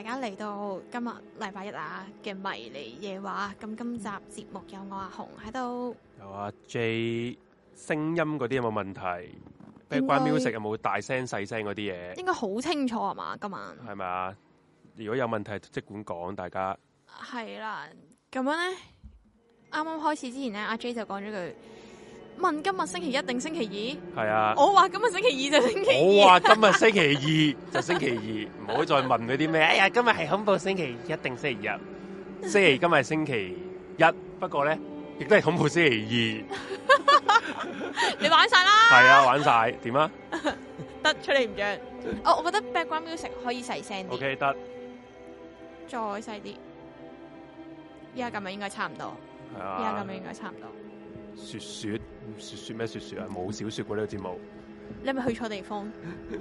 大家嚟到今日禮拜一啊嘅迷離夜話，咁今集節目有我阿紅喺度，有阿 J 聲音嗰啲有冇問題？咩關 music 有冇大聲細聲嗰啲嘢？應該好清楚吖嘛？今晚係咪啊？如果有問題即管講，大家係啦。咁樣咧，啱啱開始之前咧，阿 J 就講咗句。問今日星期一定星期二？係啊，我話今日星期二就星期二。我話今日星期二就星期二，唔好再問嗰啲咩。哎呀，今日係恐怖星期一定星期日？星期今日係星期一，不過咧亦都係恐怖星期二。你玩晒啦！係啊，玩晒點啊？得出嚟唔驚。我我覺得 background music 可以細聲啲。OK，得，再細啲。依家咁樣應該差唔多。係啊，依家咁樣應該差唔多。雪雪，雪雪咩雪雪啊？冇小說過呢個節目，你係咪去錯地方？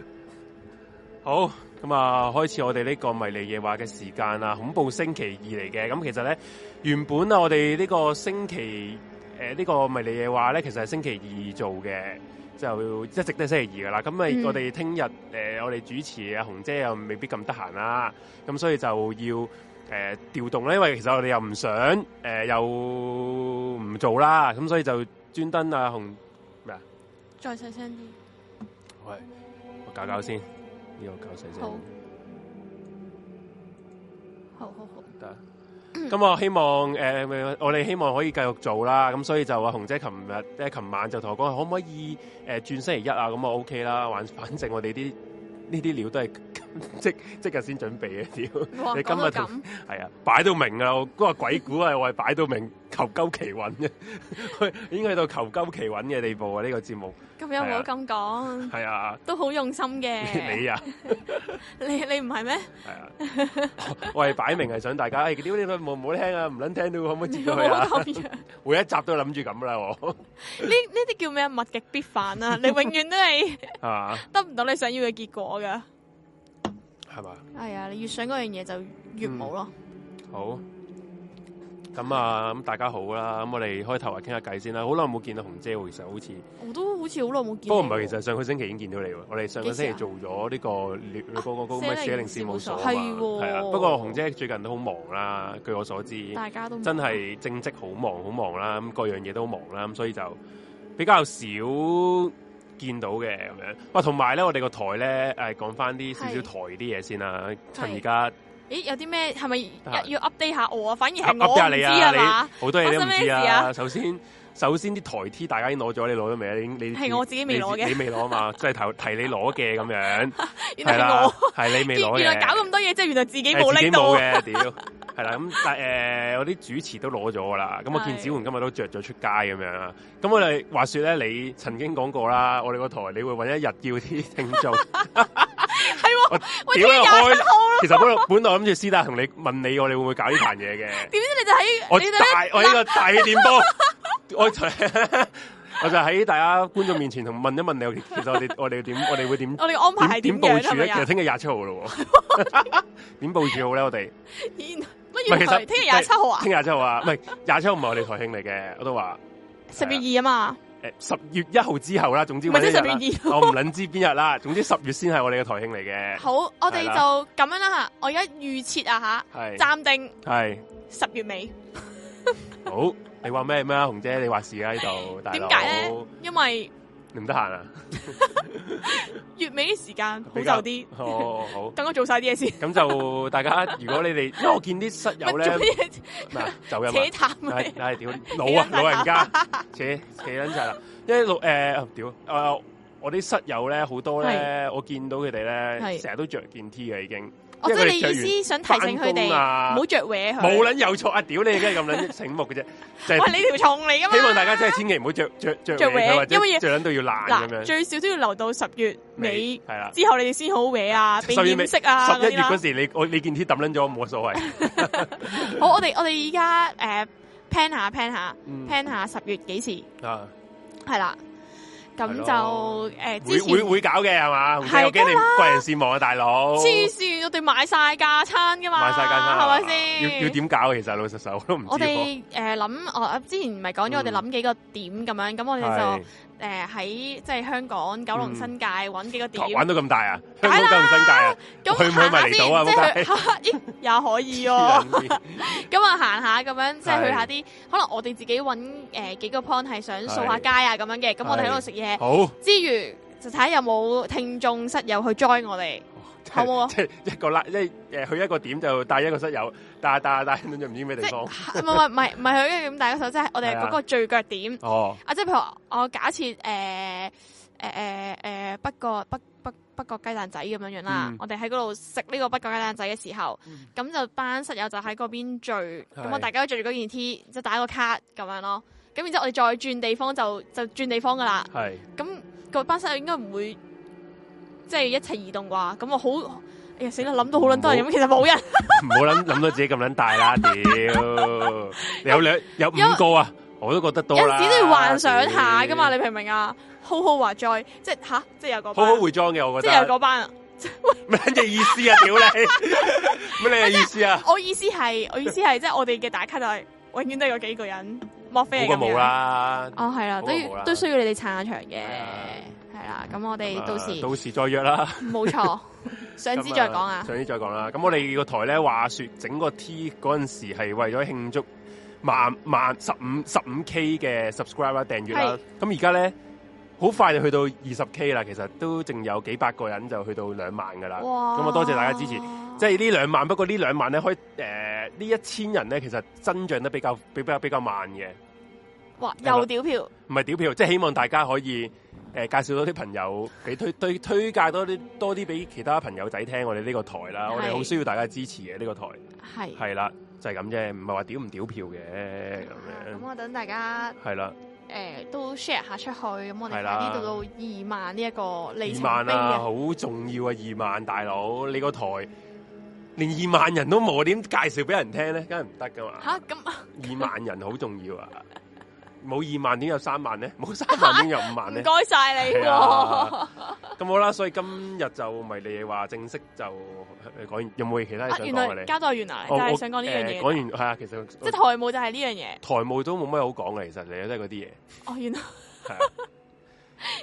好，咁、嗯、啊，開始我哋呢個迷離夜話嘅時間啊，恐怖星期二嚟嘅。咁、嗯、其實咧，原本啊，我哋呢個星期誒，呢、呃這個迷離夜話咧，其實係星期二做嘅，就一直都係星期二噶啦。咁、嗯呃、啊，我哋聽日誒，我哋主持阿紅姐又未必咁得閒啦，咁所以就要。誒、呃，調動咧，因為其實我哋又唔想，誒、呃，又唔做啦，咁所以就專登啊，紅，咩啊？再細聲啲。喂，我搞搞先，呢、這個搞細聲。好，好好好。得。咁我、嗯嗯嗯、希望，誒、呃，我哋希望可以繼續做啦，咁所以就話，紅姐琴日即係琴晚就同我講，可唔可以誒、轉、呃、星期一啊？咁啊，O K 啦，反正我哋啲。呢啲料都係即即日先準備嘅料，你今日同係啊擺到明啊，嗰個鬼故啊，我係 擺到明。求鳩其穩嘅，去應該去到求鳩其穩嘅地步啊這節這有有這！呢個節目咁又唔好咁講，係啊，都好用心嘅。 你啊， 你你唔係咩？係 啊，我係擺明係想大家，哎， 屌你份，唔好聽啊，唔捻聽到、啊啊、可唔可以接到、啊、有有 每一集都諗住咁噶啦，呢呢啲叫咩？物極必反啊！你永遠都係 、啊、得唔到你想要嘅結果噶，係嘛？係啊，你越想嗰樣嘢就越冇咯、嗯。好。咁、嗯、啊，咁大家好啦！咁、嗯、我哋開頭啊傾下偈先啦。好耐冇見到紅姐喎，其實好似我都好似好耐冇見。不過唔係，其實上個星期已經見到你喎。我哋上個星期做咗呢、呢個律律嗰個咩司寧事務所係喎。係啊，不過紅姐最近都好忙啦。據我所知，大家都真係正職好忙，好忙啦。咁各樣嘢都好忙啦，咁所以就比較少見到嘅咁樣。哇！同埋咧，我哋個台咧誒、呃、講翻啲少少台啲嘢先啦。趁而家。咦，有啲咩係咪要 update 下我啊？反而係我唔、呃、知你啊嘛，好多嘢發生咩事啊！首先。首先啲台 T 大家已經攞咗，你攞咗未啊？你係我自己未攞嘅，你未攞啊嘛？即 係提提你攞嘅咁樣，係啦，係你未攞，原來搞咁多嘢，即係原來自己冇拎到。自己冇嘅，屌，係啦咁。但係、呃、我啲主持都攞咗啦。咁 我見小桓今日都着咗出街咁樣啊。咁我哋話説咧，你曾經講過啦，我哋個台你會揾一日叫啲聽眾，係 喎，屌你開，其實本本來諗住師大同你問你我哋會唔會搞呢盤嘢嘅。點 知你就喺、是、我，、就是我就是、大，我呢個大電波，我。 我就喺大家觀眾面前同問一問你，其實我哋我哋點我哋會點 我哋安排係點部署咧？其實聽日廿七號咯，點部署好咧？ 我哋唔係其實聽日廿七號啊，聽日廿七號啊，唔係廿七號唔係我哋台慶嚟嘅，我都話十月二啊嘛，誒、欸、十月一號之後啦，總之唔係聽十月二，我唔捻知邊日啦， 總之十月先係我哋嘅台慶嚟嘅。好，我哋就咁樣啦吓，我而家預設啊吓，係暫定係十月尾。好，你話咩咩啊？紅姐，你話事啊？呢度，大佬，點解咧？因為你唔得閒啊？月尾啲時間比較啲哦，好，等我做晒啲嘢先。咁就大家，如果你哋，因為我見啲室友咧，咩做嘢，唔係，就入屋，係，係，屌，老啊，老人家，扯扯緊滯啦，因為誒，屌，誒，我啲室友咧，好多咧，我見到佢哋咧，成日都着件 T 嘅已經。我即係你意思想提醒佢哋，唔好着歪佢。冇撚有錯啊！屌你，而家咁撚醒目嘅啫。喂，你條蟲嚟噶嘛？希望大家真係千祈唔好着着着歪，或者着撚都要爛咁樣。最少都要留到月、啊、十月尾，係啦。之後你哋先好歪啊，變顏色啊。十一月嗰時候你，你我你件 T 揼撚咗，冇乜所謂 。好，我哋我哋而家誒 plan 下 plan 下 plan 下十月幾時啊？係啦。咁就誒、呃，會會會搞嘅係嘛？係噶啦，貴、啊、人羨慕啊，大佬！黐線，我哋買晒架餐噶嘛，買晒架餐係咪先？要點搞？其實老實手都唔知我哋誒諗，我、啊我呃哦、之前唔係講咗，我哋諗幾個點咁樣，咁、嗯、我哋就。誒、呃、喺即係香港九龍新界揾幾個點，揾到咁大啊！九龍新界、嗯、啊，啊係去唔去咪嚟到啊？可以，即係去哈哈 也可以哦。咁啊， 嗯、行下咁樣，即係去下啲可能我哋自己揾誒、呃、幾個 point 係想掃下街啊咁樣嘅。咁我哋喺度食嘢，好之餘就睇下有冇聽眾室友去 join 我哋。好冇，即係一個啦即係誒，去一個點就帶一個室友，帶帶帶，總之唔知咩地方、就是。唔係唔係唔係，去一個點帶一手，即係 我哋嗰個聚腳點。哦、啊。啊，即係譬如我假設誒誒誒誒，北角北北北角雞蛋仔咁樣樣啦。嗯、我哋喺嗰度食呢個北角雞蛋仔嘅時候，咁、嗯、就班室友就喺嗰邊聚，咁我大家都着住嗰件 T，就打個卡咁樣咯。咁然之後我哋再轉地方就就轉地方噶啦。係。咁個班室友應該唔會。即、就、係、是、一齊移動啩，咁我好，哎呀死啦，諗到好卵多人，咁其實冇人，唔好諗諗到自己咁卵大啦，屌， 有兩有五個啊，我都覺得多啦，一時都要幻想下噶嘛，你明唔明啊？好好話再即係吓，即係有個好好會裝嘅，我覺得即係有個班，咩嘢意思啊？屌 你，咩嘅意、啊、 意思啊？我意思係，我意思係，即 係我哋嘅打卡就係、是就是、永遠都有幾幾個人，莫非係咁樣冇啦，哦係啦，都要都需要你哋撐下場嘅。係啦、啊，咁我哋到時到時再約啦錯。冇錯，上次再講啊。上次再講啦。咁我哋個台咧，話說整個 T 嗰陣時係為咗慶祝 1, 萬萬十五十五 K 嘅 subscriber 訂閱啦。咁而家咧，好、啊、快就去到二十 K 啦。其實都淨有幾百個人就去到兩萬噶啦。咁啊，我多謝大家支持。即係呢兩萬，不過呢兩萬咧，可以誒，呃、1, 呢一千人咧，其實增長得比較比較比較慢嘅。哇！又屌票？唔係屌票，即係希望大家可以。呃、介紹多啲朋友，俾推推推介多啲多啲俾其他朋友仔聽我哋呢個台啦，我哋好需要大家支持嘅呢、呢個台，係係啦，就係咁啫，唔係話屌唔屌票嘅咁樣。咁我等大家係啦、呃，都 share 下出去，咁我哋呢度到二萬呢一個二萬啊，好重要啊！二萬大佬，你個台連二萬人都冇，點介紹俾人聽咧？梗係唔得噶嘛嚇咁二萬人好重要啊！ 冇二萬點有三萬咧，冇三萬點有五萬咧，唔該晒你了、啊。咁、 嗯、好啦，所以今日就咪你話正式就講完，有冇其他嘢想講啊你？你交代，原來、啊哦嗯、就係、是、想講呢樣嘢。講完係啊，其實即係台務就係呢樣嘢。台務都冇乜好講嘅，其實你都係嗰啲嘢。哦，原來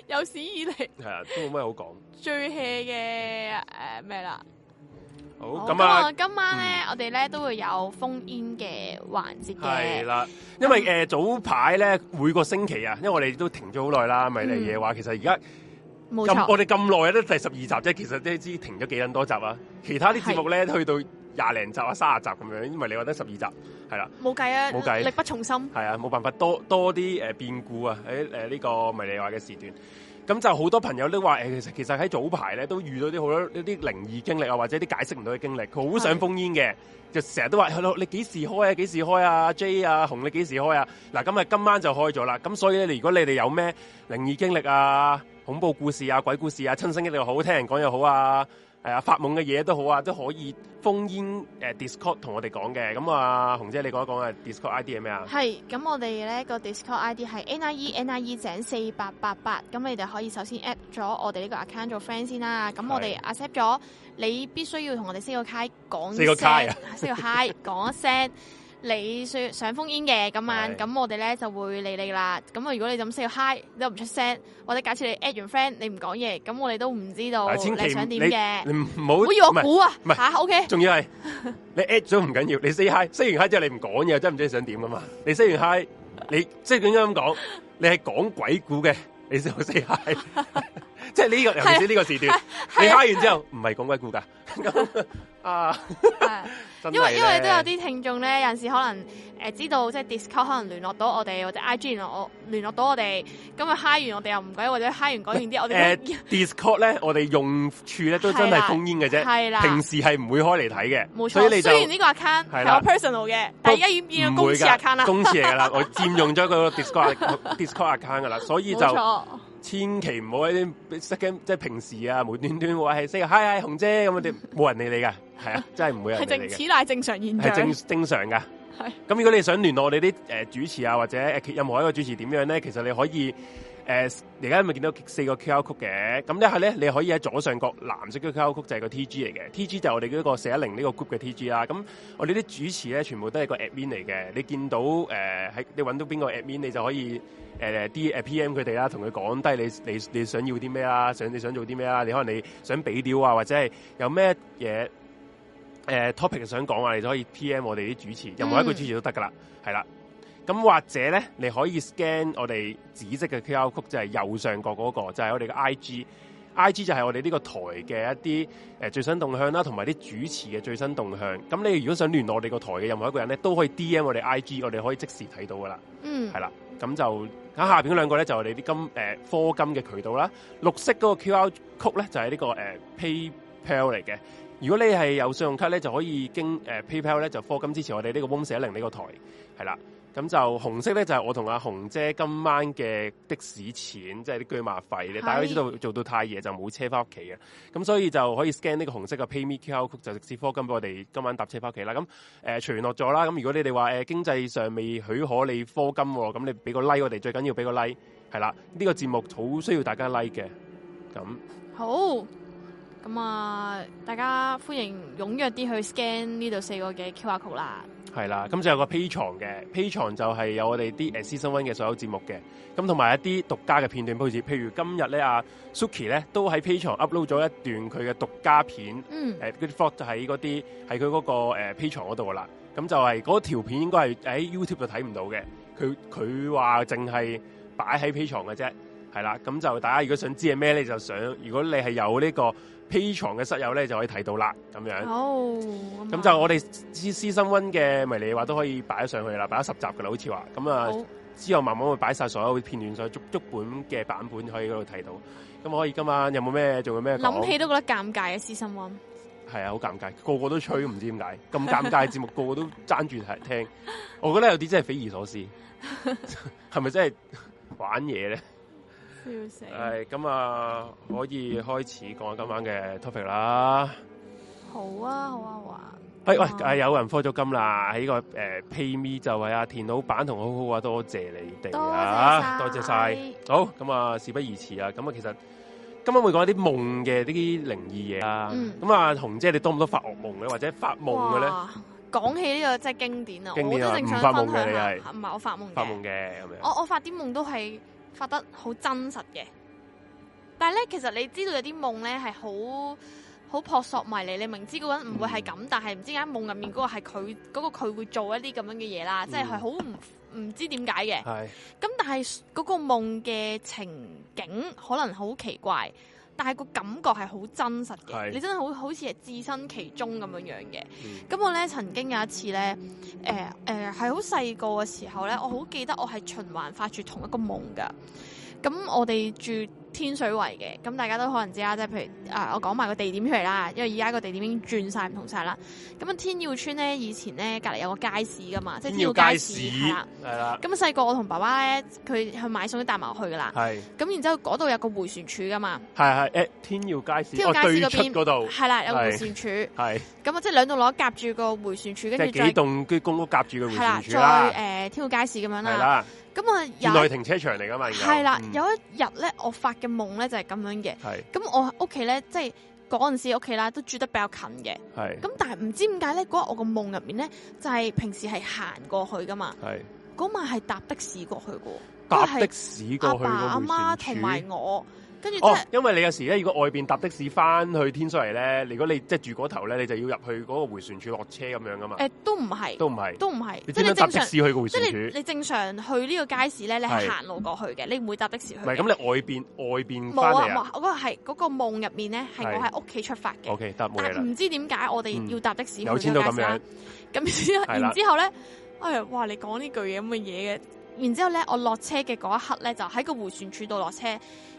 有史以嚟係啊， 都冇乜好講。 最 hea 嘅誒咩啦？好咁、哦、啊！今晚咧、嗯，我哋咧都會有烽煙嘅環節係啦，因為誒、嗯呃、早排咧每個星期啊，因為我哋都停咗好耐啦，迷離夜話其實而家咁我哋咁耐咧，都第十二集啫。其實都知停咗幾多多集啊。其他啲節目咧，去到廿零集啊，卅集咁樣，因為你話得十二集係啦。冇計啊，冇計，力不從心。係啊，冇辦法多多啲誒、呃、變故啊！喺誒呢個迷離夜話嘅時段。咁就好多朋友都話誒，其實其實喺早排咧都遇到啲好多啲靈異經歷啊，或者啲解釋唔到嘅經歷，佢好想封煙嘅，就成日都話，你幾時開啊？幾時開啊？J 啊，紅你幾時開啊？嗱，今日今晚就開咗啦。咁所以咧，如果你哋有咩靈異經歷啊、恐怖故事啊、鬼故事啊、親身經歷又好，聽人講又好啊。係啊，發夢嘅嘢都好啊，都可以 phone in。Discord 同我哋講嘅，咁啊，紅、啊、姐你講一講啊，Discord ID 係咩啊？係，咁我哋咧個 Discord ID 係 nie nie 井四八八八，咁你哋可以首先 add 咗我哋呢個 account 做 friend 先啦。咁我哋 accept 咗，你必須要同我哋四個 key 講聲個、啊，四個 key 講聲。 你說想封煙嘅，今晚咁我哋咧就會理你啦。咁啊，如果你咁 say hi 都唔出聲，或者假設你 at 完 friend 你唔講嘢，咁我哋都唔知道你想點嘅。唔好要我估啊，唔係吓，OK。仲要係你 at 咗唔緊要，你 say hi say 完 hi 之後你唔講嘢，我真唔知你想點啊嘛？你 say 完 hi，你即係點樣咁講？你係講鬼故嘅，你先去 say hi。即係、這、呢個尤其是呢個時段，你嗨完之後唔係講鬼故㗎啊，啊，啊，啊，啊，啊，啊，啊 因？因為因為都有啲聽眾咧，有陣時可能誒、呃、知道即係、就是、Discord 可能聯絡到我哋或者 I G 聯絡聯絡到我哋，咁啊嗨完我哋又唔鬼，或者嗨完講完啲我哋、呃、 Discord 咧，我哋用處咧都真係封煙嘅啫，係啦、啊啊，平時係唔會開嚟睇嘅，冇錯。所以你就雖然呢個 account 係我 personal 嘅、啊，但係而家已經變咗公司 account，公司嚟噶啦，我佔用咗個 Discord Discord account 噶啦，所以就。千祈唔好喺啲，即係平時啊，無端端話係識，嗨嗨」紅姐咁我啲冇人理你噶，係啊，真係唔會係正，此乃正常現象，係正正常噶。咁如果你想聯絡我哋啲主持啊，或者任何一個主持點樣咧，其實你可以。誒、呃，而家咪見到四個 QL 曲嘅，咁一係咧，你可以喺左上角藍色嘅 QL 曲就係個 T G 嚟嘅，T G 就是我哋嗰個四一零呢個 group 嘅 T G 啦。咁我哋啲主持咧，全部都係個 admin 嚟嘅。你見到誒喺、呃、你揾到邊個 admin，你就可以誒啲、呃、誒 P M 佢哋啦，同佢講低你你你想要啲咩啊？想你想做啲咩啊？你可能你想俾料啊，或者係有咩嘢誒 topic 想講啊，你就可以 P M 我哋啲主持，任何一個主持都得噶啦，係、嗯、啦。咁或者咧，你可以 scan 我哋紫色嘅 QR code 就係右上角嗰個，就係我哋嘅 IG，IG 就係我哋呢個台嘅一啲誒最新動向啦，同埋啲主持嘅最新動向。咁你如果想聯絡我哋個台嘅任何一個人咧，都可以 DM 我哋 IG，我哋可以即時睇到噶啦。嗯，係啦。咁就咁下邊嗰兩個咧就我哋啲金誒科金嘅渠道啦。綠色嗰個 QR code 咧就係呢個誒 PayPal 嚟嘅。如果你係有信用卡咧，就可以經誒 PayPal 咧就科金支持我哋呢個 Room410 呢個台係啦。咁就紅色咧，就係、係、我同阿紅姐今晚嘅的，的士錢，即係啲車馬費咧。大家都知道做到太夜就冇車翻屋企嘅，咁所以就可以 scan 呢個紅色嘅 PayMe QR code 就直接課金俾我哋今晚搭車翻屋企啦。咁、呃、除傳落咗啦。咁如果你哋話誒經濟上未許可、哦，你課金喎，咁你俾個 like 我哋，最緊要俾個 like 係啦。呢、呢個節目好需要大家 like 嘅。咁好，咁啊、呃，大家歡迎踴躍啲去 scan 呢度四個嘅 QR code 啦。係啦，咁就有個 P 床嘅 P 床就係有我哋啲誒私生活嘅所有節目嘅，咁同埋一啲獨家嘅片段。譬如，譬如今日咧，阿、啊、Suki 咧都喺 P 床 upload 咗一段佢嘅獨家片，Good f o o 就喺嗰啲喺佢嗰個 P 床嗰度啦。咁、uh, 就係嗰條片應該係喺 YouTube 就睇唔到嘅，佢佢話淨係擺喺 P 床嘅啫。係啦，咁就大家如果想知係咩，你就想如果你係有呢個 P 床嘅室友咧，就可以睇到啦。咁樣，哦，咁就我哋私私心溫嘅迷你話都可以擺咗上去啦，擺咗十集嘅啦，好似話咁啊。Oh. 之後慢慢會擺晒所有片段，再足足本嘅版本喺嗰度睇到。咁可以今晚有冇咩做有咩諗起都覺得尷尬嘅私心溫，係啊，好 尷尬，個個都吹，唔知點解咁尷尬嘅節目， 個個都爭住嚟聽。我覺得有啲真係匪夷所思，係 咪真係玩嘢咧？係咁啊，可以開始講今晚嘅 topic 啦。好啊，好啊，華、啊。係、啊、喂，係有人課咗金啦。喺、這個誒、呃、pay me 就係啊，田老闆同好好話多謝你哋啊，多謝晒，好，咁啊，事不宜遲啊。咁啊，其實今晚會講一啲夢嘅呢啲靈異嘢啊！咁、嗯、啊，紅姐，你多唔多發噩夢嘅，或者發夢嘅咧？講起呢、這個真係經典啊！經典唔發夢嘅你係，唔、啊、係我發夢嘅，發夢嘅咁樣。我我發啲夢都係。發得好真實嘅，但係咧，其實你知道有啲夢咧係好好撲朔迷離，你明知嗰個人唔會係咁、嗯，但係唔知點解夢入面嗰個係佢，嗰、嗰個佢會做一啲咁樣嘅嘢，啦，嗯、即係係好唔唔知點解嘅。咁、嗯、但係嗰個夢嘅情景可能好奇怪。但係個感覺係好真實嘅，你真係好好似係置身其中咁樣樣嘅。咁、嗯、我咧曾經有一次咧，誒誒係好細個嘅時候咧，我好記得我係循環發住同一個夢噶。咁我哋住天水圍嘅，咁大家都可能知啦，即係譬如、呃、我講埋個地點出嚟啦，因為而家個地點已經轉晒唔同晒啦。咁啊天耀村咧，以前咧隔籬有個街市噶嘛，即係天耀街市，係啦。咁細個我同爸爸咧，佢去買餸都帶埋去噶啦。係。咁然之後嗰度有個回旋處噶嘛。係係誒，天耀街市。天耀街市嗰邊度。係、哦、啦，有回旋處。係。咁啊，即係兩棟樓夾住個回旋處，跟住再棟公屋夾住個回旋處啦。係啦。現代停車場嚟噶嘛？係啦、嗯，有一日咧，我發嘅夢咧就係咁樣嘅。係，咁我屋企咧，即係嗰陣時屋企啦，都住得比較近嘅。係，咁但係唔知點解咧，嗰日我個夢入面咧，就係平時係行過去噶嘛。係，嗰晚係搭的士過去噶。搭的士過去，爸爸阿媽同埋我。跟住，oh, 因為你有時咧，如果外邊搭的士翻去天水圍咧，如果你即係住嗰頭咧，你就要入去嗰個回旋處落車咁樣噶嘛？誒，都唔係，都唔係，都唔係，即係你正常去個回旋處。你正常去呢個街市咧，你係行路過去嘅，你唔會搭的士去的。唔係咁，那你外邊外邊翻嚟啊？啊我嗰、那個係嗰個夢入面咧，係我喺屋企出發嘅。O、okay, K，但係唔知點解我哋要搭的士的、嗯、有錢到咁樣。咁 然之後咧，哎呀，哇！你講呢句嘢咁嘅嘢嘅。然之後咧，我落車嘅嗰一刻咧，就喺個回旋處度落車。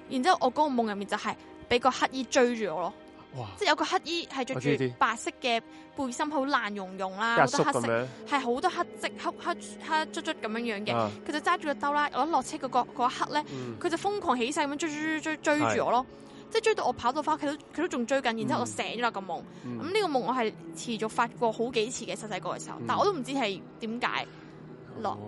然之後我嗰個夢入面就係俾個乞衣追住我咯，哇，即係有個乞衣係着住白色嘅背心很融融、啊，好爛茸茸啦，好多黑色係好多黑色黑色黑色色的黑卒卒咁樣樣嘅。佢、啊、就揸住個兜啦。我一落車嗰一刻咧，佢、嗯、就瘋狂起勢咁樣追追追追住我咯。是即係追到我跑到翻屋企都佢都仲追緊。然之後我醒咗啦個夢。咁、嗯、呢、嗯這個夢我係持續發過好幾次嘅，細細個嘅時候，嗯、但我都唔知係點解落。哦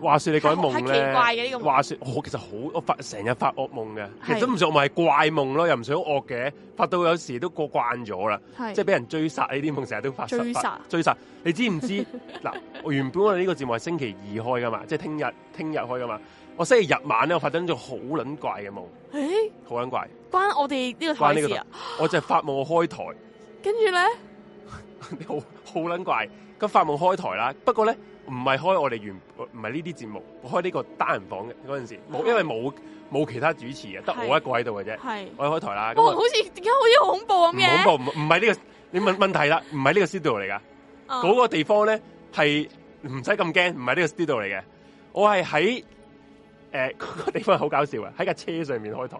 話說你講夢咧，話說我其實好，我發成日發惡夢嘅，其實都唔算我係怪夢咯，又唔想惡嘅，發到有時都過慣咗啦，即係俾人追殺呢啲夢成日都發生，追殺，你知唔知嗱？ 我原本我哋呢個節目係星期二開㗎嘛，即係聽日聽日開㗎嘛，我星期日晚咧，我發咗好撚怪嘅夢，誒、欸，好撚怪，關我哋呢個台事、啊、我就係發夢開台，跟住咧， 你好好撚怪，咁發夢開台啦，不過咧。唔係開我哋原唔係呢啲節目，開呢個單人房嘅嗰陣時，冇因為冇冇其他主持嘅，得我一個喺度嘅啫。係我，我開台啦。不過好似點解好似恐怖咁樣？唔恐怖，唔唔係呢個你問問題啦，唔係呢個 studio 嚟噶。嗰個地方咧，係唔使咁驚，唔係呢個 studio 嚟嘅。我係喺誒個地方好搞笑啊！喺架車上面開台，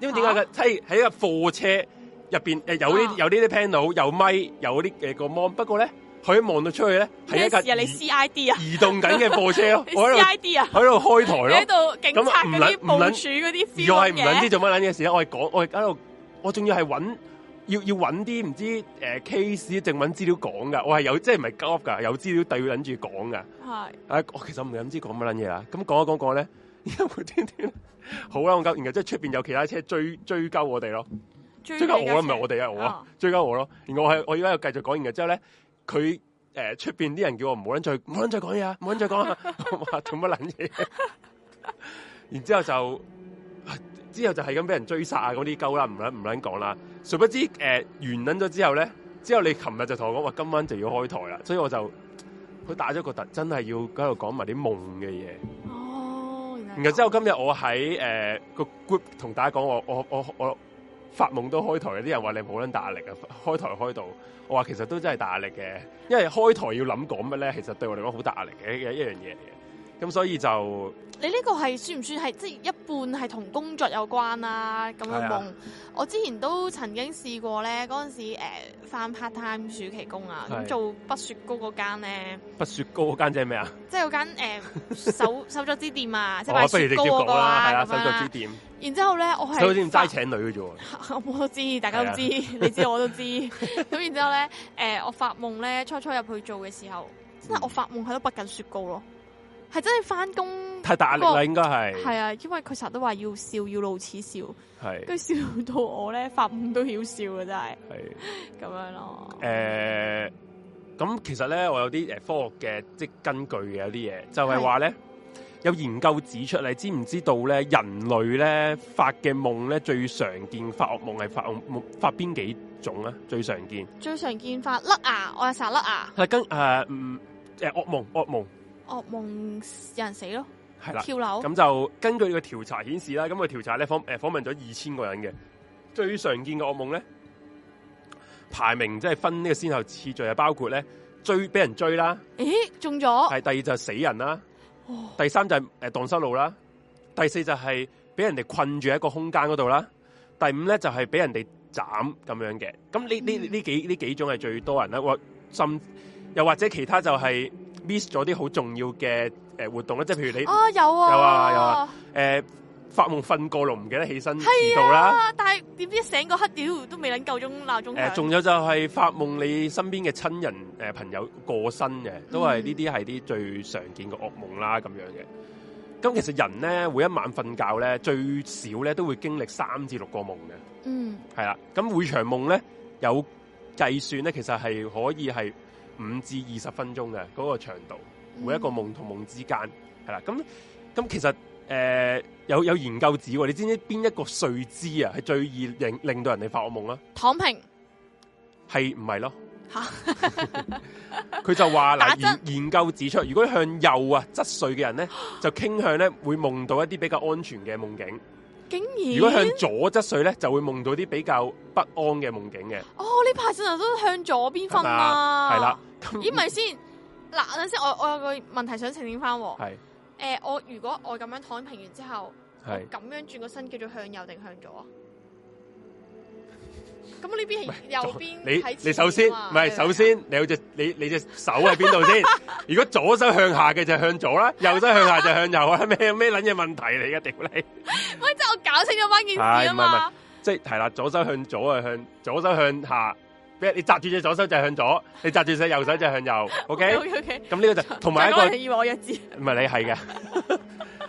因為點解嘅？喺喺架貨車入邊誒，有呢有呢啲 panel，有咪，有啲誒個 mon。不過咧。佢望到出去咧，係一架移動緊嘅貨車咯。 我喺度開台咯。咁唔撚唔撚住啲又係做乜撚嘢事，我係講，我喺度，我仲要係揾，要要揾啲唔知誒 case 正文資料講噶。我係有，即係唔係勾 up 噶，有資料遞，忍住講噶。係，我其實唔撚知講乜撚嘢啦。咁講一講講咧，而家會天天好啦，啊，追追 yeah. 我急，uh -huh. we, we. Uh -huh. 我然後即係出邊有其他車追追鳩我哋咯，追鳩我啊，唔係我哋啊，我追鳩我咯。然我我而家又繼續講，然後之後咧。佢誒，出邊啲人叫我唔好捻再，唔好捻再講嘢啊，唔好捻再講啊，我話做乜捻嘢？ 然之後就，之後就係咁俾人追殺啊！嗰啲夠啦，唔捻唔捻講啦。殊不知誒、呃，完捻咗之後咧，之後你琴日就同我講話，今晚就要開台啦，所以我就，佢打咗個突，真係要喺度講埋啲夢嘅嘢。哦，然後之後今日我喺誒個 group 同大家講我我我我。我我我發夢都開台，有啲人話你冇撚大壓力啊！開台開到，我話其實都真係大壓力嘅，因為開台要諗講乜咧，其實對我嚟講好大壓力嘅嘅一樣嘢嚟嘅。咁所以就你呢個係算唔算係即係一半係同工作有關啊？咁嘅夢，我之前都曾經試過咧。嗰陣時誒，翻、呃、part time 暑期工啊，咁做不雪糕嗰間咧。不雪糕嗰間即係咩啊？即係嗰間誒手手作之店啊， 即係雪糕嗰間、啊。係、哦、啦、啊啊，手作之店。然之後咧，我係手作之店齋請女嘅啫。 我都知，大家都知，啊、 你知我都知。咁 然之後咧，誒、呃，我發夢咧，初初入去做嘅時候，真係我發夢喺度不緊雪糕咯。係真係返工太大壓力啦，那個，應該係係啊，因為佢成日都話要笑，要露齒笑，係跟住笑到我咧發夢都要笑嘅真係，係咁樣咯，呃。誒，咁其實咧，我有啲誒科學嘅即根據嘅有啲嘢，就係話咧，有研究指出，你知唔知道咧人類咧發嘅夢咧最常見發惡夢係發惡夢發邊幾種啊？最常見，最常見發甩牙，我成日甩牙，係、啊、跟誒、呃、嗯誒惡夢惡夢。呃惡夢惡夢噩夢有人死咯，係啦，跳樓，咁就根據個調查顯示啦，咁個調查咧訪誒訪問咗二千個人嘅最常見嘅噩夢咧排名即係分呢個先後次序啊，包括咧追俾人追啦，誒、欸、中咗係第二就係死人啦，哦、第三就誒蕩失路啦，第四就係俾人哋困住喺一個空間嗰度啦，第五咧就係俾人哋斬咁樣嘅，咁呢呢呢幾呢幾種係最多人啦，或甚又或者其他就係、是。miss 咗啲好重要嘅誒活動咧，即係譬如你啊有啊，有啊有啊誒，發夢瞓過龍唔記得起身遲到啦，但係點知醒個黑屌都未能夠鐘鬧鐘誒，仲有就係發夢你身邊嘅親人誒朋友過身嘅，都係呢啲係啲最常見嘅惡夢啦咁樣嘅。咁其實人咧每一晚瞓覺咧最少咧都會經歷三至六個夢嘅，嗯係啦。咁每場夢咧有計算咧，其實係可以係。五至二十分鐘嘅嗰個長度，每一個夢同夢之間係啦，咁、嗯、咁其實誒、呃、有有研究指喎，你知唔知邊一個睡姿啊係最易令令到人哋發惡夢啊？躺平係唔係咯？嚇！ 佢就話嗱，研研究指出，如果向右啊側睡嘅人咧，就傾向咧會夢到一啲比較安全嘅夢境。竟然如果向左側睡咧，就會夢到啲比較不安嘅夢境嘅。哦，呢排真係都向左邊瞓啦。係啦，咦？咪先嗱，等先，我我有個問題想澄清翻。係，誒、呃，我如果我咁樣躺平完之後，咁樣轉個身，叫做向右定向左啊？咁呢邊係右邊，你你首先唔係首先，你隻你你隻手喺邊度先？ 如果左手向下嘅就向左啦，右手向下就向右啦。咩咩捻嘢問題嚟嘅，屌你 ！喂、 哎，即係我搞清咗翻件事啊嘛。即係係啦，左手向左啊，向左手向下。你揸住隻左手就向左， 你揸住隻右手就向右。OK OK。咁呢個就同埋一個我一唔係你係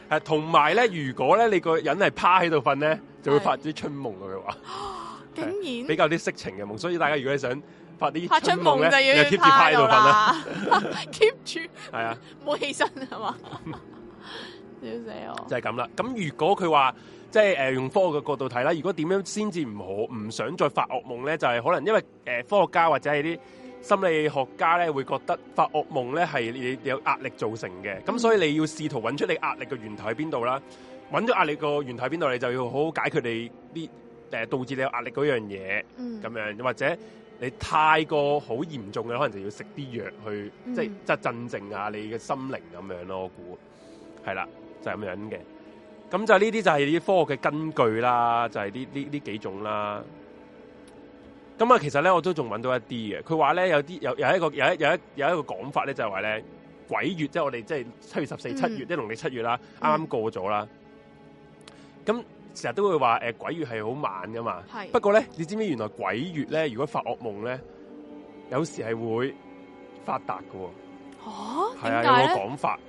嘅，同埋咧，如果咧你個人係趴喺度瞓咧，就會發啲春夢嘅話。 比較啲色情嘅夢，所以大家如果你想發啲，發春夢就要 keep 住趴喺度瞓啦，keep 住係啊，冇起身係嘛，笑死我！ 就係咁啦。咁如果佢話即係誒用科學嘅角度睇啦，如果點樣先至唔好唔想再發噩夢咧，就係、是、可能因為誒、呃、科學家或者係啲心理學家咧，會覺得發噩夢咧係你有壓力造成嘅。咁、嗯、所以你要試圖揾出你壓力嘅源頭喺邊度啦，揾咗壓力個源頭喺邊度，你就要好好解決你啲。誒，導致你有壓力嗰樣嘢，咁、嗯、樣或者你太過好嚴重嘅，可能就要食啲藥去，嗯、即係即係鎮靜下你嘅心靈咁樣咯。我估係啦，就係、是、咁樣嘅。咁就呢啲就係啲科學嘅根據啦，就係呢呢呢幾種啦。咁啊，其實咧我都仲揾到一啲嘅。佢話咧有啲有有一個有一有一有一個講法咧，就係話咧鬼月，即、就、係、是、我哋即係七月十四，嗯、七月即係農曆七月啦，啱、嗯、啱過咗啦。咁。成日都會話誒、呃、鬼月係好慢噶嘛，不過咧，你知唔知原來鬼月咧，如果發惡夢咧，有時係會發達噶喎、哦。嚇、哦，啊，點解咧？有個講法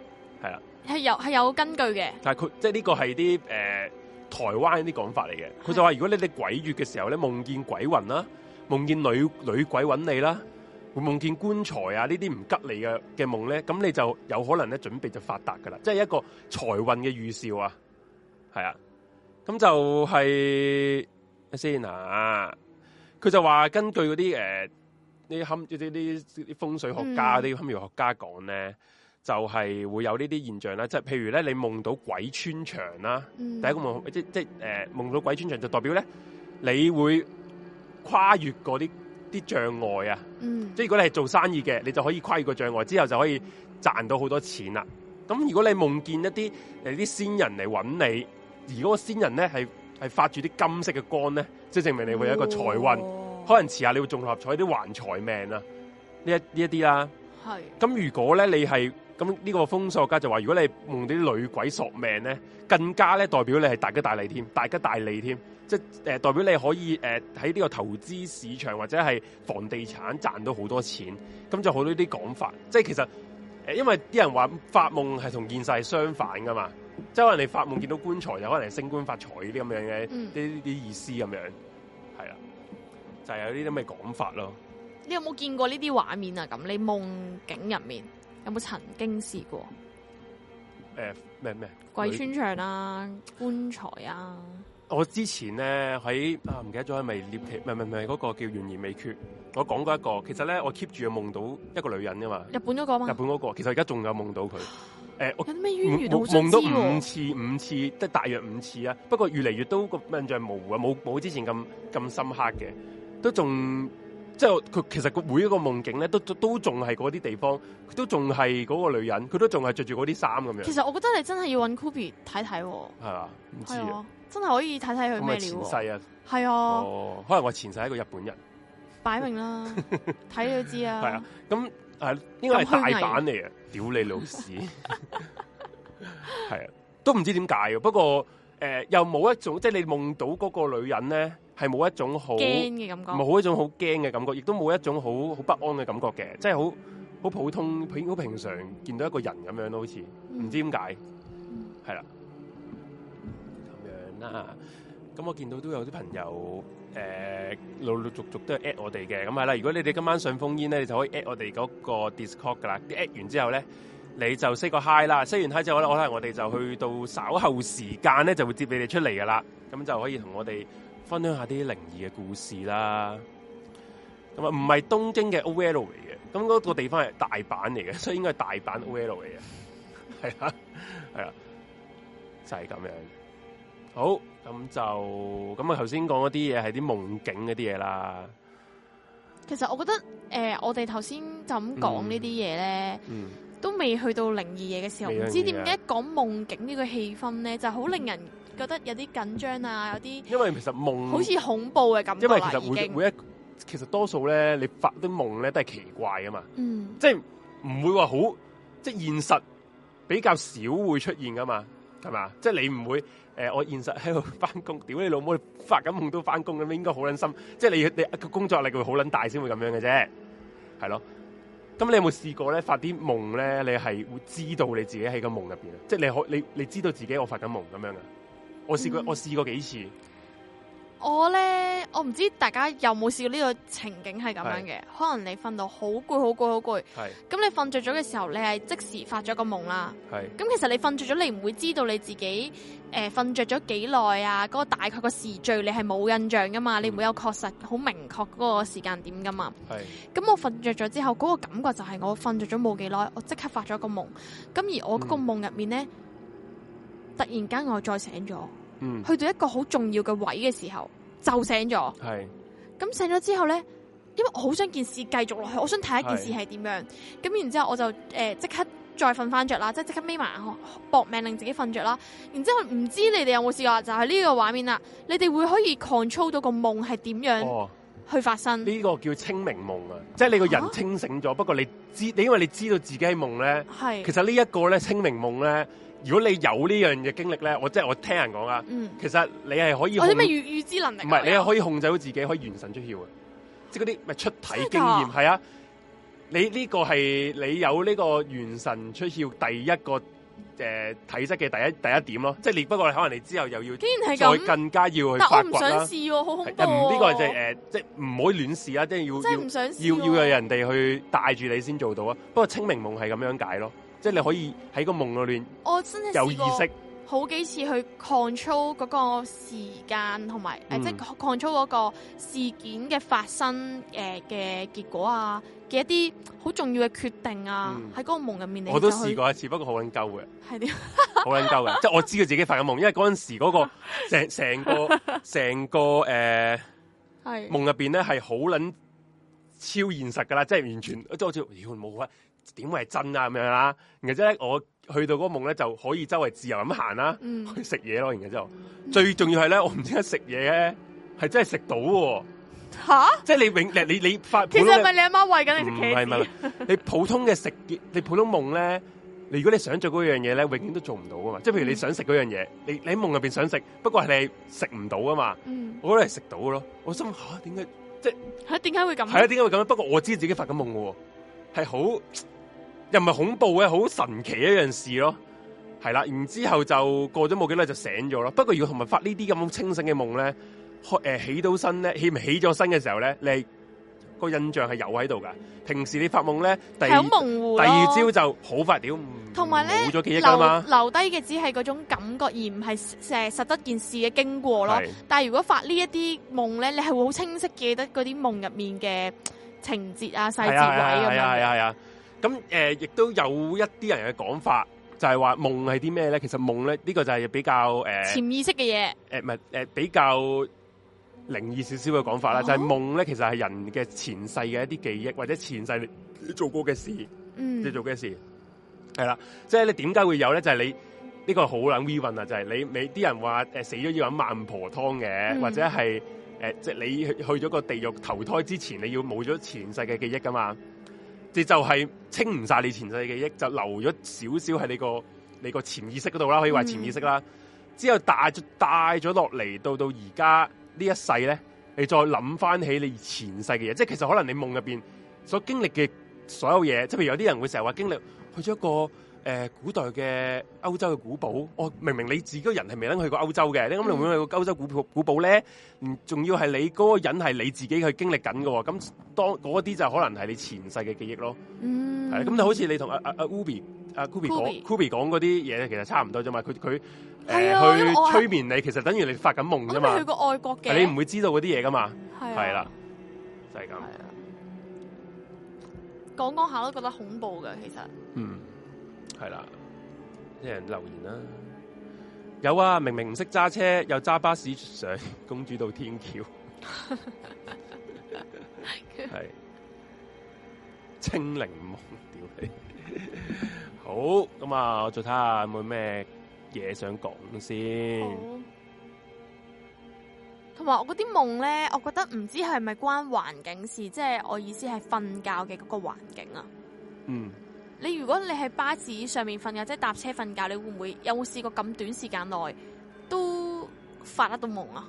係啊，係有係有根據嘅。但係佢即係呢個係啲誒台灣啲講法嚟嘅。佢就話：如果你哋鬼月嘅時候咧，夢見鬼魂啦、啊，夢見女女鬼揾你啦、啊，夢見棺材啊，呢啲唔吉利嘅嘅夢咧，咁你就有可能咧準備就發達噶啦，即係一個財運嘅預兆啊。係啊。咁就係先啊！佢就話根據嗰啲誒啲堪啲啲啲風水學家啲堪輿學家講咧，就係、是、會有呢啲現象啦。即、就、係、是、譬如咧，你夢到鬼穿牆啦，第一個夢即即夢、呃、到鬼穿牆就代表咧，你會跨越過啲啲障礙啊！即、嗯、係如果你係做生意嘅，你就可以跨越個障礙之後就可以賺到好多錢啦。咁如果你夢見一啲誒啲先人嚟揾你。而嗰個仙人咧係係發住啲金色嘅光咧，即係證明你會有一個財運，哦哦哦可能遲下你會中六合彩啲還財命啊，呢一呢一啲啦。係。咁如果咧你係咁，呢個風水學家就話，如果你夢到啲女鬼索命咧，更加咧代表你係大吉大利添，大吉大利添，即係誒、呃、代表你可以誒喺呢個投資市場或者係房地產賺到好多錢，咁就好多啲講法。即係其實誒、呃，因為啲人話發夢係同現世係相反噶嘛。即係可能你發夢見到棺材，就可能係升官發財呢啲咁樣嘅啲、嗯、意思咁樣，係啦、啊，就係、係、有呢啲咁嘅講法咯。你有冇見過呢啲畫面啊？咁你夢境入面有冇曾經試過？誒、呃，咩咩鬼穿牆啊？棺材啊？我之前咧喺啊唔記得咗係咪獵奇？唔係唔係唔係嗰個叫懸而未決？我講過一個，其實咧我 keep 住有夢到一個女人噶嘛。日本嗰個嘛？日本嗰、嗰個，其實而家仲有夢到佢。誒、欸，我夢夢到五次五次，即係大約五次啊！不過越嚟越都個印象模糊啊，冇冇之前咁咁深刻嘅，都仲即係佢其實個每一個夢境咧，都都仲係嗰啲地方，都仲係嗰個女人，佢都仲係着住嗰啲衫咁樣。其實我覺得你真係要揾 Kopi 睇睇，係嘛？唔知啊,啊，真係可以睇睇佢咩料？係啊，係啊係啊 oh, 可能我前世係一個日本人，擺明啦，睇 就知啊。係啊，咁誒，應該係大阪嚟嘅。屌你老屎，係啊，都唔知點解嘅。不過誒、呃，又冇一種即係你夢到嗰個女人咧，係冇一種好驚嘅感覺，唔係好一種好驚嘅感覺，亦都冇一種好好不安嘅感覺嘅，即係好好普通、好平，平常見到一個人咁樣咯，好似唔知點解，係啦，咁樣啦、啊。咁我見到都有啲朋友。誒、呃，陸陸續續都係 at 我哋嘅，咁係啦。如果你哋今晚信封煙咧，你就可以 at 我哋嗰個 Discord 噶啦。at 完之後咧，你就識個 hi 啦，識完 hi 之後咧，可能我咧我哋就去到稍後時間咧，就會接你哋出嚟噶啦。咁就可以同我哋分享下啲靈異嘅故事啦。咁啊，唔係東京嘅 OL 嚟嘅，咁、那、嗰個地方係大阪嚟嘅，所以應該係大阪 OL 嚟嘅。係 啊，係啊，就係、是、咁樣。好，咁就咁啊。頭先講嗰啲嘢，係啲夢境嗰啲嘢啦。其實我覺得誒、呃，我哋頭先就咁講呢啲嘢咧，都未去到靈異嘢嘅時候，唔知點解講夢境個氣，呢個氣氛咧，就好令人覺得有啲緊張啊，有啲因為其實夢好似恐怖嘅感覺。因為其實每每一其實多數咧，你發啲夢咧都係奇怪㗎嘛，嗯，即係唔會話好即係現實比較少會出現噶嘛，係咪？即係你唔會。誒、呃，我現實喺度翻工，屌你老母，發緊夢都翻工咁，應該好捻心，即係你要你個工作壓力會好捻大先會咁樣嘅啫，係咯。咁你有冇試過咧，發啲夢咧，你係會知道你自己喺個夢入邊啊？即係你可你你知道自己我發緊夢咁樣嘅？我試過，嗯、我試過幾次。我咧，我唔知大家有冇試過呢個情景係咁樣嘅，可能你瞓到好攰，好攰，好攰，咁你瞓著咗嘅時候，你係即時發咗個夢啦。咁其實你瞓著咗，你唔會知道你自己誒瞓、呃、著咗幾耐啊，嗰、那個大概個時序你係冇印象噶嘛，嗯、你唔會有確實好明確嗰個時間點噶嘛。咁我瞓著咗之後，嗰、那個感覺就係我瞓著咗冇幾耐，我即刻發咗個夢，咁而我嗰個夢入面呢，嗯、突然間我再醒咗。去到一個好重要嘅位嘅時候就醒咗，係咁醒咗之後咧，因為我好想件事繼續落去，我想睇一件事係點樣，咁然之後我就誒即刻再瞓翻着啦，即係即刻眯埋眼搏命令自己瞓着啦。然之後唔知你哋有冇試過，就係、是、呢個畫面啦，你哋會可以 control 到個夢係點樣去發生？呢、哦呢個叫清明夢啊，即係你個人清醒咗、啊，不過你知，你因為你知道自己喺夢咧，係其實呢一個咧清明夢咧。如果你有呢樣嘅經歷咧，我即係我聽人講啊，嗯、其實你係可以我啲咩預知能力？唔係，你係可以控制到自己可以元神出竅啊！即係嗰啲咪出體經驗係啊！你呢個係你有呢個元神出竅第一個誒、呃、體質嘅第一第一點咯。即係你不過你可能你之後又要，再更加要去發掘我唔想試好、啊、恐怖、啊。呢、呢個就誒、是呃，即係唔可以亂試，試啊！即係要要要要有人哋去帶住你先做到啊！不過清明夢係咁樣解咯。即係你可以喺個夢裏面我真係有意識，好幾次去 control 嗰個時間同埋誒，嗯、即係 control 嗰個事件嘅發生誒嘅結果啊，嘅一啲好重要嘅決定啊，喺、嗯、嗰個夢入面嚟。我都試過一次，不過好撚鳩嘅。係點？好撚鳩嘅， 即係我知道自己發緊夢，因為嗰陣時嗰、嗰個成成個成個誒、呃、夢入邊咧係好撚超現實㗎啦，即係完全即係好似完全冇分。點會係真啊？咁樣啊？然後之咧，我去到嗰個夢咧，就可以周圍自由咁行啦，嗯、去食嘢咯。然後就最重要係咧，我唔知解食嘢咧，係真係食到喎。吓！即係你永你你你發其實係咪你阿媽餵緊你唔係唔你普通嘅食嘅，你普通夢咧，你如果你想做嗰樣嘢咧，永遠都做唔到噶嘛。即係譬如你想食嗰樣嘢，你你喺夢入邊想食，不過係你食唔到噶嘛。嗯、我覺得係食到咯，我心吓點解即係吓點解會咁？係啊，點解、啊、會咁？不過我知自己發緊夢噶。係好又唔係恐怖嘅，好神奇一樣事咯。係啦，然之後就過咗冇幾耐就醒咗咯。不過如果同埋發呢啲咁清醒嘅夢咧，誒起到身咧，起唔起咗身嘅時候咧，你個印象係有喺度噶。平時你發夢咧，係好模糊嘅第二朝就好快屌，同埋咧留留低嘅只係嗰種感覺，而唔係誒實質件事嘅經過咯。但係如果發這些呢一啲夢咧，你係會好清晰記得嗰啲夢入面嘅。情節啊，細節係啊係啊係啊係啊。咁誒、啊，亦、啊啊啊啊呃、都有一啲人嘅講法，就係、是、話夢係啲咩咧？其實夢咧呢、這個就係比較誒、呃……潛意識嘅嘢。誒唔係誒比較靈異少少嘅講法啦、哦，就係、是、夢咧其實係人嘅前世嘅一啲記憶，或者前世你做過嘅事，嗯，你做嘅事。係啦，即、就、係、是、你點解會有咧？就係、是、你呢、這個好撚 we run 啊！就係、是、你，你啲人話誒、呃、死咗要飲孟婆湯嘅、嗯，或者係。誒、呃，即係你去咗個地獄投胎之前，你要冇咗前世嘅記憶㗎嘛？即就係清唔晒你前世嘅記憶，就留咗少少喺你個你個潛意識嗰度啦，可以話潛意識啦。嗯、之後帶咗帶咗落嚟，到到而家呢一世咧，你再諗翻起你前世嘅嘢，即係其實可能你夢入邊所經歷嘅所有嘢，即係譬如有啲人會成日話經歷去咗一個。誒，古代嘅歐洲嘅古堡，我、哦、明明你自己人係未能去過歐洲嘅，你咁點會去個歐洲古堡古堡咧？仲、嗯、要係你嗰、嗰個人係你自己去經歷緊嘅喎。咁當嗰啲就可能係你前世嘅記憶咯。嗯，咁就好似你同阿阿阿 Ubi 阿、啊、Kubi 講 Kubi 講嗰啲嘢，其實差唔多啫嘛。佢佢誒去催眠你，其實等於你發緊夢啫嘛。去過外國嘅，你唔會知道嗰啲嘢噶嘛。係係啦，就係、係、咁。係啊，講講下都覺得恐怖噶，其實嗯。係啦，啲人留言啦，有啊，明明唔識揸車，又揸巴士上公主道天橋，係 清零夢屌你！ 好咁啊，我再睇下有冇咩嘢想講先。同埋我嗰啲夢咧，我覺得唔知係咪關環境事，即係我意思係瞓覺嘅嗰個環境啊。嗯。你如果你喺巴士上面瞓覺，即係搭車瞓覺，你會唔會有冇試過咁短時間內都發得到夢啊？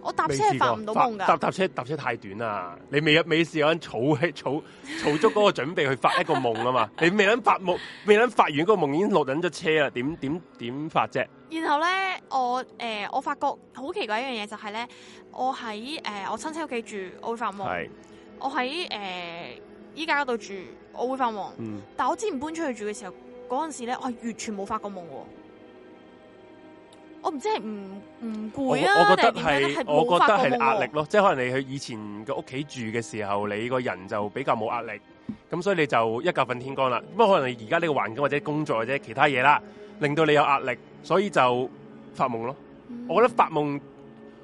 我搭車係發唔到夢噶。搭搭車搭車太短啦，你未有未試有陣儲起儲儲足嗰個準備去發一個夢啊嘛？你未諗發夢，未諗發完個夢已經落緊咗車啦，點點點發啫？然後咧，我誒、呃，我發覺好奇怪一樣嘢就係、是、咧、呃，我喺誒我親戚屋企住我會發夢，係我喺誒。呃依家喺度住，我會發夢、嗯。但我之前搬出去住嘅時候，嗰陣時咧，我完全冇發過夢。我唔知係唔唔攰啊。我我覺得係，我覺得係壓力咯。即係可能你去以前嘅屋企住嘅時候，你個人就比較冇壓力，咁所以你就一覺瞓天光啦。不過可能而家呢個環境或者工作或者其他嘢啦，令到你有壓力，所以就發夢咯、嗯。我覺得發夢。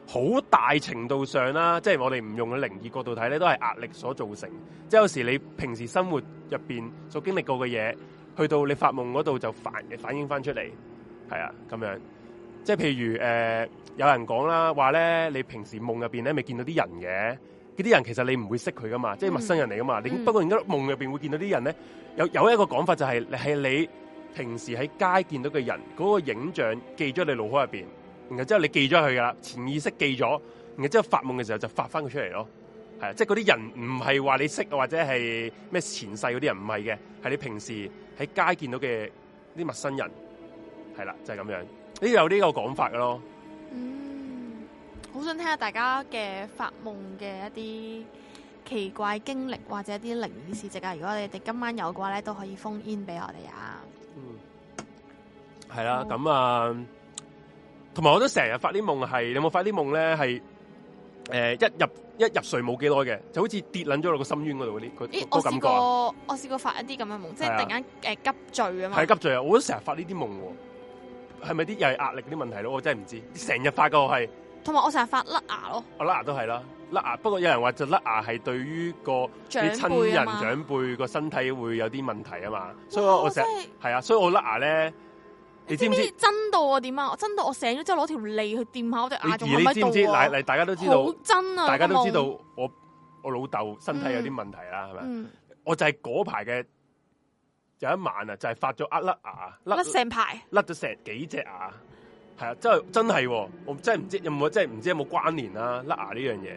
好大程度上啦，即係我哋唔用個靈異角度睇咧，都係壓力所造成。即係有時你平時生活入邊所經歷過嘅嘢，去到你發夢嗰度就反反映翻出嚟，係啊，咁樣。即係譬如誒、呃，有人講啦，話咧你平時夢入邊咧咪見到啲人嘅？啲人其實你唔會識佢噶嘛，嗯、即係陌生人嚟噶嘛。嗯、你不過而家夢入邊會見到啲人咧，有有一個講法就係、你，係你平時喺街見到嘅人嗰、嗰個影像記咗你腦海入邊。然後之後你記咗佢噶啦，潛意識記咗，然後之後發夢嘅時候就發翻佢出嚟咯，係啊，即係嗰啲人唔係話你識或者係咩前世嗰啲人唔係嘅，係你平時喺街見到嘅啲陌生人，係啦，就係、是、咁樣，呢度有呢個講法噶咯。嗯，好想聽下大家嘅發夢嘅一啲奇怪經歷或者一啲靈異事跡啊！如果你哋今晚有嘅話咧，都可以 phone in 俾我哋啊。嗯，係啦，咁、oh. 啊、嗯。同埋我都成日發啲夢係，你有冇發啲夢咧？係誒、呃、一入一入睡冇幾耐嘅，就好似跌撚咗落個深淵嗰度嗰啲，感覺、啊我試過啊呃。我試過、啊，我發一啲咁嘅夢，即係突然間誒急墜。啊嘛。係急墜，啊！我都成日發呢啲夢，係咪啲又係壓力啲問題咯？我真係唔知，成日發到係。同埋我成日發甩牙咯，甩牙都係啦，甩牙。不過有人話就甩牙係對於個啲親人長輩個身體會有啲問題啊嘛，所以我我成日係啊，所以我甩牙咧。你知唔知真到我點啊？我真到我醒咗之後攞條脷去掂下我隻牙，仲喺度。你知唔知？嗱嗱，大家都知道，好真啊！大家都知道我、那個、我，我老豆身體有啲問題啦，係、嗯、咪、嗯？我就係嗰排嘅，有一晚啊，就係發咗呃甩牙，甩成排，甩咗成幾隻牙，係啊，真係真係，我真係唔知有冇，真係唔知有冇關聯啦，甩牙呢樣嘢，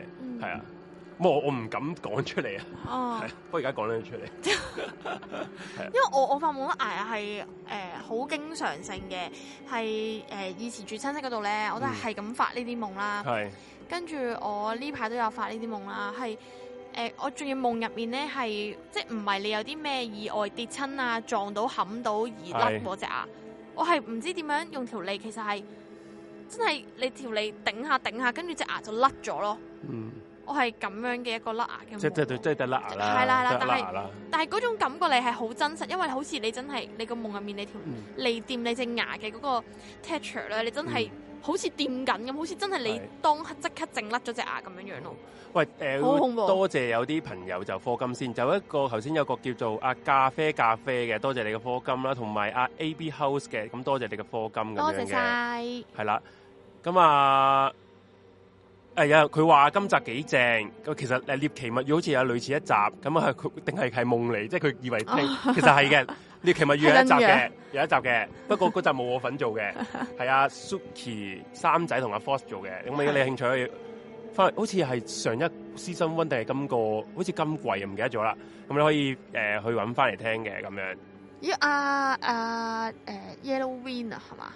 係、嗯、啊。不我唔敢講出嚟啊。 出嚟！係不過而家講得出嚟，因為我我發夢甩牙係誒，好經常性嘅，係誒、呃、以前住親戚嗰度咧，我都係係咁發呢啲夢啦。係跟住我呢排都有發呢啲夢啦，係誒、呃、我仲要夢入面咧係即係唔係你有啲咩意外跌親啊撞到冚到，到而甩嗰隻牙？是我係唔知點樣用條脷，其實係真係你條脷頂下頂下，跟住隻牙就甩咗咯。嗯。我係咁樣嘅一個甩牙嘅，即即即即係甩牙啦，甩牙啦。但係嗰種感覺你係好真實，因為好似你真係你個夢入面你條嚟掂你隻牙嘅嗰個 texture 咧，你真係好似掂緊咁，嗯、好似真係你當即刻淨甩咗隻牙咁樣樣咯。喂、呃，好恐怖！多謝有啲朋友就課金先，就一個頭先有一個叫做阿、啊、咖啡咖啡嘅，多謝你嘅課金啦，同埋阿 AB House 嘅，咁多謝你嘅課金嘅。多謝晒！係啦，咁啊。呃誒、哎、啊，佢話今集幾正，咁其實誒《獵奇物語》好似有類似一集，咁啊係佢定係係夢嚟，即係佢以為聽，其實係嘅， 《獵奇物語》有一集嘅， 有一集嘅，不過嗰集冇我份做嘅，係 阿、啊、Suki 三仔同阿 Force 做嘅，咁啊你，你有興趣翻嚟，好似係上一 season one 定係今個，好似今季又唔記得咗啦，咁你可以誒、呃、去揾翻嚟聽嘅咁樣。咦，阿誒誒 Yellow Wing 啊，係嘛？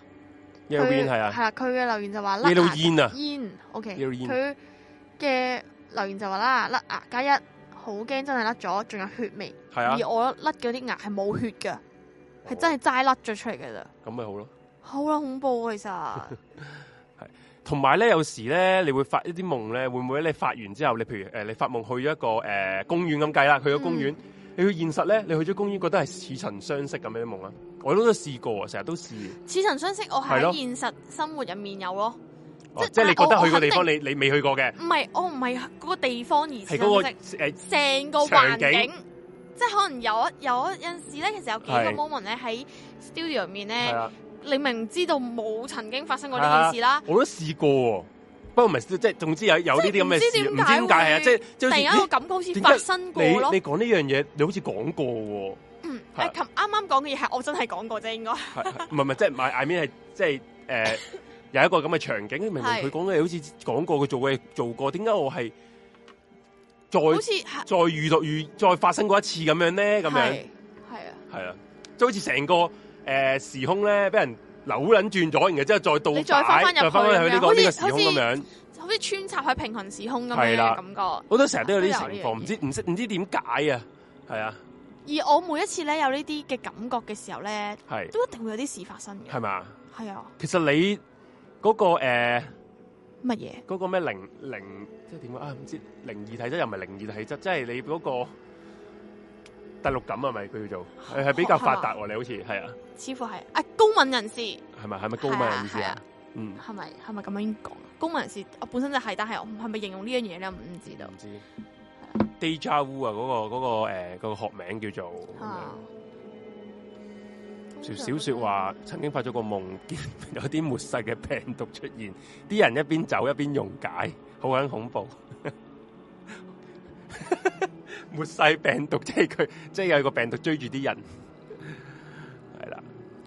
佢係、嗯、啊，佢嘅、啊、留言就話甩牙煙，OK。佢嘅、嗯啊、留言就話啦，甩牙加一好驚，真係甩咗，仲有血味。係啊，而我甩嗰啲牙係冇血嘅，係、哦、真係齋甩咗出嚟嘅咋。咁、嗯、咪好咯。好鬼恐怖，其實係。同埋咧，有時咧，你會發一啲夢咧，會唔會你發完之後，你譬如誒，你發夢去咗一個誒、呃、公園咁計啦，去咗公園，嗯、你去現實咧，你去咗公園，覺得係似曾相識咁樣嘅夢啊？我都都試過，成日都試。似曾相識，我喺現實生活入面有咯。哦、即係你覺得去個地方，你你未去過嘅？唔係，我唔係嗰個地方而。係嗰、那個誒，成、呃、個環境。即係可能有有一陣時咧，其實有幾個 moment 咧喺 studio 入面咧，你明知道冇曾經發生過呢件事啦。我都試過，不過唔係即係，總之有有呢啲咁嘅事。點解？點解？啊，即係突然間、就是、一個感覺好似發生過。你講呢樣嘢，你好似講過。琴啱啱講嘅嘢係我真係講過啫、啊，應該。唔係唔係，即、就、係、是、I mean 係即係誒，呃、 有一個咁嘅場景，明明佢講嘅好似講過，佢做嘅做過，點解我係再好似再遇到再發生過一次咁樣咧？咁樣係啊，係啊，係啊，係、呃、啊，即好似成個誒時空咧，俾人扭捻轉咗，然後之後再倒，你再翻翻入去呢、呢個呢、呢個時空咁樣像，好似穿插喺平行時空咁樣嘅感、啊、感覺。好多成日都有啲情況，唔知唔識唔知點解啊？係啊。而我每一次咧有呢啲嘅感覺嘅時候咧，係都一定會有啲事發生嘅，係咪？係啊。其實你嗰，那個誒乜嘢？嗰，呃那個咩靈靈即係點啊？唔知靈異體質又唔係靈異體質，即係你嗰，那個第六感係咪？佢叫做係比較發達喎？你好似係啊？似乎係啊，高敏人士係咪？係咪高敏人士啊，啊，啊？嗯，係咪係咪咁樣講？高敏人士我本身就係，是，但係我係咪形容呢樣嘢咧？唔唔知道。Deja Vu 啊，嗰、嗰個嗰、嗰個誒、欸嗰個學名叫做，條、oh. 小，小說話、oh. 曾經發咗個夢，見有啲末世嘅病毒出現，啲人一邊走一邊溶解，好撚恐怖。末 世病毒即係佢，即、就、係、是就是、有一個病毒追住啲人。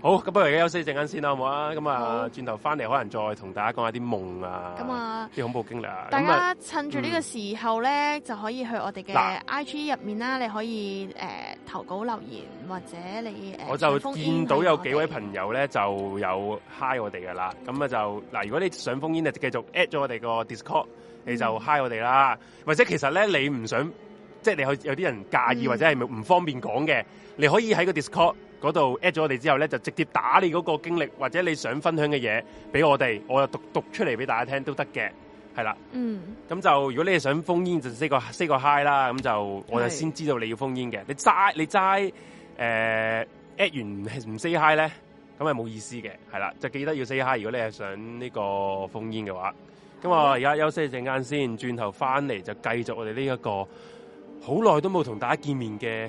好，咁不如而家休息陣間先啦，好唔好啊？咁啊，轉頭翻嚟可能再同大家講下啲夢啊，啲、啊、恐怖經歷啊。大家趁住呢個時候咧、嗯，就可以去我哋嘅 IG 入面啦、嗯。你可以誒、呃、投稿留言，或者你、呃、我就見到有幾位朋友咧就，就有 hi 我哋㗎啦。咁、嗯、啊就嗱、呃，如果你想封煙就繼續 at 咗我哋個 Discord，你就 hi 我哋啦、嗯。或者其實咧，你唔想即係、就是、你有有啲人介意、嗯、或者係唔唔方便講嘅，你可以喺個 Discord。嗰度 at 咗我哋之後咧，就直接打你嗰個經歷或者你想分享嘅嘢俾我哋，我就讀讀出嚟俾大家聽都得嘅，係啦。嗯。咁就如果你係想 phone in，就 say 個 say 個 hi 啦。咁就我就先知道你要 phone in 嘅。你齋你齋誒 at 完唔 say hi 咧，咁係冇意思嘅，係啦。就記得要 say hi，如果你係想呢個 phone in 嘅話。咁我而家休息一陣間先，轉頭翻嚟就繼續我哋呢一個好耐都冇同大家見面嘅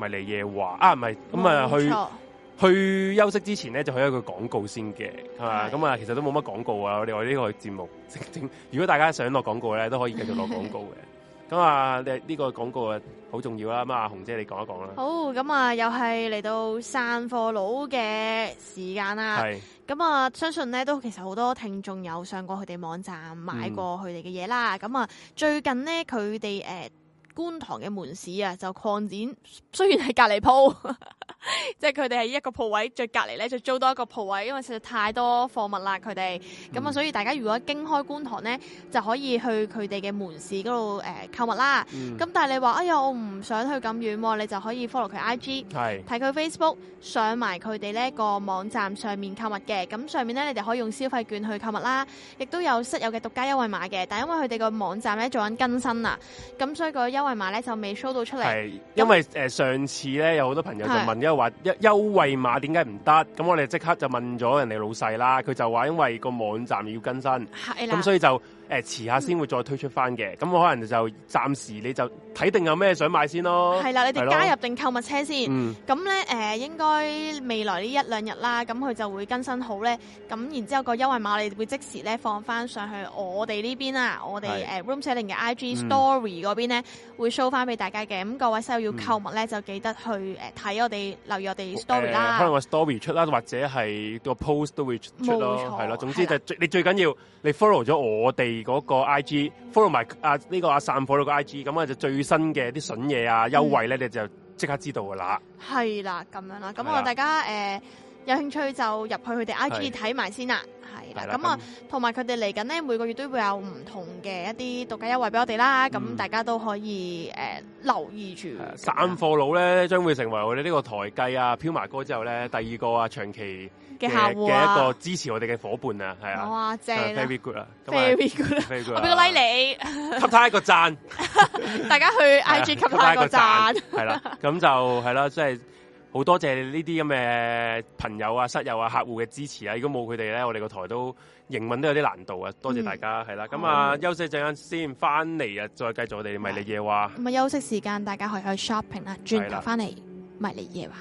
迷離夜話啊，唔係咁啊，嗯哦、啊去去休息之前咧，就去一個廣告先嘅，係咁啊，其實都冇乜廣告啊，我哋我呢個節目 如果大家想落廣告咧，都可以繼續落廣告嘅、 嗯。咁啊，呢呢個廣告啊，好重要啊。咁、嗯、啊，紅姐你講一講、嗯、啦。好、嗯嗯，咁啊，又係嚟到散貨佬嘅時間啦。係，咁啊，相信咧都其實好多聽眾有上過佢哋網站買過佢哋嘅嘢啦。咁、嗯、啊，最近咧佢哋誒。觀塘嘅門市啊，就擴展，雖然係隔籬鋪，即係佢哋係一個鋪位，隔再隔籬咧就租多一個鋪位，因為實在太多貨物啦，佢哋。咁、嗯、啊，所以大家如果經開觀塘咧，就可以去佢哋嘅門市度誒購物啦。咁、嗯、但係你話哎呀，我唔想去咁遠、啊，你就可以 follow 佢 IG，係睇佢 Facebook，上埋佢哋呢個網站上面購物嘅。咁上面咧，你哋可以用消費券去購物啦，亦都有室友嘅獨家優惠碼嘅。但係因為佢哋個網站咧做緊更新啊，咁所以個優碼咧就未 show 到出嚟。係因為誒上次咧有好多朋友就問，因為話優惠碼點解唔得？咁我哋即刻就問咗人哋老細啦，佢就話因為個網站要更新，咁所以就。誒、呃、遲下先會再推出翻嘅，咁、嗯、我可能就暫時你就睇定有咩想買先咯。係啦，你哋加入定購物車先嗯嗯呢。咁咧誒，應該未來呢一兩日啦，咁佢就會更新好咧。咁然之後個優惠碼我哋會即時咧放翻上去我哋呢邊啦，我哋、呃、Room 410嘅 IG Story 嗰、嗯、邊咧會 show 翻俾大家嘅。咁、嗯嗯、各位需要要購物咧，就記得去睇我哋，留意我哋 story 啦、呃。可能個 story 出啦，或者係個 post 都會出咯，係啦。總之就最你最緊要你 follow 咗我哋。嗰、那個 I G follow 埋阿呢個阿散貨佬個 I G，咁我就最新嘅啲筍嘢啊優惠咧，嗯、你就即刻知道噶啦。係啦，咁樣啦，咁我大家誒、呃、有興趣就入去佢哋 I G 睇埋先啦。係啦，咁啊，同埋佢哋嚟緊咧，每個月都會有唔同嘅一啲獨家優惠俾我哋啦。咁、嗯、大家都可以誒、呃、留意住。散貨佬咧將會成為我哋呢個台計啊飄埋哥之後咧第二個啊長期嘅客戶嘅、啊、一個支持我伴、啊哦，我哋嘅伙伴啊，係 啊，哇，正，very good 啊，very good，俾個 like 你，給他一個讚，大家去 IG 給他一個讚，係 啦、啊，咁就係啦，即係好多謝呢啲咁嘅朋友啊、室友啊、客戶嘅支持啊，如果冇佢哋咧，我哋個台都營運都有啲難度啊，多謝大家，係、嗯、啦，咁啊，嗯、啊，休息陣間先，翻嚟啊，再繼續我哋迷離夜話，咁啊，休息時間大家可以去 shopping 啦，轉頭翻嚟迷離夜話。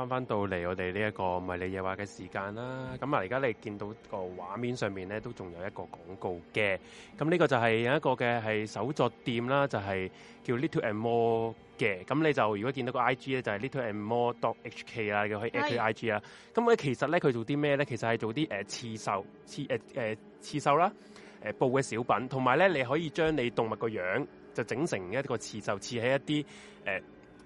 翻翻到嚟我哋呢一個迷離夜話嘅時間啦，咁啊而家你見到個畫面上面咧都仲有一個廣告嘅，咁呢個就係有一個嘅係手作店啦，就係、是、叫 Little and More 嘅，咁你就如果見到個 I G 咧就係、是、Little and More dot H K 啦，你可以 at 佢 I G 啦，咁咧其實咧佢做啲咩咧？其實係做啲誒、呃、刺繡刺誒誒、呃、刺繡啦，誒布嘅小品，同埋咧你可以將你動物個樣就整成一個刺繡，刺喺一啲誒。呃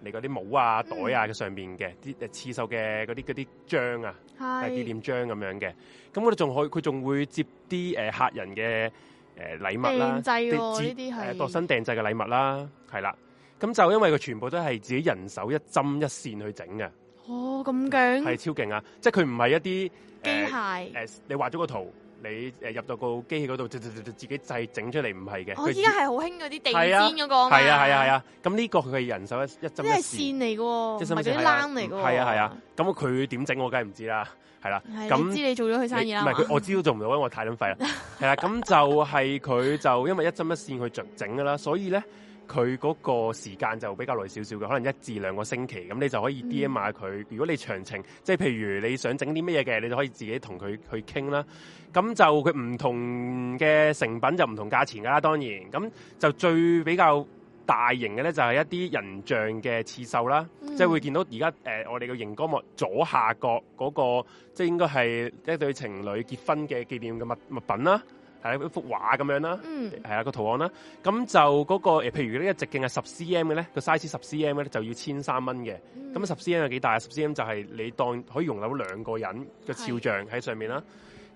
嚟嗰啲帽啊、袋啊、嗯、上面嘅啲誒刺繡嘅嗰啲嗰啲章啊，係紀念章咁樣嘅，咁我哋仲可以，佢仲會接啲誒客人嘅誒禮物啦、啊，製呢啲係度身訂製嘅禮物啦、啊，係啦，咁就因為佢全部都係自己人手一針一線去整嘅，哦咁勁，係、嗯、超勁啊！即係佢唔係一啲機械誒、呃呃，你畫咗個圖。你誒入、uh, 到個機器嗰度，就自己製整出嚟，唔係嘅。佢依家係好興嗰啲地氈嗰個。係啊係啊係啊！咁呢、啊、個佢嘅人手一一針一線。因為線嚟嘅，唔係嗰啲冷嚟嘅。係啊係啊！咁佢點整我梗係唔知啦，係啦。係。咁知你做咗佢生意啦。唔係我知道做唔到，因為我太撚廢啦。係啦，咁就係佢就因為一針一線去著整嘅啦，所以咧。佢嗰個時間就比較耐少少嘅，可能一至兩個星期，咁你就可以 DM 下佢。嗯、如果你詳情即係譬如你想整啲乜嘢嘅，你就可以自己同佢去傾啦。咁就佢唔同嘅成品就唔同價錢㗎啦，當然。咁就最比較大型嘅咧，就係一啲人像嘅刺繡啦，嗯、即係會見到而家誒我哋嘅熒光幕左下角嗰、嗰個，即係應該係一對情侶結婚嘅紀念嘅物物品啦。係一幅畫咁樣啦，係啊個圖案啦。咁就嗰、那個誒、呃，譬如呢一直徑係十 cm 嘅咧，個 size 十 cm 咧就要千三蚊嘅。咁十 cm 有幾大？十 cm 就係你當可以容留兩個人嘅肖像喺上面啦。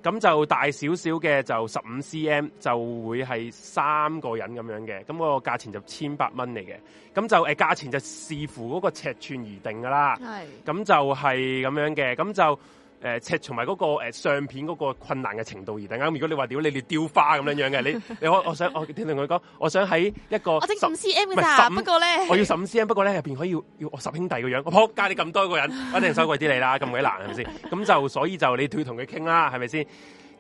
咁就大少少嘅就十五 cm 就會係三個人咁樣嘅。咁個價錢就千八蚊嚟嘅。咁就誒，價、呃、錢就視乎嗰個尺寸而定噶啦。係咁就係咁樣嘅。咁就。誒、呃、尺、嗰個，同埋嗰個相片嗰個困難嘅程度而定。咁如果你話屌你你雕花咁樣樣嘅，你 你我我想我聽同佢講，我想喺一個十 CM 唔係，不過咧我要十五 CM，不過咧入面可以要要我十兄弟嘅樣。我撲街你咁多個人，我一定收貴啲你啦，咁 鬼多難係咪先？咁 就所以就你退同佢傾啦，係咪先？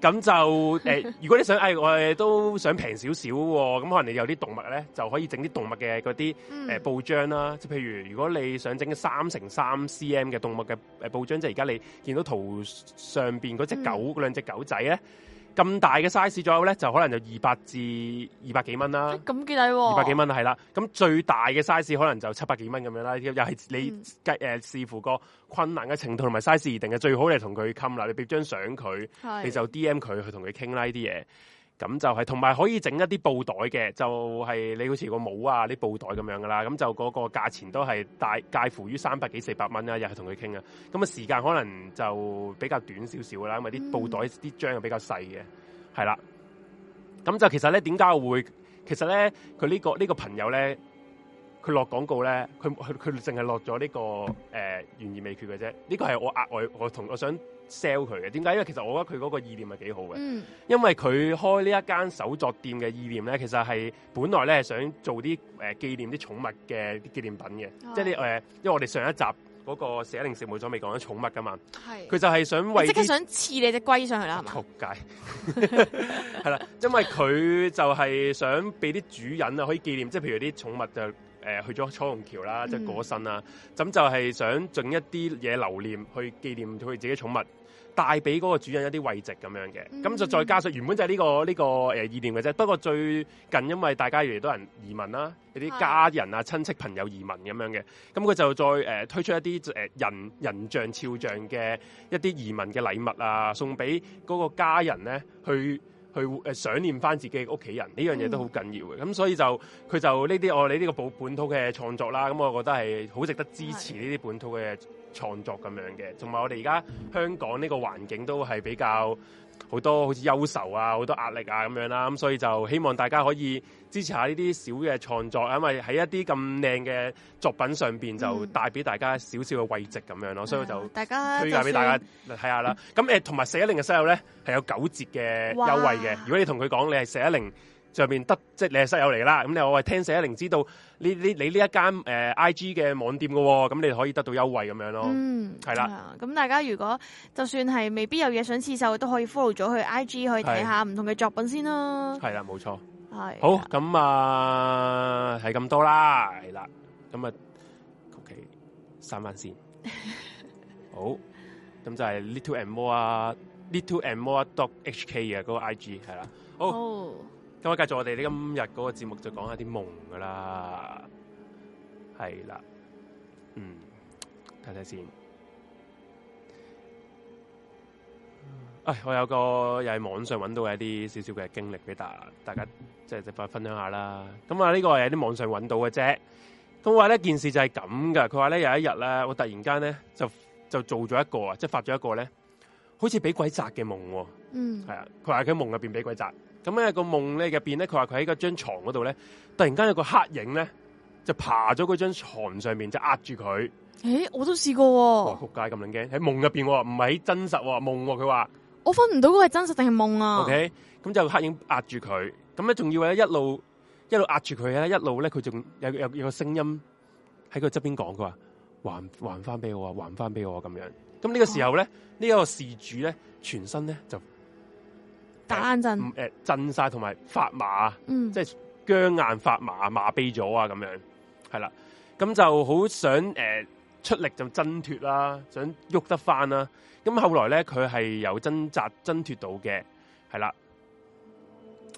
咁就、呃、 如果你想，誒、哎、我哋都想平少少喎。咁可能你有啲動物咧，就可以整啲動物嘅嗰啲誒布章啦。即、嗯、譬如，如果你想整三乘三 cm 嘅動物嘅、呃、布章，即而家你見到圖上面嗰隻狗，嗯、兩隻狗仔咧。咁大嘅 size 左右咧，就可能就二百至二百幾蚊啦。咁、欸、幾大喎、啊？二百幾蚊係係啦。咁最大嘅 size 可能就七百幾蚊咁樣啦。又係你計誒、嗯、視乎個困難嘅程度同埋 size 而定嘅。最好你同佢冚啦，你俾張相佢，你就 D M 佢去同佢傾啦呢啲嘢。咁就係、是，同埋可以整一啲布袋嘅，就係、是、你好似個帽啊啲布袋咁樣噶啦，咁就嗰個價錢都係大介乎於三百幾四百蚊啦。又係同佢傾啊，咁啊時間可能就比較短少少啦，因為啲布袋啲張又比較細嘅，係啦，咁就其實咧點解我會？其實咧佢呢、這個呢、這個朋友咧。佢落廣告咧，佢佢佢淨係落咗呢個誒、呃、懸而未決嘅啫。呢個係我額外我同我想 sell 佢嘅。點解？因為其實我覺得佢嗰個意念係幾好嘅、嗯呃哎呃。因為佢開呢一間手作店嘅意念咧，其實係本來咧想做啲誒紀念啲寵物嘅啲紀念品嘅，即係啲因為我哋上一集嗰、那個寫零食冇咗未講咗寵物噶嘛，係佢就係想為你即刻想刺你隻龜上去啦，係咪？仆街，係啦，因為佢就係想俾啲主人啊可以紀念，即係譬如啲寵物就。誒去咗彩虹橋啦，即係過身啦，咁、嗯、就係、是、想盡一啲嘢留念，去紀念佢自己寵物，帶俾嗰個主人一啲慰藉咁樣嘅。咁、嗯、就再加上原本就係呢、呢個呢、呢個、呃、意念嘅啫。不過最近因為大家越嚟越多人移民啦，有啲家人啊、親戚朋友移民咁樣嘅，咁佢就再、呃、推出一啲、呃、人人像、肖像嘅一啲移民嘅禮物啊，送俾嗰個家人咧去。去誒想念翻自己屋企人，呢樣嘢都好緊要嘅，咁、嗯、所以就佢就呢啲我哋呢個保本土嘅創作啦，咁我覺得係好值得支持呢啲本土嘅創作咁樣嘅，同埋我哋而家香港呢個環境都係比較，好多好似憂愁啊，好多壓力啊咁樣啦，咁所以就希望大家可以支持下呢啲小嘅創作，因為喺一啲咁靚嘅作品上面，就帶俾大家少少嘅慰藉咁樣咯，所以我就大家推介俾大家睇下啦。咁誒同埋四一零嘅 sale 咧係有九折嘅優惠嘅，如果你同佢講你係四一零。上面得即係你係室友嚟啦，咁你我喂聽寫一零知道你呢一間誒、呃、I G 嘅網店喎。咁你可以得到優惠咁樣咯，係、嗯、啦。咁、嗯嗯、大家如果就算係未必有嘢想刺繡，都可以 follow 咗去 I G 去睇下唔同嘅作品先囉。係啦，冇錯。係好咁啊，係咁多啦，係啦。咁啊，O K，三翻先。好，咁、呃、就係 Little and More 啊，Little and More Dot H K 嘅嗰個 I G 係啦。好。咁我繼續，我哋呢今日嗰個節目就講下啲夢噶啦，係啦，嗯，睇睇先。唉，我有個又喺網上揾到嘅一啲少少嘅經歷俾大家大家，即係一分享一下啦。咁、嗯、啊，呢、這個係喺啲網上揾到嘅啫。咁話呢件事就係咁噶，佢話咧有一日咧、啊，我突然間咧就就做咗一個啊，即係發咗一個咧，好似俾鬼壓嘅夢喎。嗯，係啊，佢話佢喺夢入邊俾鬼壓。咁、那、咧個夢咧入邊咧，佢話佢喺個張床嗰度咧，突然間有個黑影咧就爬咗嗰張床上面就壓住佢。誒、欸，我都試過、哦。哇，仆街咁驚喺夢入邊，唔係、哦、真實夢、哦。佢話、哦、我分唔到個係真實定係夢啊。OK，咁就黑影壓住佢，咁咧仲要咧一路一路壓住佢咧，一路咧佢仲有有有個聲音喺佢側邊講佢話還還翻俾我，還翻俾我咁樣。咁呢個時候咧，呢、這個事主咧全身咧就，打硬陣，誒、呃，震晒同埋發麻，嗯、即係僵硬、發麻、麻痹咗啊，咁樣係啦。咁就好想誒、呃、出力就掙脫啦，想喐得翻啦。咁後來咧，佢係有掙扎掙脫到嘅，係啦。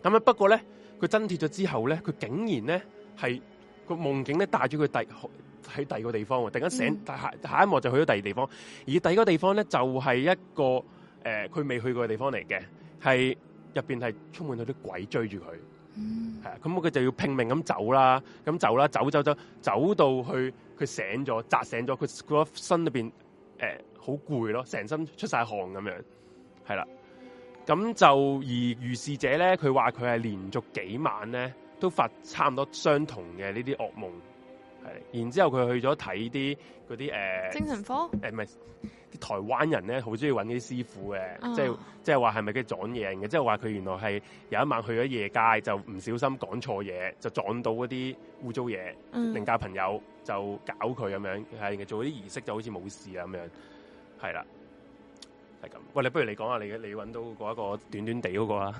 咁啊，不過咧，佢掙脫咗之後咧，佢竟然咧係個夢境咧帶咗佢第喺第二個地方嘅，突然間醒，下下一幕就去咗第二地方。嗯、而第二個地方咧就係、是、一個誒，佢、呃、未去過嘅地方嚟嘅。係入邊係充滿咗啲鬼追住佢。係、嗯、啊，咁佢就要拼命咁走啦，咁走啦，走走走，走到去佢醒咗，扎醒咗，佢佢個身裏邊誒好攰咯，成身出晒汗咁樣，係啦，咁就而如是者咧，佢話佢係連續幾晚咧都發差唔多相同嘅呢啲噩夢，係，然之後佢去咗睇啲嗰啲誒精神科，誒唔係。台灣人咧好中意揾啲師傅嘅，即係即係話係咪佢撞嘢嘅？即係話佢原來係有一晚去咗夜街，就唔小心講錯嘢，就撞到嗰啲污糟嘢，另、mm. 家朋友就搞佢咁樣，係做啲儀式就好似冇事啦咁樣，係啦，係咁。喂，你不如你講下你嘅，你揾到嗰一個短短地嗰個啦。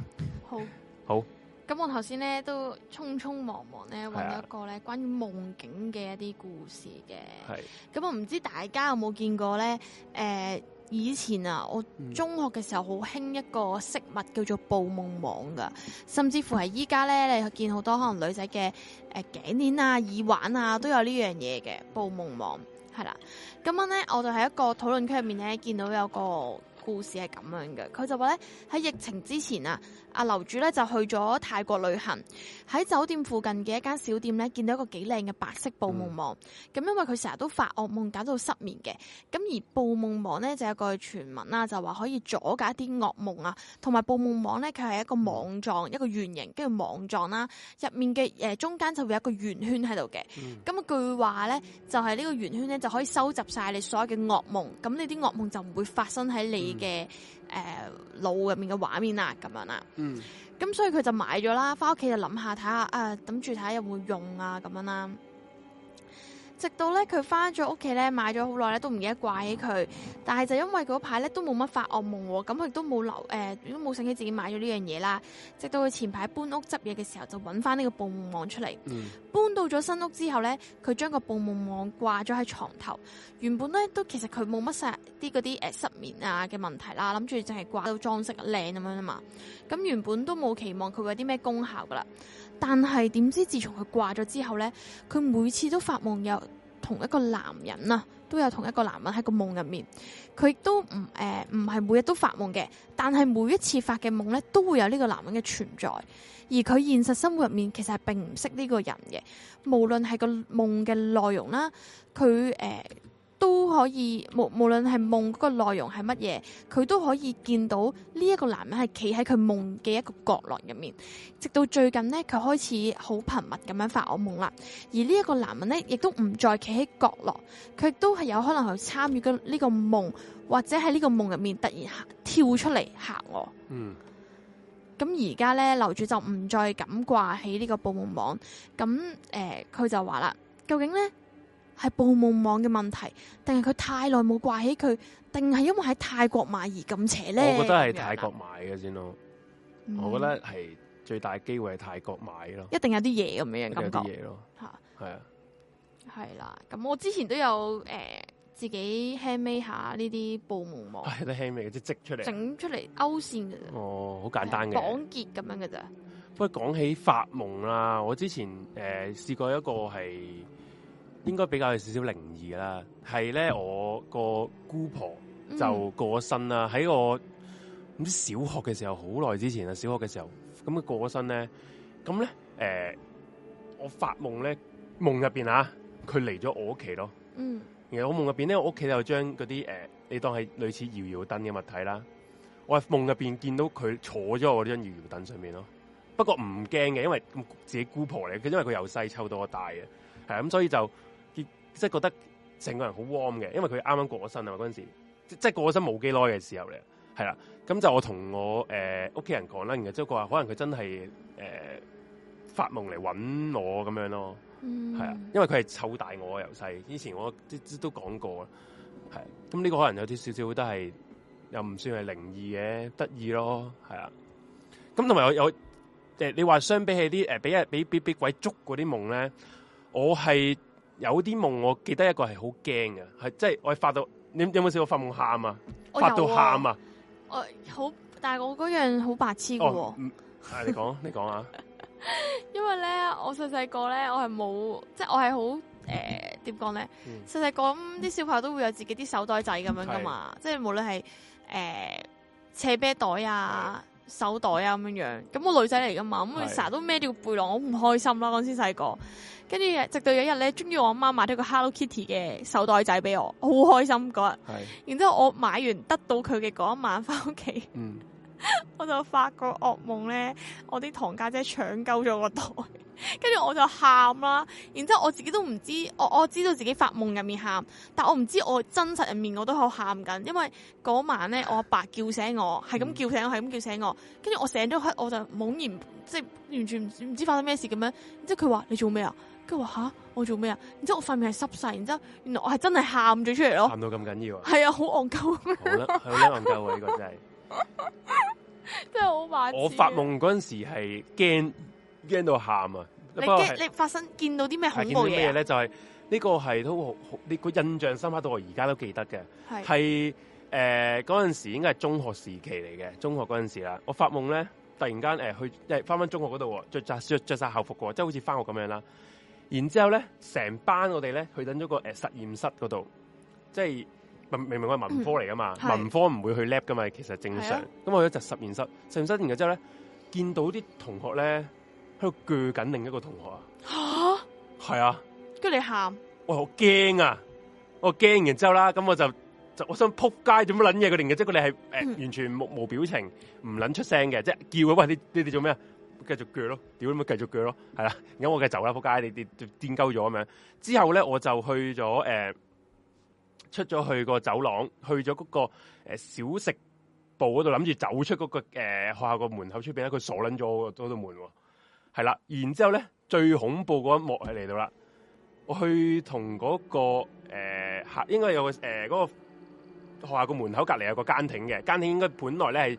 好，好。咁我頭先咧都匆匆忙忙咧揾到一個咧關於夢境嘅一啲故事嘅。係。咁我唔知大家有冇見過咧？誒、呃，以前啊，我中學嘅時候好興一個飾物叫做捕夢網噶，甚至乎係依家咧，你見好多可能女仔嘅誒頸鏈啊、耳環啊都有呢樣嘢嘅捕夢網，係啦。今晚咧，我就喺一個討論區入面咧見到有個。故事係咁樣嘅，佢就話咧，喺疫情之前啊，阿樓主咧就去咗泰國旅行。喺酒店附近嘅一間小店咧，見到一個幾靚嘅白色捕夢網。咁、嗯、因為佢成日都發噩夢，搞到失眠嘅。咁而捕夢網咧就有一個傳聞啦，就話可以阻隔一啲噩夢啊。同埋捕夢網咧，佢係一個網狀，一個圓形跟住網狀啦。入面嘅誒、呃、中間就會有一個圓圈喺度嘅。咁、嗯、一句話咧，就係、是、呢個圓圈咧就可以收集晒你所有嘅噩夢。咁你啲噩夢就唔會發生喺你嘅誒腦入面嘅畫面啦，咁樣啦。嗯。呃咁所以佢就買咗啦，返屋企就諗下睇下，啊，諗住睇下有冇用啊，咁樣啦。直到咧佢翻咗屋企咧，買咗好耐咧，都唔記得掛起佢。但係就因為嗰排咧都冇乜發惡夢喎，咁佢都冇留誒，都冇想起自己買咗呢樣嘢啦。直到佢前排搬屋執嘢嘅時候，就揾翻呢個捕夢網出嚟，嗯。搬到咗新屋之後咧，佢將個捕夢網掛咗喺床頭。原本咧都其實佢冇乜晒啲嗰啲誒失眠啊嘅問題啦，諗住淨係掛到裝飾靚咁樣嘛。咁原本都冇期望佢會有啲咩功效噶啦。但係點知自從佢掛咗之後呢，佢每次都發夢有同一個男人啊，都有同一個男人喺個夢入面。佢都唔誒唔係每日都發夢嘅，但係每一次發嘅夢呢，都會有呢個男人嘅存在，而佢現實生活入面其實係並唔識呢個人嘅。無論係個夢嘅內容啦，佢誒。呃都可以無無論係夢嗰個內容係乜嘢，佢都可以見到呢一個男人係企喺佢夢嘅一個角落入面。直到最近呢，佢開始好頻密咁樣發惡夢啦。而呢一個男人呢，亦都唔再企喺角落，佢都係有可能係參與緊呢個夢，或者喺呢個夢入面突然吓跳出嚟嚇我。嗯。咁而家呢，樓主就唔再敢掛起呢個報夢網。咁誒，佢、呃、就話啦，究竟呢？」係捕夢網嘅問題，定係佢太耐冇掛起佢，定係因為喺泰國買而咁邪咧？我覺得係泰國買嘅先咯、嗯，我覺得係最大機會喺泰國買咯、嗯。一定有啲嘢咁樣嘅感覺，有啲嘢咯啊啊，吓係啊，係啦。咁我之前都有誒、呃、自己 handmade 下呢啲捕夢網，係都 handmade 嘅，即出嚟整出嚟勾線嘅啫。哦，好簡單嘅，綁結咁樣嘅咋。不過講起發夢啦，我之前誒試、呃、過一個係。應該比較有少少靈異啦，係咧，我個姑婆就過咗身啦，喺、嗯、我唔知小學嘅時候，好耐之前、呃、啊，小學嘅時候咁佢過咗身咧，咁咧誒我發夢咧，夢入邊吓，佢嚟咗我屋企咯，嗯，然後我夢入邊咧，我屋企就將嗰啲誒你當係類似搖搖燈嘅物體啦，我喺夢入邊見到佢坐咗喺我呢張搖搖燈上面咯，不過唔驚嘅，因為自己姑婆嚟，嘅，因為佢由細湊到我大嘅，係咁所以就。即係覺得成個人好 warm 嘅，因為佢啱啱過咗身啊嘛，嗰陣時即係過咗身冇幾耐嘅時候嚟，係啦。咁就我同我誒屋企人講啦，然之後佢話可能佢真係誒、呃、發夢嚟搵我咁樣咯，係、嗯、啊。因為佢係湊大我啊由細，以前我都講過，係咁呢個可能有啲少少都係又唔算係靈異嘅得意咯，係啊。咁同埋我有誒、呃，你話相比起啲誒俾俾俾鬼捉嗰啲夢咧，我係。有啲夢我記得一個係好驚嘅，係即係我係發到，你有冇試過發夢喊啊，啊？發到喊啊！我好，但係我嗰樣好白痴嘅、哦哦。係、嗯、 你講，你講啊！因為咧，我細細個咧，我係冇，即係我係好誒，點講咧？細細個咁啲小朋友、嗯、都會有自己啲手袋仔咁樣噶嘛，是即係無論係誒斜孭袋啊、手袋啊咁樣樣。咁我女仔嚟噶嘛，咁佢成日都孭住個背囊，我好唔開心啦、啊。嗰陣時細個。跟住，直到有一日咧，終於我媽買咗個 Hello Kitty 嘅手袋仔俾我，好開心嗰日。然之後我買完得到佢嘅嗰一晚翻屋企，嗯、 我就發覺惡夢咧。我啲堂家姐搶鳩咗個袋，跟住我就喊啦。然之後我自己都唔知，我我知道自己發夢入面喊，但我唔知我真實入面我都喺度喊緊，因為嗰晚咧我阿爸，爸叫醒我，係、嗯、咁叫醒我，係咁叫醒我。跟住我醒咗我就懵然即完全唔知發生咩事咁樣。即係佢話：你做咩啊？佢話吓，我做咩啊？然之後我塊面係濕晒，然之後原來我係真係喊咗出嚟咯，喊到咁緊要啊！係啊，好戇鳩，好戇鳩啊！呢 個真係真係好白痴。我發夢嗰陣時係驚驚到喊啊！你驚你發生見到啲咩恐怖嘢嘢咧？就係、是、呢、這個係都好呢個印象深刻到我而家都記得嘅係誒。嗰陣、呃、時應該係中學時期嚟嘅，中學嗰陣時啦。我發夢咧，突然間誒、呃、去即係翻翻中學嗰度着着着晒校服嘅，即係好似翻學咁樣啦。然之後咧，成班我哋咧去等咗個誒實驗室嗰度，即係明明明我係文科嚟噶嘛、嗯，文科唔會去 lab 噶嘛，其實正常。咁我、啊、一入實驗室，實驗室完嘅之後咧，見到啲同學咧喺度鋸緊另一個同學啊，吓，係啊，跟住你喊，我好驚啊，我驚。然之後啦，咁我就就我想扑街點樣撚嘢佢哋嘅，即係佢哋係誒完全目無，無表情，唔撚出聲嘅，即係叫佢喂，你你哋做咩啊？繼續鋸咯，屌你咪繼續鋸咯，係啦，咁我梗係走啦，仆街，你跌癲鳩咗咁樣。之後咧，我就去咗誒、呃，出咗去個走廊，去咗嗰、那個誒、呃、小食部嗰度，諗住走出嗰、那個誒、呃、學校門、那個門口出邊咧，佢鎖捻咗嗰道門。係啦，然之後咧，最恐怖嗰一幕係嚟到啦。我去同嗰、那個誒、呃、客，應該有個誒、呃那個學校個門口隔籬有個間亭嘅，間亭應該本來咧係。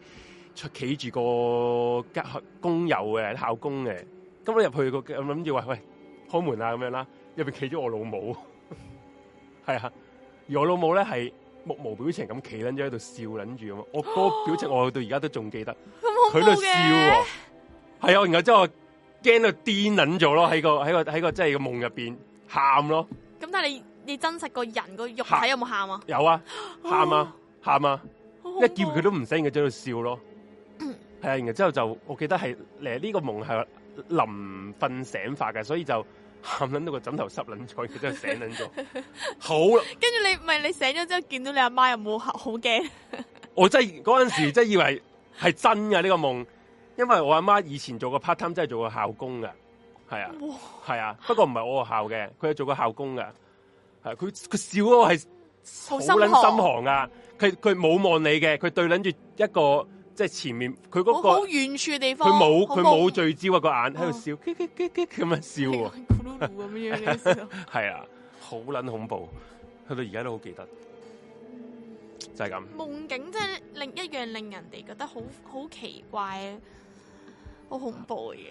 出企住個工友嘅校工嘅，咁我入去我諗住話，喂，開門啊咁樣啦，入邊企咗我老母，係啊，而我老母咧，係目無表情咁企撚咗喺度笑撚住我個表情，我到而家都仲記得，佢喺度笑，係啊，然後之後我驚到癲撚咗咯，喺個喺個喺個即係個夢入邊喊咯，咁但係你你真實個人個肉體有冇喊啊？有啊，喊啊喊啊、哦，一見佢都唔醒，佢喺度笑咯。係然後之後就我記得係誒呢個夢係臨瞓醒發嘅，所以就喊捻到個枕頭濕捻咗，佢真係醒捻咗， 好。跟住你唔係 你醒咗之後見到你阿媽又沒有冇好驚？ 我真係嗰陣時真係以為係真嘅呢、呢個夢，因為我阿媽以前做過 part time，真係做過校工嘅，係啊，係啊。不過唔係我學校嘅，佢係做過校工嘅，係佢佢笑嗰個係好心好心寒啊！佢佢冇望你嘅，佢對捻住一個。即係前面佢嗰、那個好遠處嘅地方，佢冇佢冇聚焦個眼喺度笑，激激激激咁樣笑喎，咁樣 這樣 的，係 啊，好撚恐怖，去到而家都好記得，就係、是、咁。夢境真係另一樣令人哋覺得好好奇怪、好恐怖嘅嘢，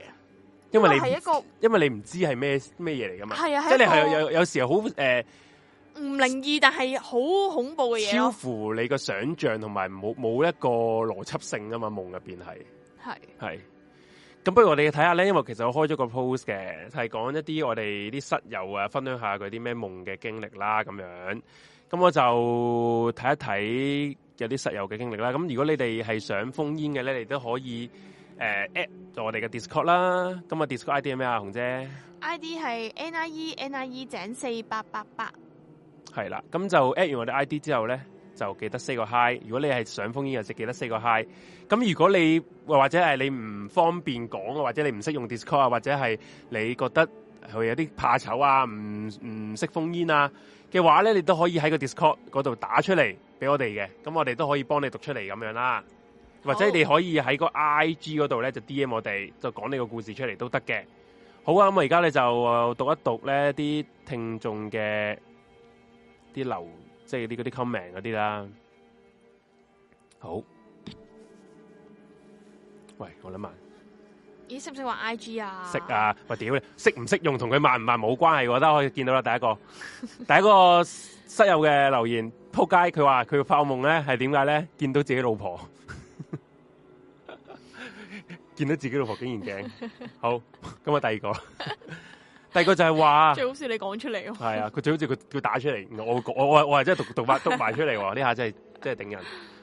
因為你係一個，因為你唔知係咩咩嘢嚟㗎嘛，即係你係有有時候好誒。呃唔靈異，但係好恐怖嘅嘢，啊，超乎你個想象，同埋冇冇一個邏輯性噶，啊，嘛。夢入邊係係係咁，不如我哋睇下咧。因為其實我開咗個 post 嘅，係講一啲我哋啲室友啊，分享下佢啲咩夢嘅經歷啦。咁樣咁我就睇一睇有啲室友嘅經歷啦。咁如果你哋係想 phone in 嘅咧，你都可以誒 at，呃，我哋嘅 Discord 啦。今日 Discord ID 係咩啊？紅姐 ID 係 n i e n i e 井四八八八。係啦，咁就 at 完我哋 I D 之後咧，就記得 say 個 hi。如果你係想 phone in，就識記得 say 個 hi。咁如果你或或者係你唔方便講啊，或者你唔識用 Discord 啊，或者係你覺得佢有啲怕醜啊，唔唔識 phone in 啊嘅話咧，你都可以喺個 Discord 嗰度打出嚟俾我哋嘅。咁我哋都可以幫你讀出嚟咁樣啦。Oh. 或者你可以喺個 I G 嗰度咧，就 D M 我哋，就講你個故事出嚟都得嘅。好啊，咁我而家咧就讀一讀咧啲聽眾嘅。啲流即係啲嗰啲 comment 嗰啲啦，好，喂，我諗埋，咦識唔識話 IG 啊？識啊，我屌，識唔識用同佢慢唔慢冇關係，我覺得可以見到啦。第一個，第一個室友嘅留言扑街，佢話佢發夢咧係點解咧？見到自己老婆， 見到自己老婆竟然驚，好，咁啊第二個。第二個就係話，最好笑你講出嚟。係啊，佢 最好笑佢佢打出嚟，我我我我係真係讀 讀埋出嚟。呢下真係真係頂人。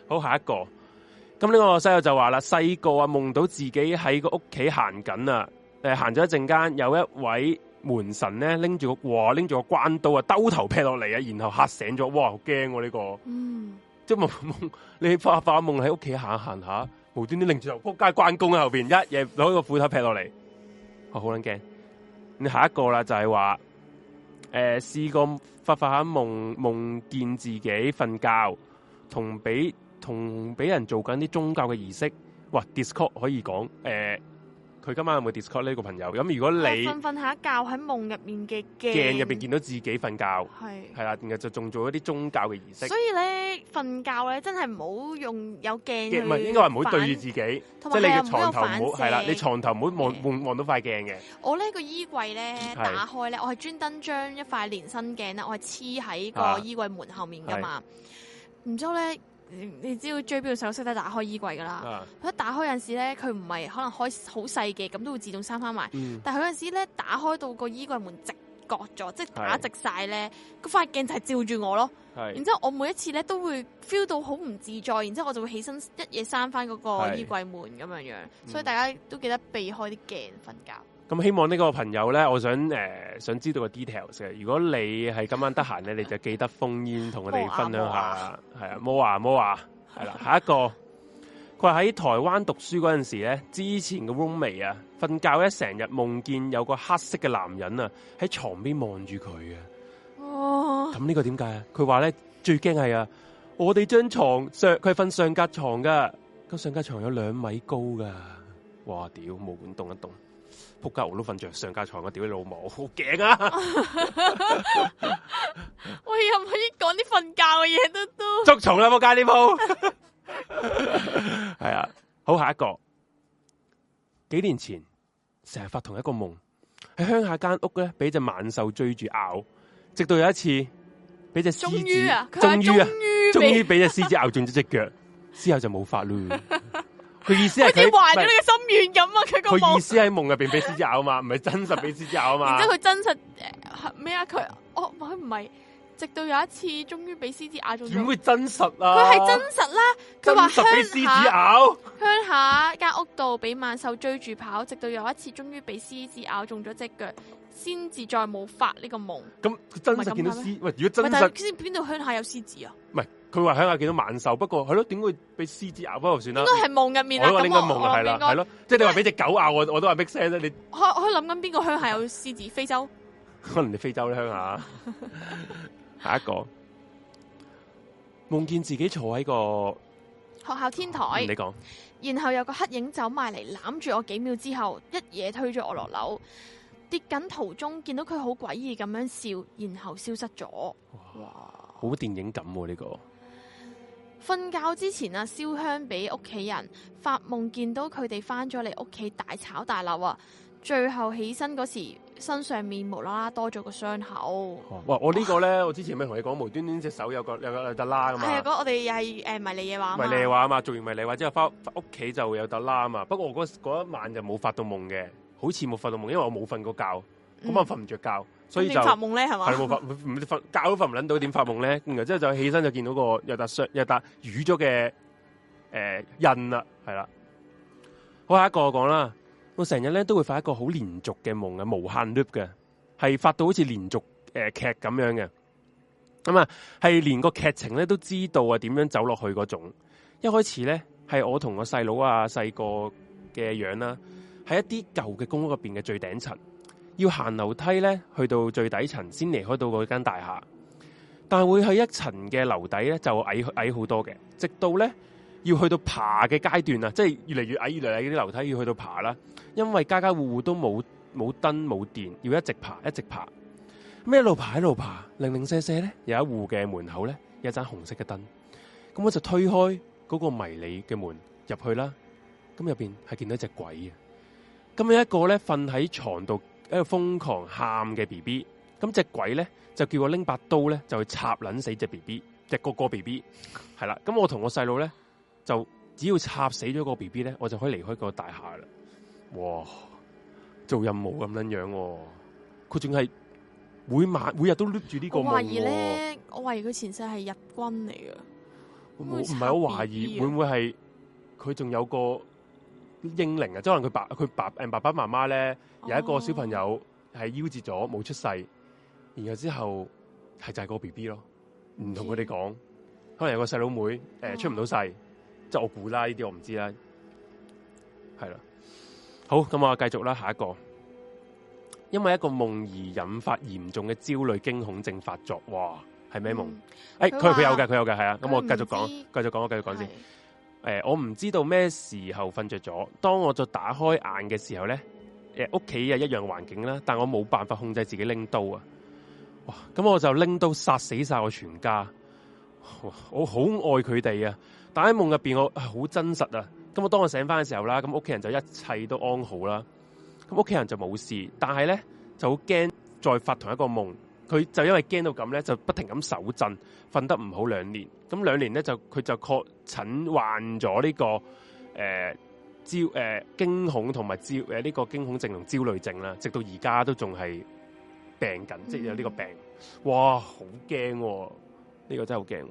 好，下一個。咁呢個細友就話啦，細個啊夢到自己喺個屋企行緊啊，誒行咗一陣間，有一位門神咧拎住個哇拎住個關刀啊兜頭劈落嚟啊，然後嚇醒咗，哇好驚呢個。即係夢夢你發發夢喺屋企行行下，無端端拎住頭扑街關公喺後邊，一夜攞個斧頭劈落嚟，好撚驚。你下一個啦，就係話，誒試過發發下夢，夢見自己瞓覺，同俾同俾人做緊啲宗教嘅儀式，哇！Discord 可以講誒。誒佢今晚有冇 Discord 呢個朋友？咁、嗯、如果你瞓瞓下覺喺夢入面嘅鏡入面見到自己瞓覺，係係啦，然後就仲做一啲宗教嘅儀式。所以咧，瞓覺咧真係唔好用有鏡，唔應該話唔好對住自己，即係、就是、你嘅床頭唔好係啦，你床頭唔好望望望到塊鏡嘅。我呢個衣櫃咧打開咧，我係專登將一塊連身鏡呢，我係黐喺個衣櫃門後面噶嘛。然之後咧。你知道追邊個手，識得打開衣櫃噶啦。佢一打開有陣時咧，佢唔係可能開好細嘅，咁都會自動閂翻埋。Mm. 但係有陣時咧，打開到個衣櫃門直角咗，mm. 即係打直晒咧，個塊鏡就係照住我咯。Mm. 然之後我每一次咧都會 feel 到好唔自在，然之後我就會起身一嘢閂翻嗰個衣櫃門咁樣樣。Mm. 所以大家都記得避開啲鏡瞓覺。咁希望呢個朋友咧，我想誒、呃、想知道個 details。如果你係今晚得閒咧， 你就記得封煙同我哋分享下。係啊，Mo 啊 Mo 啊，係啦，啊啊、 下一個佢話喺台灣讀書嗰陣時咧，之前嘅 roommate 啊，瞓覺咧成日夢見有個黑色嘅男人啊喺床邊望住佢啊。哦，咁呢個點解啊？佢話咧最驚係啊，我哋張床上，佢係瞓上格床噶，個上格床有兩米高噶。哇屌，冇管動一動。仆街我都瞓着，上架床丟丟老好啊！屌你老母，好勁啊！喂，又唔可以講啲瞓覺嘅嘢都都捉蟲啦！冇介啲鋪，係 啊，好，下一個。幾年前成日發同一個夢，喺鄉下間屋咧，俾隻猛獸追住咬，直到有一次俾隻獅子，終於啊，終於俾隻獅子咬中咗隻腳，之後就冇法啦。 佢意思係好似壞咗你個心願咁啊！佢個夢意思喺夢入邊俾獅子咬嘛，唔係真實俾獅子咬嘛。 然之後佢真實誒咩、呃、啊？佢哦，佢唔係直到有一次，終於俾獅子咬中。點會真實啊？佢係真實啦。佢話鄉下鄉下間屋度俾猛獸追住跑，直到有一次終於俾獅子咬中咗隻腳，先至再冇發呢個夢。咁真實見到獅、啊、喂？如果真實，邊度鄉下有獅子啊？唔係。佢話鄉下見到猛獸，不過係咯，點會俾獅子咬翻就算啦。應該係夢入面啦，我話呢個夢係啦，係咯，即係你話俾隻狗咬我，我都話、就是、make sense 你可可諗緊邊個鄉下有獅子？非洲可能你非洲咧鄉下， 下一個夢見自己坐喺個學校天台，啊、你講，然後有個黑影走埋嚟攬住我，幾秒之後一嘢推咗我落樓，跌緊途中見到佢好詭異咁樣笑，然後消失咗。哇，好電影感喎、啊、呢、呢個！瞓覺之前啊，燒香俾屋企人，發夢見到佢哋翻咗嚟屋企大吵大鬧啊！最後起身嗰時，身上面無啦啦多咗個傷口。哇！我呢個咧，我之前咪同你講，無端端隻手有個有笪瘌，噶嘛。係啊，嗰，我哋又係誒迷離嘢話啊嘛。迷離嘢話啊嘛，做完迷離嘢話之後翻屋企就有笪瘌啊嘛。不過我嗰一晚就冇發到夢嘅，好似冇發到夢，因為我冇瞓過覺，咁啊瞓唔着覺。所以點 發夢咧，係嘛，係冇瞓覺都瞓唔卵到點發夢咧，然啊之後就起身就見到個有笪傷有笪瘀咗嘅誒印啦。係啦好，下一個講啦，我成日咧都會發一個好連續嘅夢嘅無限 loop 嘅，係發到好似連續誒劇咁樣嘅，咁啊係連個劇情咧都知道啊點樣走落去嗰種，一開始咧，係我同個細佬啊細個嘅樣啦，喺一啲舊嘅公屋入邊嘅最頂層。要行樓梯咧，去到最底層先離開到嗰間大廈，但係會喺一層嘅樓底咧就矮矮好多嘅，直到咧要去到爬嘅階段啊，即係越嚟越矮，越嚟越矮，嗰啲樓梯要去到爬啦。因為家家戶戶都冇冇燈冇電，要一直爬一直爬咁一路爬一路爬，零零舍舍咧有一戶嘅門口咧有一盞紅色嘅燈，咁我就推開嗰個迷你嘅門入去啦。咁入邊係見到一隻鬼啊。咁有一個咧瞓喺床度。一個瘋狂喊嘅 B B，咁隻鬼咧就叫我拎把刀咧就去插捻死隻 B B，隻個一個 B B 係啦。咁我同我細路咧就只要插死咗個 B B 咧，我就可以離開個大廈啦。哇，做任務咁捻樣、哦，佢仲係每晚每日都擸住呢個。我懷疑咧，我懷疑佢前世係日軍嚟嘅。唔唔係我懷疑，會唔會係佢仲有個？嬰靈啊，即可能佢爸佢爸誒爸爸媽媽咧有一個小朋友係夭折咗冇出世，然後之後係就係個 B B 咯，唔同佢哋講，可能有個細佬妹誒、呃、出唔到世，哦、即係我估啦，呢啲我唔知啦，係啦，啦，好，咁我繼續啦，下一個，因為一個夢而引發嚴重嘅焦慮驚恐症發作，哇，係咩夢？誒、嗯，佢、欸、佢有嘅佢有嘅係啊，咁我，我繼續講繼續講我繼續講先。誒，我唔知道咩時候瞓着咗。當我就打開眼嘅時候咧，誒、呃，屋企又一樣環境啦。但我冇辦法控制自己拎刀啊。哇，咁我就拎刀殺死晒我全家。我好愛佢哋啊，但喺夢入邊我好真實啊。咁我當我醒翻嘅時候啦，咁屋企人就一切都安好啦。咁屋企人就冇事，但係咧就好驚再發同一個夢。佢就因為驚到咁咧，就不停咁手震，瞓得唔好兩年。咁兩年咧就佢就確診患咗呢個誒、呃、焦誒、呃、驚恐同埋焦呢個、呃、驚恐症同焦慮症啦。直到而家都仲係病緊，即係有呢個病。嗯、哇，好驚、哦！呢個真係好驚。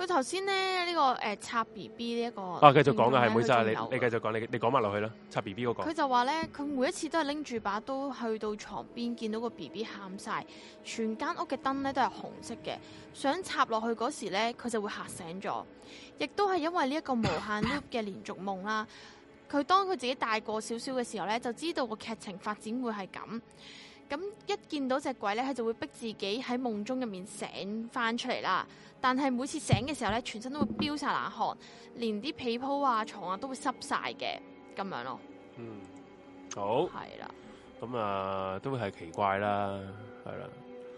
佢頭先咧呢個誒插 B B 呢一個，呃、個啊繼續講噶係，唔好意思你，你繼續講，你你講埋落去啦，插 B B 嗰個。佢就話咧，佢每一次都係拎住把刀去到床邊，見到個 B B 喊晒，全間屋嘅燈咧都係紅色嘅，想插落去嗰時咧，佢就會吓醒咗，亦都係因為呢一個無限 loop 嘅連續夢啦。佢當佢自己大過少少嘅時候咧，就知道個劇情發展會係咁。咁一見到隻鬼咧，佢就會逼自己喺夢中入面醒翻出嚟。啦但係每次醒嘅時候咧，全身都會飆晒冷汗，連啲被鋪啊、床啊都會濕晒嘅，咁樣咯。嗯，好。係啦，咁啊，都係奇怪啦，係啦。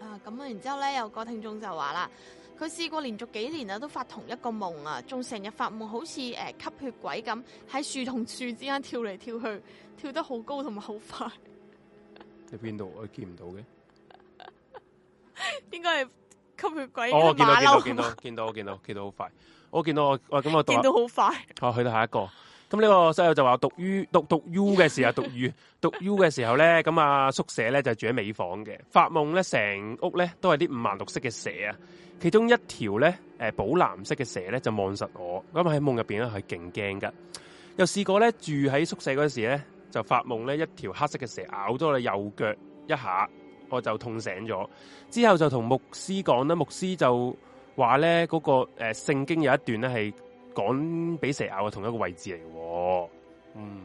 啊，咁啊，然之後咧，有個聽眾就話啦，佢試過連續幾年啊，都發同一個夢啊，仲成日發夢好似誒、呃、吸血鬼咁，喺樹同樹之間跳嚟跳去，跳得好高同埋好快。喺邊度？我見唔到嘅， 應該係吸血鬼。哦、蠟蠟我見到見到見到見到見到好快，我見到我我咁我見到好快、哦。去到下一個。咁、嗯、呢 個室友就話讀 U 讀讀 U 嘅時候， 讀 U 讀 U 嘅時候咧，咁啊宿舍咧就住喺尾房嘅，發夢咧成屋咧都係啲五顏六色嘅蛇啊，其中一條咧誒寶藍色嘅蛇咧就望實我，咁喺夢入邊咧係勁驚噶，又試過咧住喺宿舍嗰時咧。就發夢咧，一條黑色嘅蛇咬咗我右腳一下，我就痛醒咗。之後就同牧師講啦，牧師就話咧嗰個誒呃、聖經有一段咧係講俾蛇咬嘅同一個位置嚟。嗯，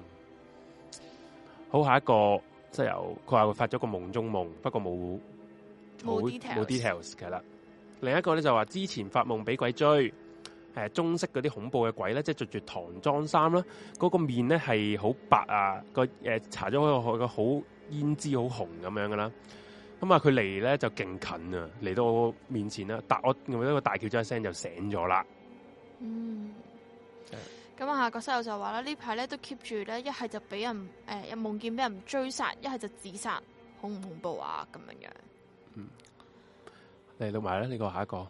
好，下一個即係由佢話佢發咗個夢中夢，不過冇冇 details 噶啦。另一個咧就話之前發夢俾鬼追。誒、呃，中式嗰啲恐怖嘅鬼咧，即係着住唐裝衫啦，嗰、嗰個面咧係好白啊，嗰個誒搽咗個個好胭脂，好紅咁樣噶啦。咁啊，佢嚟咧就勁近啊，嚟到我面前啦、啊，但我用一個大叫咗一聲就醒咗啦嗯。嗯，咁、嗯、啊，嗯、下個室友就話啦，呢排咧都 keep 住咧，一係就俾人誒，夢、呃、見俾人追殺，一係就自殺，恐唔恐怖啊？咁樣，嗯，嚟到埋啦，呢、這個下一個。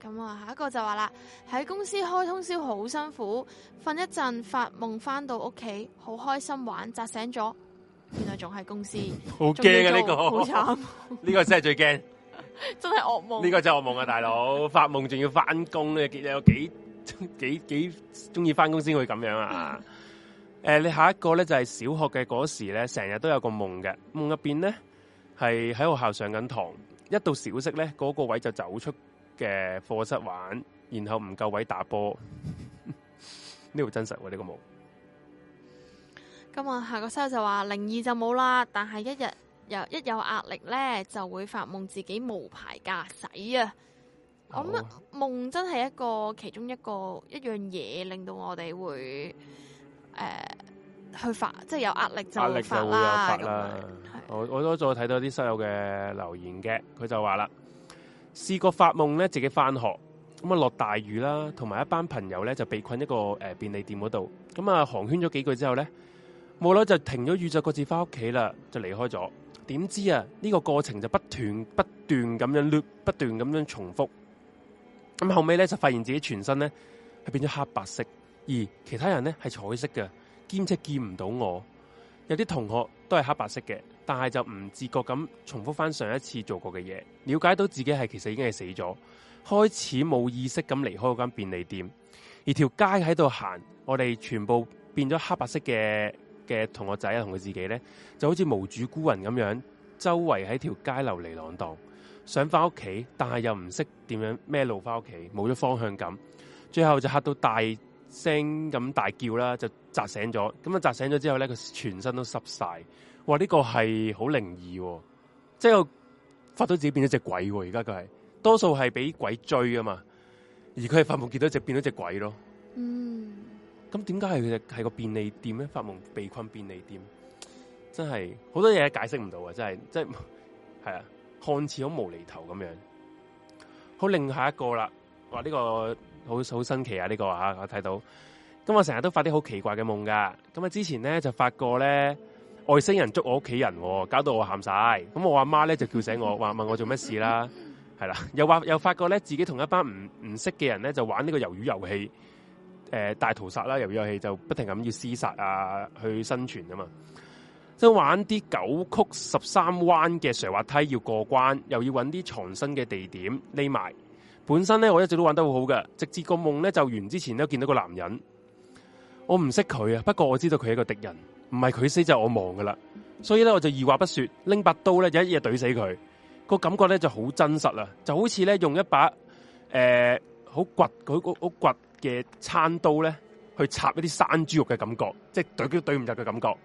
咁、嗯、啊，下一個就話啦，喺公司開通宵好辛苦，瞓一陣發夢，翻到屋企好開心玩，扎醒咗，原來仲係公司，好驚啊！呢、這個好慘，呢 個真係最驚， 真係噩夢。呢、這個真係噩夢啊！大佬 發夢仲要翻工咧，你有幾幾幾中意翻工先會咁樣啊？誒、 呃，你下一個咧就係、是、小學嘅嗰時咧，成日都有個夢嘅。夢入邊咧係喺學校上緊堂，一到小息咧嗰、那個位就走出。嘅課室玩，然後唔夠位打波，呢 度真實喎，呢、這個冇。咁啊，下個室友就話靈異就冇啦，但係一日有一有壓力咧，就會發夢自己無牌駕駛啊。咁、哦、夢真係一個其中一個一樣嘢，令到我哋會誒、呃、去發，即係有壓力就，會發，壓力就會有發啦。我我都再睇到啲室友嘅留言嘅，佢就話啦。試過發夢咧，自己翻學咁啊，落大雨啦，同埋一班朋友咧就被困一個便利店嗰度，咁啊寒暄咗幾句之後咧，無耐就停咗雨就各自翻屋企啦，就離開咗。點知啊，呢個過程就不斷不斷咁樣略不斷咁樣重複。咁後尾咧就發現自己全身咧係變咗黑白色，而其他人咧係彩色嘅，兼且見唔到我。有啲同學都係黑白色嘅。但係就唔自覺咁重複翻上一次做過嘅嘢，了解到自己係其實已經係死咗，開始冇意識咁離開嗰間便利店，而條街喺度行，我哋全部變咗黑白色嘅嘅同學仔同佢自己呢，就好似無主孤魂咁樣，周圍喺條街流離浪蕩，想翻屋企，但係又唔識點樣咩路翻屋企，冇咗方向感，最後就嚇到大聲咁大叫啦，就砸醒咗，咁啊砸醒咗之後呢，佢全身都濕晒。話呢、這個係好靈異，即係發到自己變咗隻鬼、啊。而家佢係多數係俾鬼追啊嘛，而佢係發夢見到只變咗隻鬼咯。嗯，咁點解係佢係個便利店咧？發夢被困便利店，真係好多嘢解釋唔到啊！真係，即係係啊，看似好無厘頭咁樣。好，另下一個啦。話呢、這個好好新奇啊！呢、這個吓、啊、我睇到。咁我成日都發啲好奇怪嘅夢噶。咁啊，之前咧就發過咧。外星人捉我屋企人，搞到我喊晒。咁我阿媽咧就叫醒我，話問我做乜事啦。係啦，又話又發覺咧自己同一班唔唔識嘅人咧就玩呢個魷魚遊戲，誒、呃、大屠殺啦，魷魚遊戲就不停咁要厮殺啊，去生存啊嘛。即玩啲九曲十三彎嘅斜滑梯要過關，又要搵啲藏身嘅地點匿埋。本身咧我一直都玩得好好嘅，直至個夢咧就完之前都見到個男人，我唔識佢啊，不過我知道佢係一個敵人。唔係佢死就係我亡噶啦，所以咧我就二話不說拎把刀咧就一嘢懟死佢，個感覺咧就好真實啦，就好似咧用一把誒好掘、好嗰好掘嘅餐刀咧去插一啲山豬肉嘅感覺，即係懟都懟唔入嘅感覺。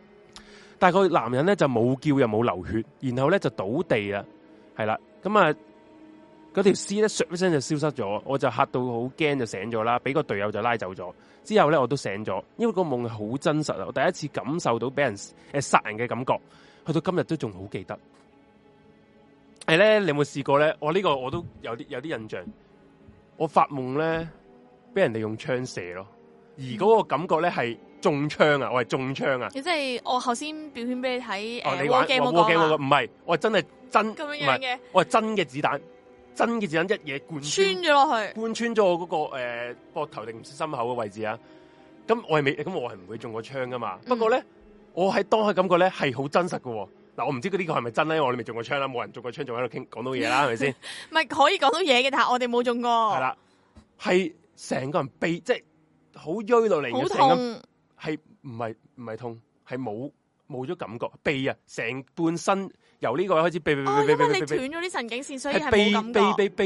但係個男人咧就冇叫又冇流血，然後咧就倒地啊，係啦咁啊。嗯嗰條屍咧，唰一聲就消失咗，我就嚇到好驚，就醒咗啦，俾個隊友就拉走咗。之後咧，我都醒咗，因為個夢好真實啊！我第一次感受到俾人誒殺人嘅感覺，去到今日都仲好記得。係咧，你有冇試過咧？我呢個我都有啲有啲印象，我發夢咧，俾人哋用槍射咯，而嗰個感覺咧係中槍啊，我係中槍啊！你即係我頭先表現俾你睇誒、哦呃啊，我講我講，唔係我係真係真咁樣樣嘅。我係真嘅子彈。真嘅子彈一嘢貫穿咗落去貫了我的，貫穿咗我嗰個誒膊頭定心口嘅位置啊！咁我係未，咁我係唔會中過槍㗎嘛。嗯、不過咧，我喺當刻感覺咧係好真實嘅。嗱，我唔知佢呢個係咪真咧，我哋未中過槍啦，冇人中過槍，仲喺度傾講到嘢啦，係咪先？唔係可以講到嘢嘅，但係我哋冇中過是。係啦，係成個人鼻即係好淤到嚟，好痛，痛，係唔係唔係痛？係冇冇咗感覺，鼻啊，成半身。由呢個開始，被被被被被被被你背斷咗啲神經線，所以係冇感覺。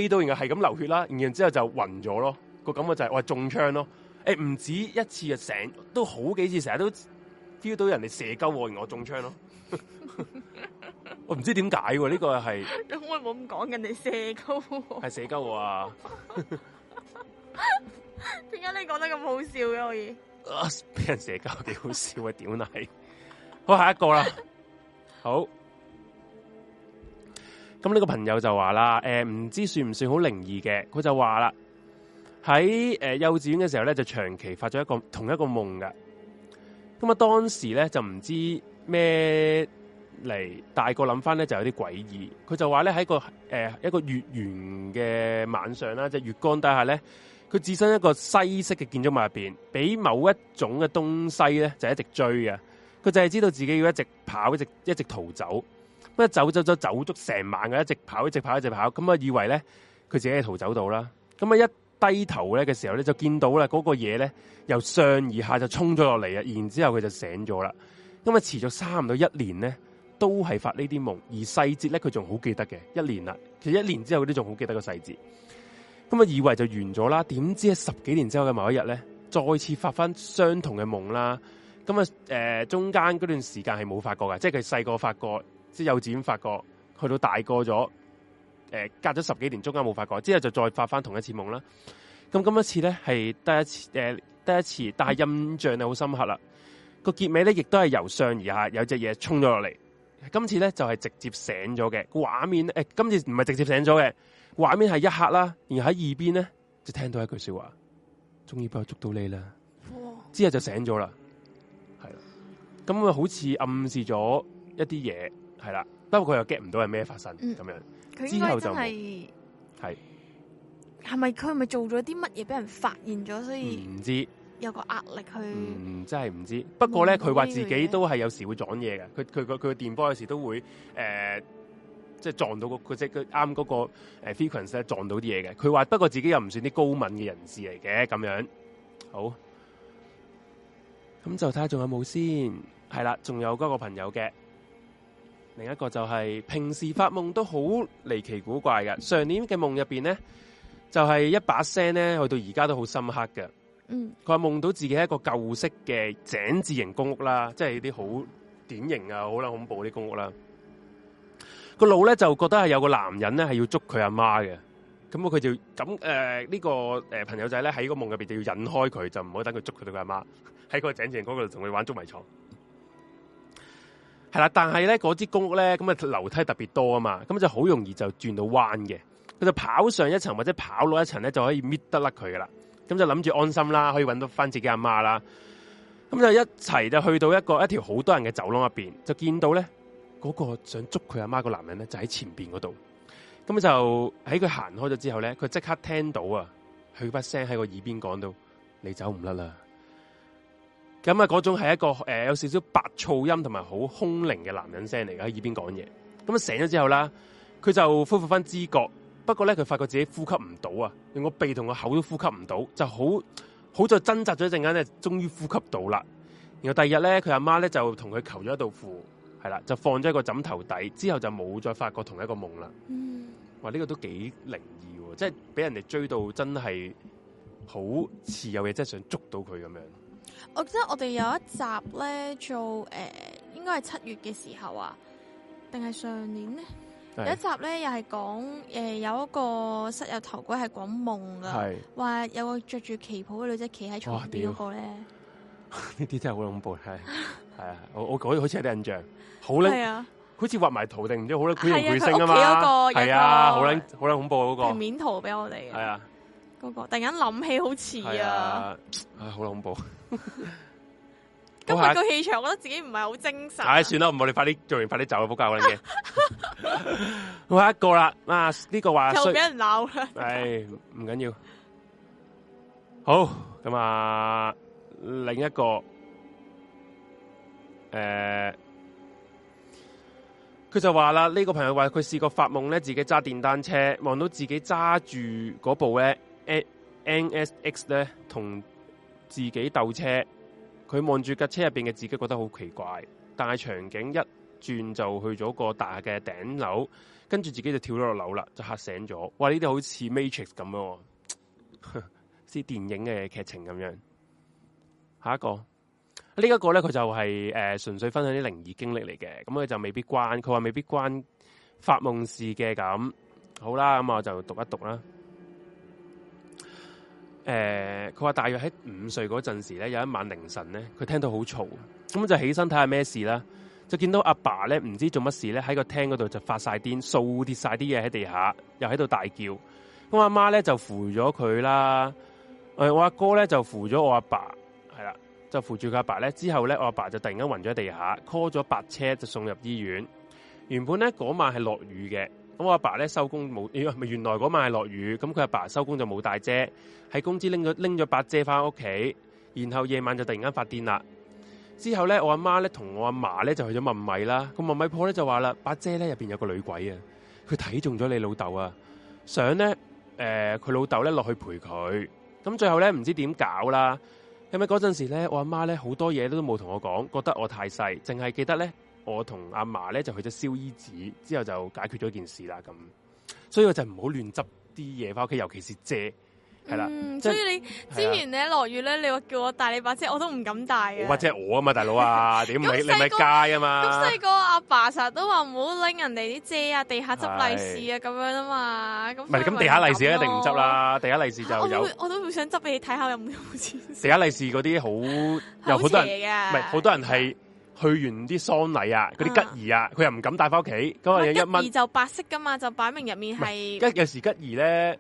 到，然後係咁流血啦，然之後就暈咗咯。個感覺就係我中槍咯。誒，唔止一次，成都好幾次，成日都 feel 到人哋射鳩我，然後我中槍咯。我唔知點解呢個係，可唔可以冇咁講人哋射鳩我？係射鳩我啊？點解你講得咁好笑嘅？啊、可以？俾 人射鳩幾好笑啊！屌你，好下一個啦，好。咁呢個朋友就話啦，誒、呃、唔知算唔算好靈異嘅？佢就話啦，喺誒、呃、幼稚園嘅時候咧，就長期發咗一個同一個夢㗎。咁啊，當時咧就唔知咩嚟，大個諗翻咧就有啲詭異。佢就話咧喺個誒、呃、一個月圓嘅晚上啦，即、就、係、是、月光底下咧，佢置身一個西式嘅建築物入邊，俾某一種嘅東西咧就一直追㗎。佢就係知道自己要一直跑，一直一直逃走。走走走一走走就走足成晚嘅，一直跑，一直跑，一直跑。咁啊，以為咧佢自己係逃走到啦。咁啊，一低頭咧嘅時候咧，就見到啦，嗰個嘢咧由上而下就衝咗落嚟啊。然之後佢就醒咗啦。咁啊，持續差唔多一年咧，都係發呢啲夢，而細節咧佢仲好記得嘅。一年啦，其實一年之後佢都仲好記得個細節。咁啊，以為就完咗啦。點知係，十幾年之後嘅某一日咧，再次發翻相同嘅夢啦。咁啊，誒、呃、中間嗰段時間係冇發過嘅，即係佢細個發過。即幼稚園發覺，去到大個咗，誒、欸，隔咗十幾年中間冇發覺，之後就再發翻同一次夢啦。咁咁一次咧係第一次，誒、欸，第一次，但係印象咧好深刻啦。個結尾咧亦都係由上而下有隻嘢，衝咗落嚟。今次咧就係、是、直接醒咗嘅畫面，誒、欸，今次唔係直接醒咗嘅畫面，係一刻啦。然後喺耳邊咧就聽到一句說話，終於畀我捉到你啦！之後就醒咗啦，係啦。咁佢好似暗示咗一啲嘢。係啦，不過佢又 get 唔到係咩發生咁、嗯、樣，佢之後就係係咪佢係咪做咗啲乜嘢俾人發現咗，所以唔知有個壓力去，唔、嗯，真係唔知道。不過咧，佢話自己都係有時會撞嘢嘅，佢佢佢佢嘅電波有時都會誒，即、呃、係、就是、撞到佢佢個即只啱嗰個誒 frequency 咧撞到啲嘢嘅。佢話不過自己又唔算啲高敏嘅人士嚟嘅，咁樣好。咁就睇下仲有冇先，係啦，仲有嗰個朋友嘅。另一個就係、是，平時發夢都好離奇古怪嘅，上年嘅夢入邊咧，就係、是、一把聲咧去到而家都好深刻嘅。嗯，佢話夢到自己係一個舊式嘅井字型公屋啦，即係啲好典型啊，好捻恐怖啲公屋啦。個腦咧就覺得係有個男人咧係要捉佢阿媽嘅，咁啊佢就咁誒呢個誒朋友仔咧喺個夢入邊就要引開佢，就唔好等佢捉佢到佢阿媽喺個井字型公屋度同佢玩捉迷藏。係啦，但係咧嗰啲公屋咧，咁啊樓梯特別多啊嘛，咁就好容易就轉到彎嘅，佢就跑上一層或者跑落一層咧，就可以搣得甩佢噶啦。咁就諗住安心啦，可以搵到翻自己阿媽啦。咁就一齊就去到一個一條好多人嘅走廊入邊，就見到咧嗰個想捉佢阿媽個男人咧，就喺前邊嗰度。咁就喺佢行開咗之後咧，佢即刻聽到啊佢把聲喺個耳邊講到：你走唔甩啦！咁、嗯、啊，嗰種係一個誒、呃、有少少白噪音同埋好空靈嘅男人聲嚟嘅喺耳邊講嘢。咁、嗯、啊，醒咗之後啦，佢就恢復翻知覺，不過咧佢發覺自己呼吸唔到啊，用個鼻同個口都呼吸唔到，就好好在掙扎咗一陣間咧，終於呼吸到啦。然後第二日咧，佢阿媽咧就同佢求咗一道符，係啦，就放咗一個枕頭底，之後就冇再發覺同一個夢啦。嗯，哇，呢、這個都幾靈異，即係俾人哋追到真係好似有嘢，即係想捉到佢咁樣。我記得我哋有一集咧做誒、呃，應該係七月嘅時候啊，定係上年咧？有一集咧又係講誒，有一個室友頭鬼係講夢噶，係話有個着住旗袍嘅女仔企喺床邊嗰個咧。呢啲真係好恐怖，係係啊，我我好似好似有啲印象，好靚，那個、好似畫埋圖定唔知好靚鬼形鬼聲啊嘛，係啊，好靚好恐怖嗰個平面圖俾我哋，係啊，嗰個突然間諗起好似啊，好恐怖。今 日個氣場我覺得自己唔係好精神，啊好，唉、哎，算啦，唔好，你快啲做完，快啲走啊，補覺啦，先 下一個啦，啊呢、這個話又俾人鬧啦，係唔緊要。好，咁啊，另一個，誒、啊，佢就話啦，呢、這個朋友話佢試過發夢咧，自己揸電單車，望到自己揸住嗰部咧，NSX 咧，同。自己鬥車，佢望住架車入邊嘅自己，覺得好奇怪。但係場景一轉就去咗個大嘅頂樓，跟住自己就跳咗落樓啦，就嚇醒咗。哇！呢啲好似 Matrix 咁咯、啊，似電影嘅劇情咁樣。下一個、這個、呢一個咧，佢就係誒純粹分享啲靈異經歷嚟嘅，咁佢就未必關。佢話未必關發夢事嘅咁。好啦，咁我就讀一讀啦。誒、呃，佢話大約喺五歲嗰陣時咧，有一晚凌晨咧，佢聽到好嘈，咁就起身睇下咩事啦，就見到阿爸咧唔知做乜事咧，喺個廳嗰度就發晒癲，掃跌晒啲嘢喺地下，又喺度大叫。咁阿媽咧就扶咗佢啦，誒我阿哥咧就扶咗我阿爸，係啦，就扶住阿、哎、爸咧。之後咧我阿爸，爸就突然間暈咗喺地下，call 咗白車就送入醫院。原本咧嗰晚係落雨嘅。咁我阿爸咧收工冇，原來嗰晚係落雨，咁佢阿爸收工就冇帶遮，喺公司拎咗拎咗把遮翻屋企，然後夜晚就突然間發癲啦。之後咧，我阿媽咧同我阿嫲咧就去咗問米啦，咁問米婆咧就話啦，把遮咧入邊有個女鬼啊，佢睇中咗你老豆啊，想咧誒佢老豆咧落去陪佢，咁最後咧唔知點搞啦。咁喺嗰陣時咧，我阿媽咧好多嘢都冇同我講，覺得我太細，淨係記得咧。我同阿嫲咧就去咗燒衣紙，之後就解決咗件事啦。咁，所以我就唔好亂執啲嘢翻屋企，尤其是遮係啦。所以你之前咧落雨咧，你話叫我帶你把遮，我都唔敢帶啊。把遮我啊嘛，大佬啊， 你不是 你喺街爸爸不的啊嘛。咁細個阿爸成日都話唔好拎人哋啲遮啊，地下執利是啊，咁樣啊嘛。咁係咁地下利是一定唔執啦。地下利是就我，會我都我想執俾你睇下，有有下很，有唔用錢。地下利是嗰啲好有好多人唔係好多人係。去完啲喪禮啊，嗰啲吉儀啊，佢、啊、又唔敢帶翻屋企，咁我哋一蚊就白色㗎嘛，就擺明入面係吉。有時吉儀咧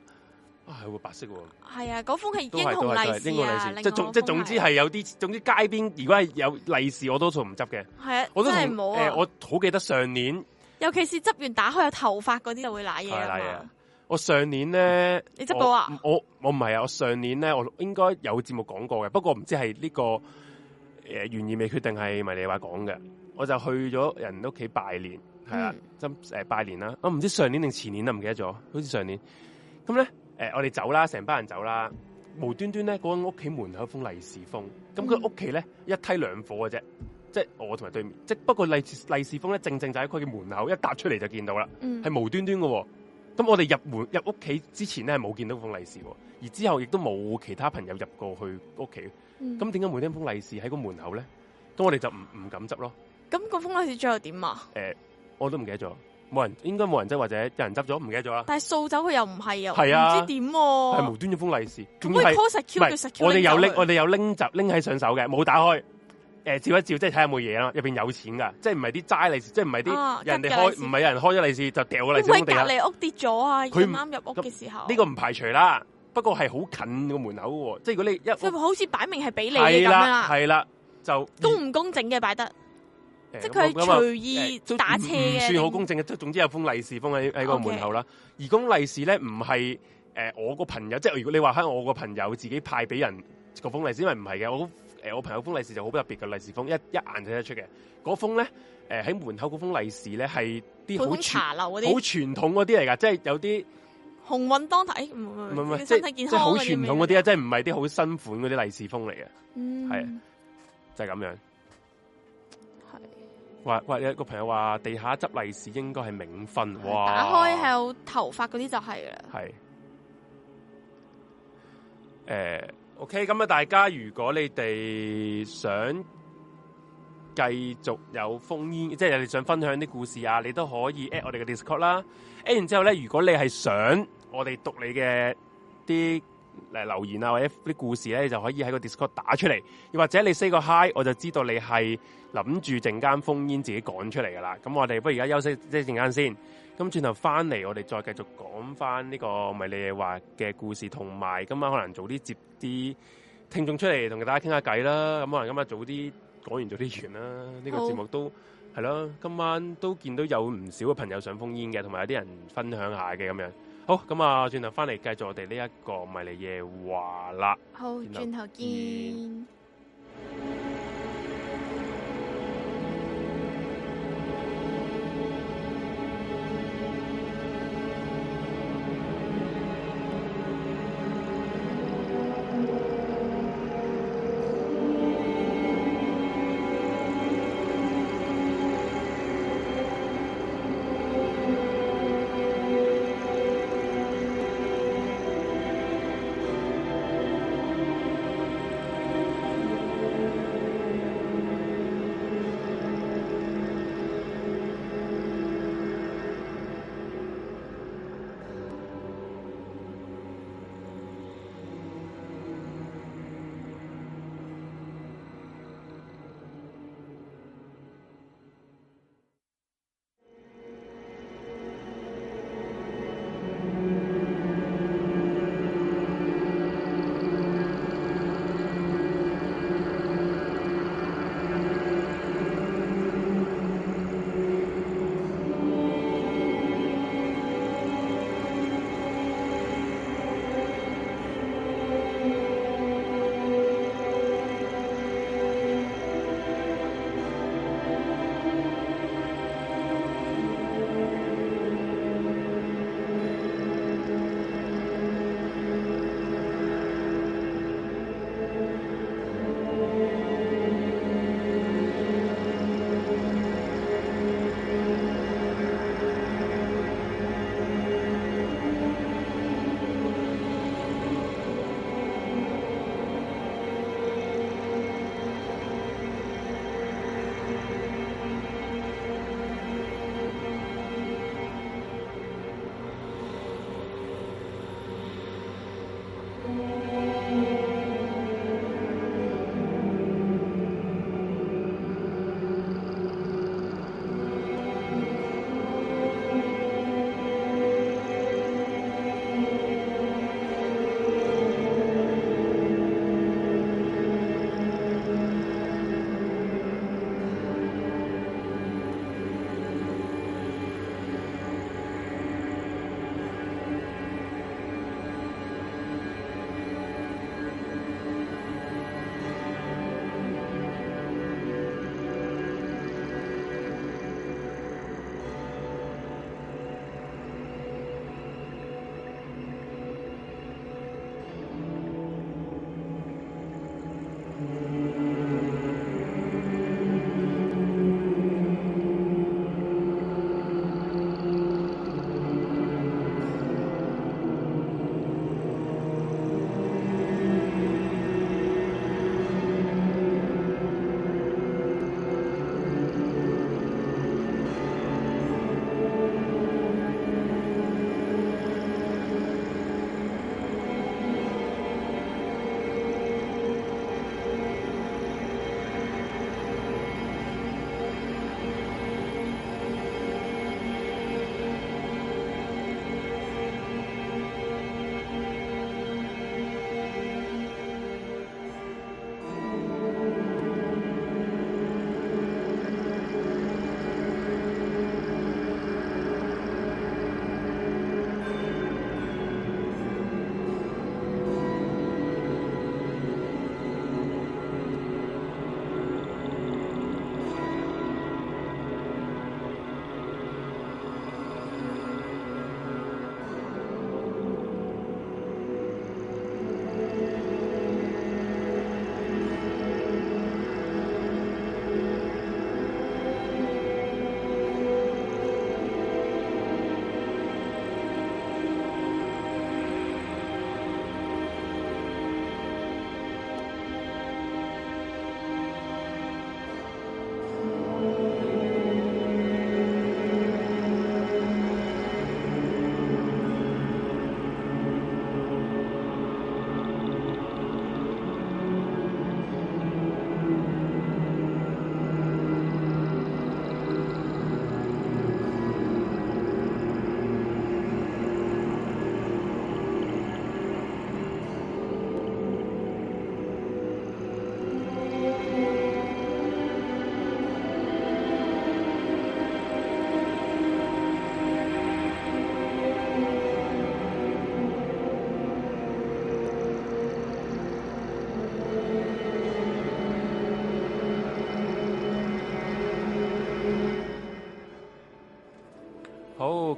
係會白色喎。係啊，嗰封係英雄利是啊，即總即總之係有啲總之街邊如果係有利是，我多數唔執嘅。係啊，我都係唔好啊、呃。我好記得上年，尤其是執完打開有頭髮嗰啲就會攋嘢啊，拿啊我上年呢，你執到啊？我唔係啊，我上年呢，我應該有節目講過嘅，不過唔知係呢、呢個。誒願意未決定係咪你話講嘅？我就去咗人屋企拜年，係啦、啊，咁、mm. 誒、呃、拜年啦。我唔知上年定前年都唔記得咗，好似上年。咁咧誒，我哋走啦，成班人走啦，無端端咧，嗰間屋企門口封利是封。咁佢屋企咧一梯兩火嘅啫，即係我同埋對面。即不過利利是封咧，正正就喺佢嘅門口，一踏出嚟就見到啦。嗯，係無端端嘅、哦。咁我哋入門入屋企之前咧，係冇見到封利是喎，而之後亦都冇其他朋友入過去屋企。咁點解每一封利是喺個門口咧？咁我哋就唔唔敢執咯。咁個封利是最後點啊？誒、欸，我都唔記得咗，冇人應該冇人執或者有人執咗，唔記得咗啊。但係掃走佢又唔係又，唔知點係無端一封利是。喂，我食 Q 要食 Q，我哋有拎我哋有拎集拎喺上手嘅，冇打開。誒、呃，照一照即係睇下有冇嘢啦。入邊有錢噶，即係唔係啲齋利是，即係唔係啲人哋開，唔、啊、係有人開咗利是利就個掉咗利是喺地啦。隔籬屋跌咗啊！佢啱入屋嘅時候，呢、這個唔排除啦。不過係好近個門口喎，即係如果你一佢好似擺明係俾你咁樣啦，係啦，就公唔公正嘅擺得，即係佢隨意打斜，唔、呃、算好公正嘅。即總之有封利是封喺喺個門口啦。Okay. 而封利是咧唔係誒我個朋友，即係如果你話喺我個朋友自己派俾人嗰封利是，因為唔係嘅，我誒、呃、我朋友封利是就好特別嘅利是封，一一眼睇得出嘅。嗰封咧誒喺門口嗰封利是咧係啲好茶樓嗰啲好傳統嗰啲嚟噶，即係有啲。鴻運當頭，唔唔唔，欸、身體健康即，即係好傳統嗰啲啊，即係唔係啲好新款嗰啲利是封嚟嘅，係啊，就係、是、咁樣。係，話話有個朋友話地下執利是應該係冥婚，哇！打開係有頭髮嗰啲就係啦，係。誒、呃、，OK，咁啊，大家如果你哋想繼續有封煙，即、就、係、是、你哋想分享啲故事啊，你都可以 at 我哋嘅 Discord 啦。誒，然之後咧，如果你係想，我哋讀你嘅啲誒留言啊，或者啲故事咧，你就可以喺個 Discord 打出嚟。又或者你 say 個 hi，我就知道你係諗住陣間封煙自己講出嚟噶啦。咁我哋不如而家休息一陣間先。咁轉頭翻嚟我哋再繼續講翻呢個迷離夜話嘅故事，同埋今晚可能早啲接啲聽眾出嚟同大家傾下偈啦。咁可能今晚早啲講完早啲完啦。呢個節目都係咯，今晚都見到有唔少嘅朋友上封煙嘅，同埋有啲人分享下嘅咁樣。好，咁啊，轉頭翻嚟繼續我哋呢一個迷離夜話啦。好，轉頭見。見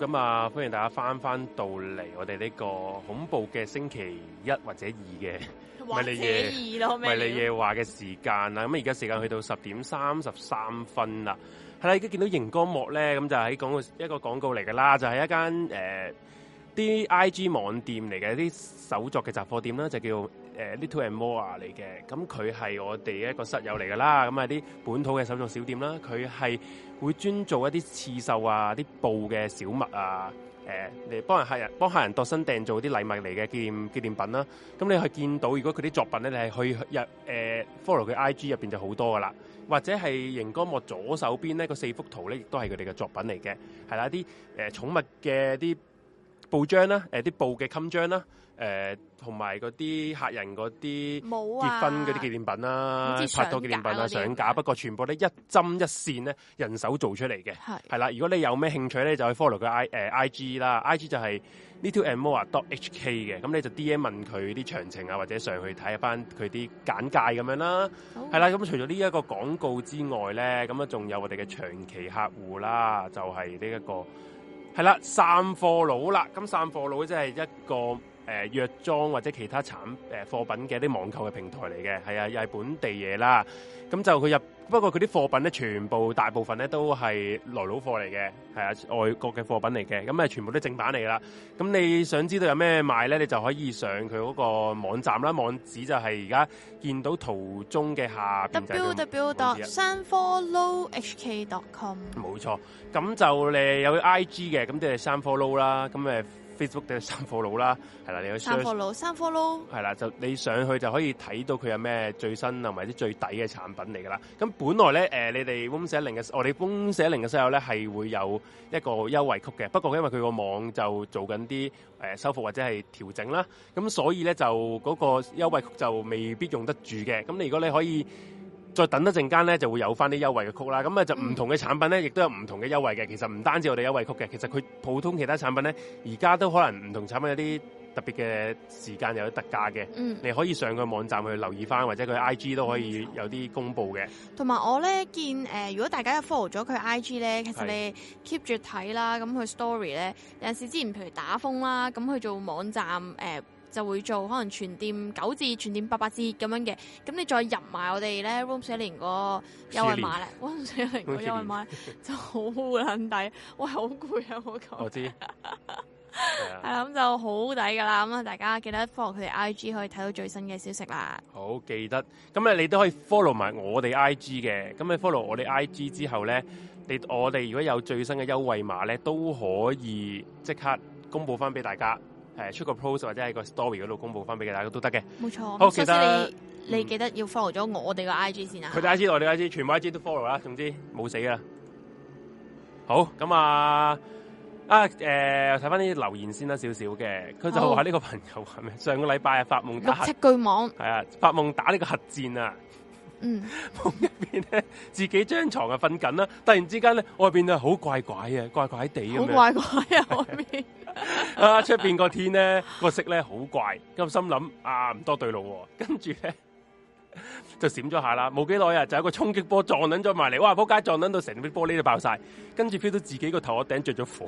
咁啊，歡迎大家翻翻到嚟我哋呢個恐怖嘅星期一或者二嘅迷離夜，迷離夜話嘅時間啦。咁而家時間去到十點三十三分啦。係啦，而家見到熒光幕咧。咁就喺廣告一個廣告嚟噶啦，就係、是、一間誒啲、呃、I G 網店嚟嘅啲手作嘅雜貨店啦，就叫，誒，Little and More 嚟嘅，咁佢係我哋一個室友嚟噶啦，咁啊啲本土嘅手作小店啦，佢係會專做一啲刺繡啊、啲布嘅小物啊，誒、欸、嚟幫人客人幫客人度身訂做啲禮物嚟嘅紀念紀念品啦、啊。咁你，你去見到，如果佢啲作品咧，你係去入誒 follow 佢 IG 入邊就好多噶啦。或者係熒光幕左手邊呢個四幅圖咧，亦都係佢哋嘅作品嚟嘅，係啦，啲、呃、誒寵物嘅啲布章啦、啊，誒、呃、啲布嘅襟章啦、啊。誒、呃，同埋嗰啲客人嗰啲結婚嗰啲紀念品啦，拍拖紀念品啊，上架、啊啊。不過全部咧一針一線咧、啊，人手做出嚟嘅係係啦。如果你有咩興趣咧，就可以 follow 佢 i 誒 i g 啦，i g 就係 little amour dot h k 嘅。咁你就 d m 問佢啲詳情啊，或者上去睇一翻佢啲簡介咁樣啦。係啦，咁除咗呢一個廣告之外咧，咁啊仲有我哋嘅長期客戶啦，就係呢一個係啦散貨佬啦。咁散貨佬即係一個。誒、呃、藥妝或者其他產品的的的、啊、他他的貨品嘅啲網購嘅平台嚟嘅，係啊，又係本地嘢啦。咁就佢入不過佢啲貨品咧，全部大部分咧都係來佬貨嚟嘅，係啊，外國嘅貨品嚟嘅。咁誒全部都正版嚟噶啦。咁你想知道有咩賣咧，你就可以上佢嗰個網站啦，網址就係而家見到圖中嘅下面的。w w d o s a n f o l o w h k dot com 冇錯。咁就有 I G 嘅，咁即係 s u n o l o w 啦。咁 Facebook 定係三貨佬啦，係啦，你去三貨佬，三貨佬，係啦，就你上去就可以睇到佢有咩最新同埋啲最抵嘅產品嚟噶啦。咁本來咧，誒、呃，你哋 Room410 嘅，我哋 Room410 嘅室友咧，係會有一個優惠曲嘅。不過因為佢個網就做緊啲誒修復或者係調整啦，咁所以咧就嗰個優惠曲就未必用得住嘅。咁你如果你可以。再等一陣間咧，就會有翻啲優惠嘅曲啦。咁啊，就唔同嘅產品咧，亦都有唔同嘅優惠嘅。其實唔單止我哋優惠曲嘅，其實佢普通其他產品咧，而家都可能唔同產品有啲特別嘅時間有啲特價嘅。嗯、你可以上個網站去留意翻，或者佢 I G 都可以有啲公佈嘅、嗯。同、嗯、埋、嗯嗯、我咧見誒、呃，如果大家 follow 咗佢 I G 咧，其實你 keep 住睇啦。咁佢 story 咧有陣時之前譬如打風啦，咁佢做網站誒。呃就會做可能全店九折全店八八折咁樣嘅，咁你再入埋我哋咧 Room 410個優惠碼咧，Room 410個優惠碼咧就好撚抵，喂，好攰啊！我講我知，係 啦是的，咁 是的 就好抵噶啦！咁啊，大家記得 follow 佢哋 I G 可以睇到最新嘅消息啦。好記得，咁咧你都可以 follow 埋我哋 I G 嘅，咁你 follow 我哋 I G 之後咧、嗯，你我哋如果有最新嘅優惠碼咧，都可以即刻公布翻俾大家。誒，出個 post 或者喺個 story 嗰度公布翻俾大家都得嘅，冇錯。好，首先你你記得要 follow 咗我哋個 IG 先啊。佢 IG 知，我哋大家全部 IG 都 follow 啦。總之冇死啊。好，咁、嗯、啊啊誒，睇翻啲留言先啦、啊，少少嘅。佢就話呢個朋友係咪？上個禮拜啊，發夢、哦、六尺巨網係啊，發夢打呢個核戰啊。嗯，夢入邊咧，自己張床啊瞓緊啦，突然之間咧，外邊啊好怪怪啊，怪怪地咁好怪怪 外面笑啊，外邊 啊，出邊個天咧，個色咧好怪，咁心諗啊唔多對路、啊，跟住咧就閃咗下啦，冇幾耐啊，就有一個衝擊波撞撚咗埋嚟，哇！仆街撞撚到成啲玻璃都爆晒，跟住 feel 到自己個頭頂着咗火，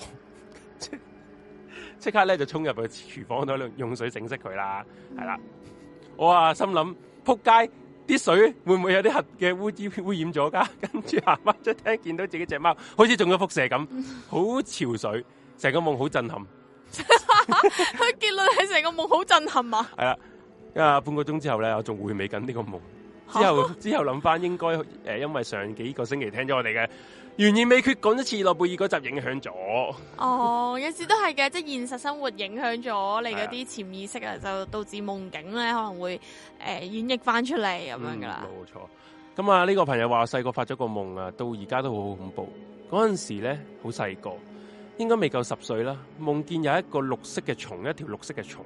即 刻咧就衝入去廚房度用水整熄佢啦，係、嗯、啦，我啊心諗仆街。啲水會唔會有啲核嘅污污染咗噶？ 跟住行返出廳，見到自己隻貓，好似中咗輻射咁，好潮水，成個夢好震撼。佢 結論係成個夢好震撼啊！係啊半個鐘之後咧，我仲回味緊呢個夢。之後之後諗翻，應該誒，因為上幾個星期聽咗我哋嘅。完而未決講一次諾貝爾嗰集影響咗哦，有時都係嘅，即係現實生活影響咗你嗰啲潛意識啊、嗯，就導致夢境咧，可能會誒、呃、演繹翻出嚟咁樣噶啦、嗯。冇錯，咁啊呢個朋友話細個發咗個夢啊，到而家都好恐怖。嗰陣時咧好細個，應該未夠十歲啦。夢見有一個綠色嘅蟲，一條綠色嘅蟲，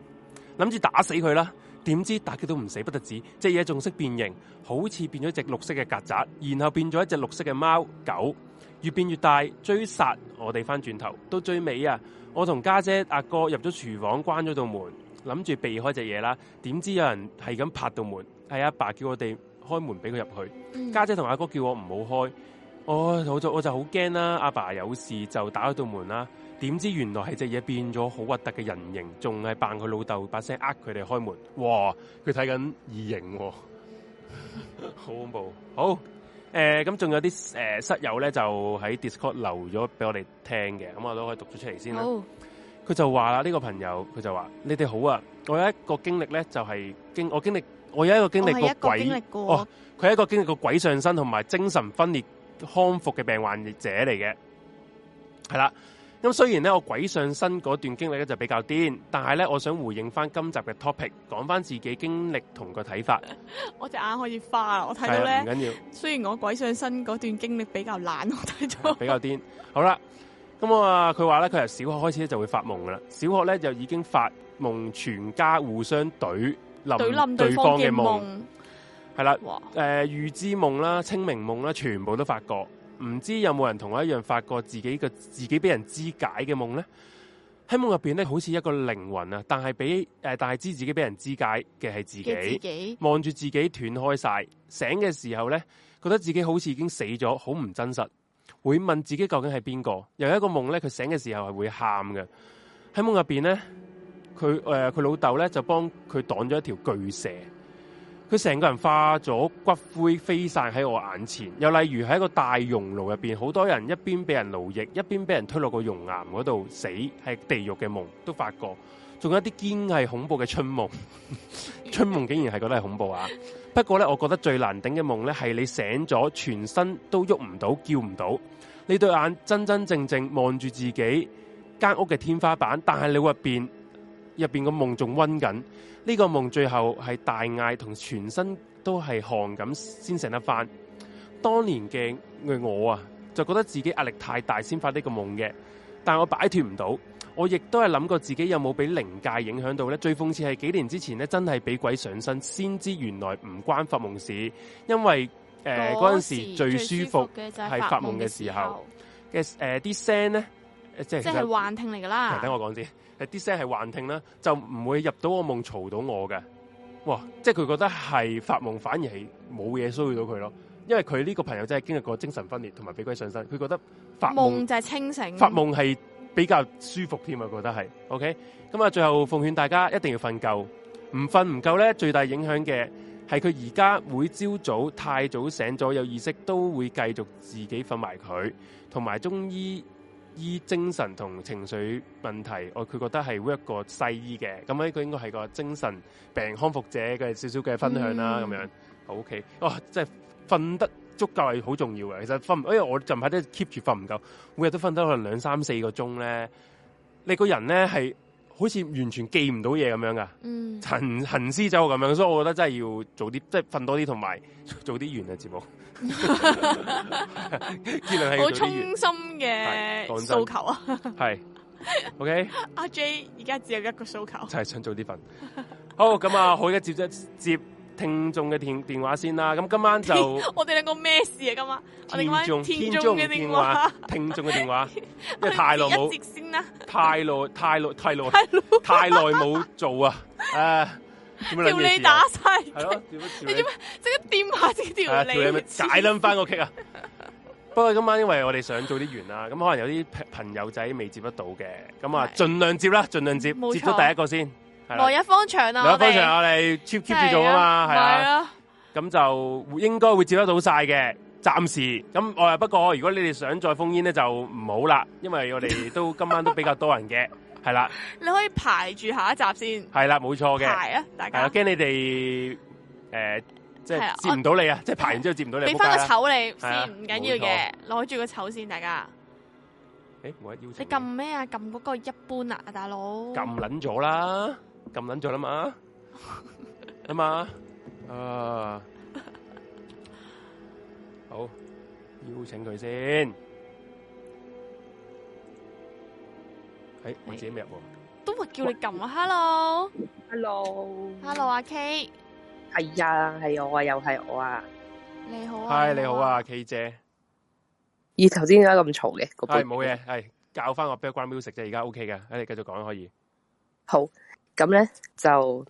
諗住打死佢啦，點知打佢都唔死不得止，隻嘢仲識變形，好似變咗隻綠色嘅曱甴，然後變咗一隻綠色嘅貓狗。越變越大，追殺我哋翻轉頭到最尾啊！我同家姐，姐、阿哥入咗廚房，關咗道門，諗住避開隻嘢啦。點知有人係咁拍到門，係阿爸叫我哋開門俾佢入去。家、嗯、姐同阿哥，哥叫我唔好開、哦，我就我就好驚啦。阿爸，爸有事就打開道門啦。點知原來係隻嘢變咗好核突嘅人形，仲係扮佢老豆把聲，呃佢哋開門。哇！佢睇緊異形、哦， 好恐怖，好。誒、呃，咁仲有啲誒室友咧，就喺 Discord 留咗俾我哋聽嘅，咁我都可以讀咗出嚟先啦。佢就話啦，呢、這個朋友佢就話：你哋好啊！我有一個經歷咧，就係、是、經我經歷，我有一個經歷過鬼哦，佢係一個經歷、哦、個經歷過鬼上身同埋精神分裂康復嘅病患者嚟嘅，係啦。咁雖然咧，我鬼上身嗰段經歷咧就比較癲，但係咧，我想回應翻今集嘅 topic，講翻自己經歷同個睇法。我隻眼可以花，我睇到咧，唔緊要，雖然我鬼上身嗰段經歷比較懶，我睇咗比較癲。 好啦，咁、嗯、啊，佢話咧，佢由小學開始就會發夢噶啦，小學咧就已經發夢，全家互相懟，對冧對方嘅夢，係啦，誒，預、呃、知夢啦，清明夢啦，全部都發過。唔知有冇人同我一樣，發覺自己個自己俾人肢解嘅夢呢？喺夢入邊咧，好似一個靈魂啊，但係俾誒，但係知自己俾人肢解嘅係自己，望住自己斷開晒，醒嘅時候呢，覺得自己好似已經死咗，好唔真實，會問自己究竟係邊個？又有一個夢呢，佢醒嘅時候係會喊嘅，喺夢入邊呢，佢誒，佢老豆呢就幫佢擋咗一條巨蛇。佢成個人化咗骨灰飛散喺我眼前，又例如喺一個大熔爐入面，好多人一邊俾人奴役，一邊俾人推落個熔岩嗰度死，係地獄嘅夢都發過。仲有一啲堅毅恐怖嘅春夢， 春夢竟然係覺得係恐怖啊！不過呢，我覺得最難頂嘅夢呢，係你醒咗全身都喐唔到，叫唔到，你對眼真真正正望住自己間屋嘅天花板，但係你入面，入面個夢仲温緊。呢個夢最後係大嗌同全身都係汗咁先醒得翻。當年嘅我啊，就覺得自己壓力太大先發呢個夢嘅，但我擺脱唔到。我亦都係諗過自己有冇俾靈界影響到咧。最諷刺係幾年之前咧，真係俾鬼上身先知原來唔關發夢事，因為誒嗰陣時最舒服係發夢嘅時候嘅誒啲聲咧，即係即係幻聽嚟㗎啦。等我講先。誒，啲聲係幻聽啦，就唔會入到個夢嘈到我嘅。哇，即係佢覺得係發夢，反而係冇嘢騷擾到佢咯。因為佢呢個朋友真係經歷過精神分裂同埋俾鬼上身，佢覺得發夢，夢就係清醒，發夢係比較舒服添啊。覺得係，OK。咁啊，最後奉勸大家一定要瞓夠，唔瞓唔夠咧，最大影響嘅係佢而家每朝早，早太早醒咗有意識，都會繼續自己瞓埋佢，同埋中醫。醫精神同情緒問題，我佢覺得係 work 個西醫嘅，咁呢個應該係個精神病康復者嘅少少嘅分享啦，咁、嗯、樣，O、okay. K，哇，即係瞓得足夠係好重要嘅，其實瞓，因、哎、為我近排都 keep 住瞓唔夠，每日都瞓得可能兩三四個鐘咧，你個人咧係。是好似完全記唔到嘢咁樣噶，行行屍走肉咁樣，所以我覺得真係要做啲即係瞓多啲，同埋做啲完嘅節目。好 衷心嘅訴求啊，係 OK。阿 J 而家只有一個訴求，真係想早啲瞓。好，咁啊，好一接一接。聽眾嘅電電話先啦，咁今晚就我哋兩個咩事啊？今晚聽眾聽眾嘅電話，聽眾嘅電話，因為 太耐冇接先啦太！太耐太耐太耐太耐冇做啊！誒、叫、啊、你打晒，係咯、啊？你做咩？即係電話先接？條你咪解捻翻個劇啊？你啊啊 不過今晚因為我哋想做啲完啦，咁可能有啲朋友仔未接得到嘅，咁啊盡量接啦，盡量接，接咗第一個先。來日方長啊！來日方長，我哋 keep keep 住做啊嘛，係啊，咁、就是、就應該會接得到晒嘅。暫時咁，我啊不過，如果你哋想再封煙咧，就唔好啦，因為我哋都 今晚都比較多人嘅，係啦。你可以排住下一集先。係啦，冇錯嘅。排啊，大家！驚、啊、你哋誒、呃，即係接唔到你啊，即係排完之後接唔到你就。俾翻個籌你先，唔緊要嘅，攞住個籌先，大家。誒、欸，我一邀請你撳咩啊？撳嗰個一般啊，大佬。撳撚咗啦！撳撚咗啦嘛，啊嘛，啊好邀請佢先。哎，我自己未入。都話叫你撳啊，Hello，Hello，Hello，阿 K，係啊，係我啊，又係我啊，你好啊，係你好啊，K 姐。咦頭先點解咁嘈嘅，係冇嘢，係教翻個 background music 啫，而家 OK 嘅，你繼續講可以。好。咁咧就，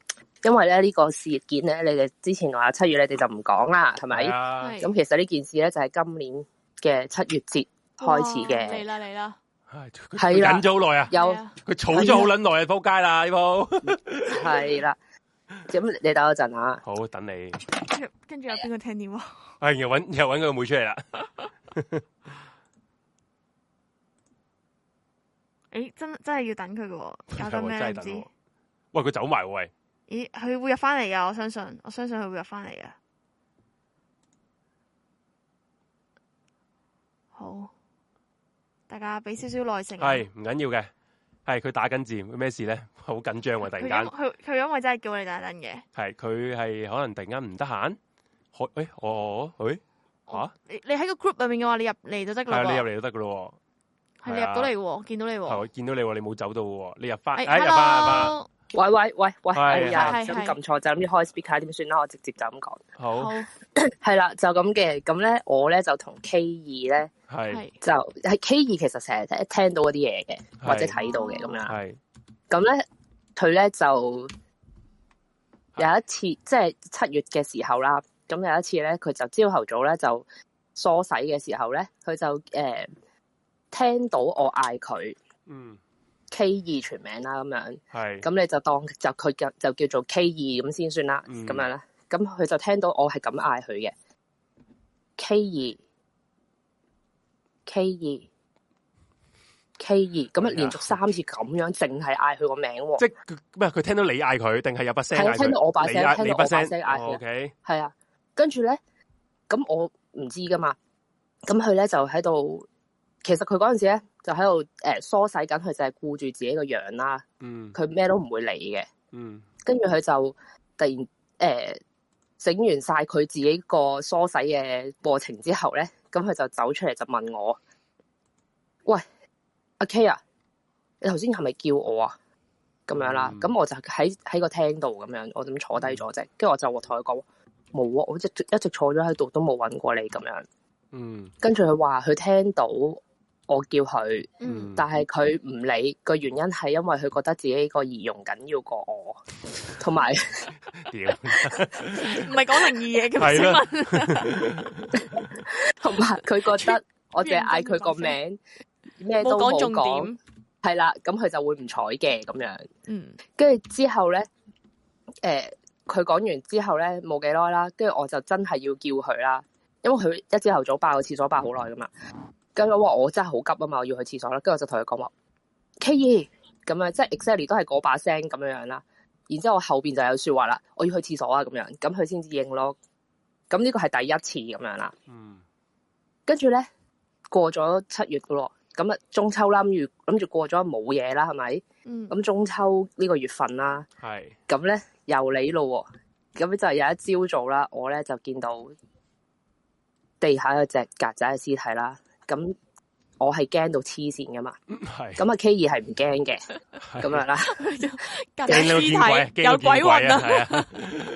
因為咧呢、這個事件咧，你哋之前話七月你哋就唔講、嗯就是、啦，係咪？咁其實呢件事咧就係今年嘅七月節開始嘅。嚟啦嚟啦，係，係啦，忍咗好耐啊！有佢儲咗好捻耐啊，仆街啦呢鋪，係啦。咁 你等我一陣吓。好，等你。跟住有邊個聽電話喎？哎，又搵又搵個妹出嚟啦。誒、 欸，真真係要等佢嘅，搞到咩唔知。喂、哦，佢走埋喎、啊、喂！咦，佢會入翻嚟噶？我相信，我相信佢會入翻嚟嘅。好，大家俾少少耐性、啊。係唔緊要嘅，係佢、哎、打緊字，咩事咧？好緊張啊！突然間，佢佢因為真係叫你打緊嘅。係佢係可能突然間唔得閒。可、啊、誒，我我誒吓？你你喺個 group 入面嘅話，你入嚟就得噶啦。係、啊、你入嚟就得噶咯。係入到嚟，見到你。係、哦、見到你，你冇走到，你入翻、哎哎，入翻，入翻。喂喂喂喂，係啊，咁撳錯，就諗住開 speaker，點算啦？我直接就咁講。好，係 啦，就咁嘅。咁咧，我咧就同 K 二咧，係就係 K 二，K2、其實成日聽，聽到嗰啲嘢嘅，或者睇到嘅咁樣。係咁咧，佢咧就有一次，即係七月嘅時候啦。咁有一次咧，佢就朝頭早咧就梳洗嘅時候咧，佢就誒、呃、聽到我嗌佢。嗯。K 二全名啦，咁樣，咁你就當就佢就，就叫做 K 二咁先算啦，咁樣啦，咁佢就聽到我係咁嗌佢嘅 K 二，K 二，K 二，咁啊、哎、連續三次咁樣淨係嗌佢個名喎，即係咩？佢聽到你嗌佢，定係有把聲？係聽到我把聲，聽到我把聲嗌佢，係、哦、啊、okay，跟住咧，咁我唔知噶嘛，咁佢咧就喺度，其實佢嗰陣時咧。就喺度誒梳洗緊佢，就係顧住自己個樣啦。嗯，佢咩都唔會理嘅。嗯，跟住佢就突然誒整完晒佢自己個梳洗嘅過程之後咧，咁佢就走出嚟就問我：喂，阿 K 啊，你頭先係咪叫我啊？咁樣啦，咁、嗯、我就喺喺個廳度咁樣，我點坐低咗啫？跟住我就同佢講冇啊，我一直一直坐咗喺度都冇揾過你咁樣。嗯，跟住佢話佢聽到。我叫佢，嗯，但係佢唔理個原因係因為佢覺得自己個儀容緊要過我，同埋唔係講靈異嘢嘅新聞，同埋佢覺得我淨係嗌佢個名，咩都冇講，係啦，咁佢就會唔睬嘅咁樣。嗯，跟住之後咧，誒、呃，佢講完之後咧冇幾耐啦，跟住我就真係要叫佢啦，因為佢一朝頭早霸個廁所霸好耐噶嘛。跟住我話我真係好急啊嘛，我要去廁所啦。跟住我就同佢講話 Key 咁樣，即係 exactly 都係嗰把聲咁樣樣啦。然之後我後邊就有說話啦，我要去廁所啊，咁樣，咁佢先至應咯。咁呢個係第一次咁樣啦。嗯，跟住咧過咗七月噶咯，咁啊中秋啦，月，諗諗住過咗冇嘢啦，係咪？咁、嗯、中秋呢個月份啦，係咁咧又嚟咯，咁就係有一朝早啦，我咧就見到地下有隻曱甴嘅屍體啦。咁我係驚到黐線噶嘛，咁啊 K 二係唔驚嘅，咁樣啦，驚到見鬼，有鬼魂啦，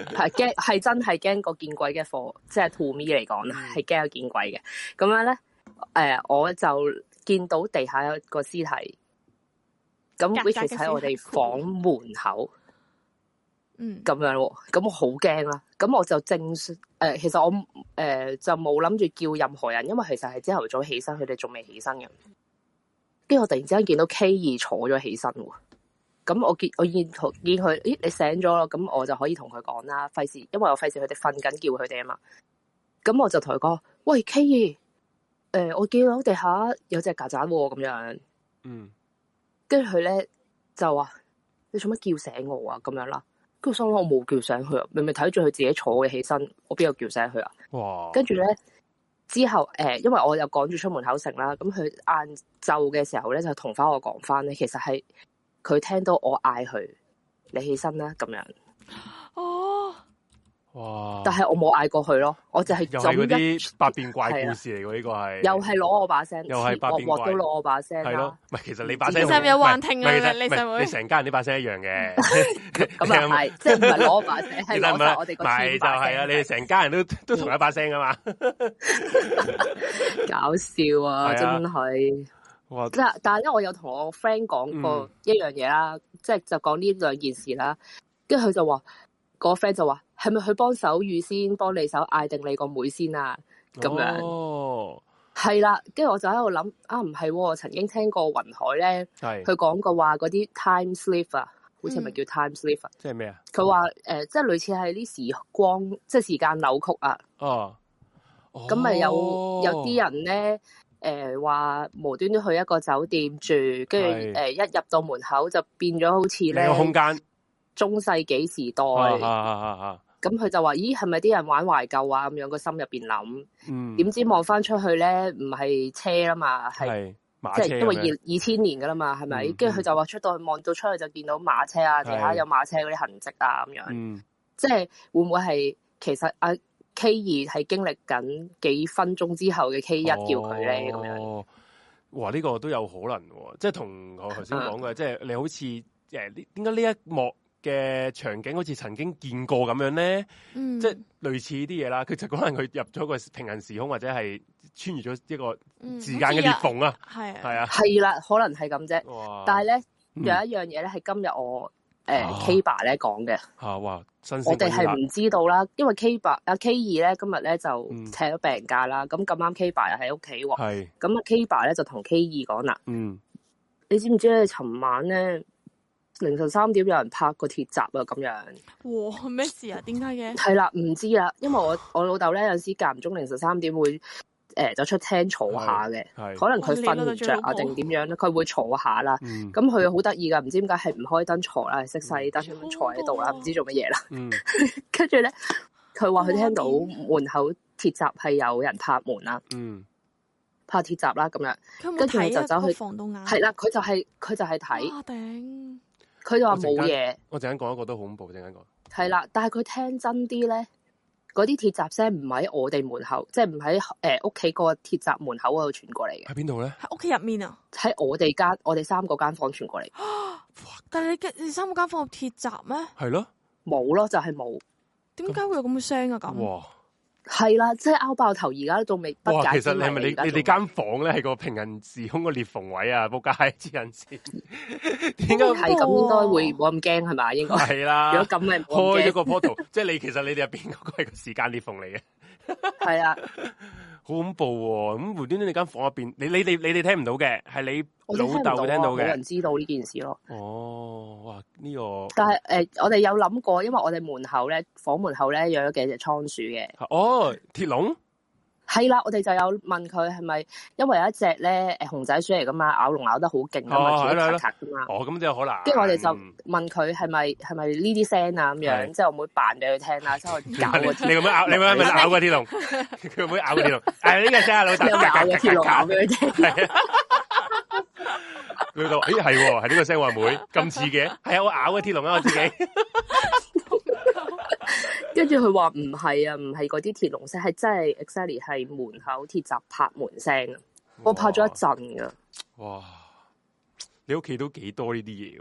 係驚係真係驚個見鬼嘅貨，即係 to me 嚟講啦，係驚有見鬼嘅，咁樣咧，誒、呃，我就見到地下有個屍體，咁 which 喺我哋房門口。嗯，咁樣咁我好驚啦。咁我就正誒、呃，其實我誒、呃、就冇諗住叫任何人，因為其實係朝頭早起身，佢哋仲未起身嘅。跟住我突然之間見到 K 二坐咗起身，咁我見我見我見佢，咦？你醒咗咯？咁我就可以同佢講啦。費事，因為我費事佢哋瞓緊，叫佢哋啊嘛。咁我就同佢講喂 K 二誒，我見到地下有隻曱甴咁樣，嗯，跟住佢咧就話你做乜叫醒我啊？咁樣啦。佢心諗我冇叫醒佢啊！明明睇住佢自己坐嘅起身，我邊度叫醒佢啊？哇！跟住咧，之後誒、呃，因為我又趕住出門口食啦，咁佢晏晝嘅時候咧就同翻我講翻咧，其實係佢聽到我嗌佢你起身啦，咁樣。哦。哇！但係我冇嗌過佢咯，我就係做嗰啲百變怪故事嚟嘅呢個係，又係攞我把聲，又係百變怪都攞我把聲啦、啊。咪、啊、其實你把聲，你上面有幻聽啊，你上你成家人啲把聲一樣嘅，咁啊係，即係唔係攞把聲，係攞翻我哋個咪又係啊！你哋成家人都都同一把聲噶嘛， 搞笑啊！啊真係哇！但係但係咧，我有同我 friend 講過一樣嘢啦，即係就講呢兩件事啦，跟住佢就話、是。那個 friend 就話係咪佢幫手預先幫你手嗌定你個妹先啊？咁樣係啦，跟、oh. 住我就喺度諗啊，唔係喎，曾經聽過雲海咧，係佢講過話嗰啲 time slip 啊，嗯、好似係咪叫 time slip？即係咩啊？佢話誒，即係類似係啲時光，即係時間扭曲啊。哦、oh. oh.，咁咪有有啲人咧，誒、呃、話無端端去一個酒店住，跟住誒一入到門口就變咗好似零空間。中世紀時代，咁、啊、佢、啊啊啊、就話：，咦，係咪啲人玩懷舊啊？咁樣個心入邊諗，點、嗯、知望翻出去呢？唔係車啦嘛，係馬車因為二二千年噶啦嘛，係、嗯、咪？跟住佢就話出到去望到出去就見到馬車啊，地下有馬車嗰啲痕跡啊，咁樣，即、嗯、係、就是、會唔會係其實啊 K 二係經歷緊幾分鐘之後嘅 K 一叫佢呢？咁、哦、樣，哇！呢、這個都有可能、啊，即係同我頭先講嘅，即、嗯、係、就是、你好似誒點解呢一幕？嘅場景好似曾經見過咁樣咧、嗯，即係類似啲嘢啦。佢就可能佢入咗個平行時空，或者係穿越咗一個時間嘅裂縫啊。係、嗯、啊，係啦、啊啊啊，可能係咁啫。但係咧、嗯、有一樣嘢咧，係今日我誒 Kbar 咧講嘅嚇哇，我哋係唔知道啦，啊、因為 Kbar 阿 K 二咧今日咧就請咗病假啦。咁咁啱 Kbar 又喺屋企喎，咁阿 Kbar 咧就同 K 二講啦。嗯，你知唔知咧？尋晚咧？凌晨三點有人拍個鐵閘啊，咁樣。咩、哦、事啊？點解嘅？係啦，唔知啦，因為我我老豆咧有時間唔中凌晨三點會誒、呃、就出廳坐下嘅，可能佢瞓唔着啊，定點樣咧，佢會坐下啦。咁佢好得意噶，唔、嗯、知點解係唔開燈坐啦，熄晒燈坐喺度啦，唔、嗯嗯、知做乜嘢啦。跟住咧，佢話佢聽到門口鐵閘係有人拍門啦、啊，嗯拍鐵閘啦，咁樣。跟住就走去防盜眼係啦，佢、那個啊、就係、是、佢就係睇。哇、啊，頂！佢就話冇嘢，我陣間講一個都好恐怖，陣間講。係啦，但係佢聽真啲咧，嗰啲鐵閘聲唔喺我哋門口，即係唔喺誒屋企個鐵閘門口嗰度傳過嚟嘅。喺邊度咧？喺屋企入面啊！喺我哋間我哋三個間房傳過嚟。啊！但係你你三個間房有鐵閘咩？係咯，冇咯，就係冇。點解會有咁嘅聲啊？咁？係啦、啊，即係拗爆頭，而家都仲未不其實你咪你你哋間房咧係個平行時空個裂縫位啊！仆街，超人時，應該係咁，應該會冇咁驚係嘛？應該係啦。如果咁咪開咗個 portal， 即係你其實你哋入邊嗰個係個時間裂縫嚟嘅。係 啊， 好恐怖喎、啊！咁無端端你間房入邊，你你你你哋聽唔到嘅，係你老豆聽到嘅，冇、啊、人知道呢件事咯。哦，哇呢、這個，但係誒、呃，我哋有諗過，因為我哋門口咧，房門口咧養咗幾隻倉鼠嘅。哦，鐵籠。係、嗯、啦，我哋就有問佢係咪因為有一隻咧誒熊仔鼠嚟噶嘛，咬籠咬得好勁咁嘛，嘈嘈哦，咁都、哦、可能。跟住我哋就問佢係咪係咪呢啲聲啊咁樣，即、就、係、是、我妹扮俾佢聽啦，即係咬嗰你咁樣咬，你咁樣咪咬嗰鐵籠，佢會咬嗰鐵籠。係呢個聲啊老豆，咬嘅鐵籠。老豆，龍龍龍 哎，係喎，係呢個聲，我唔妹咁似嘅。係啊，我咬嘅鐵籠啊，我自己。跟住佢話唔係啊，唔係嗰啲鐵籠聲，係真係 exactly 係門口鐵閘拍門聲啊！我拍咗一陣噶，哇！你屋企都幾多呢啲嘢。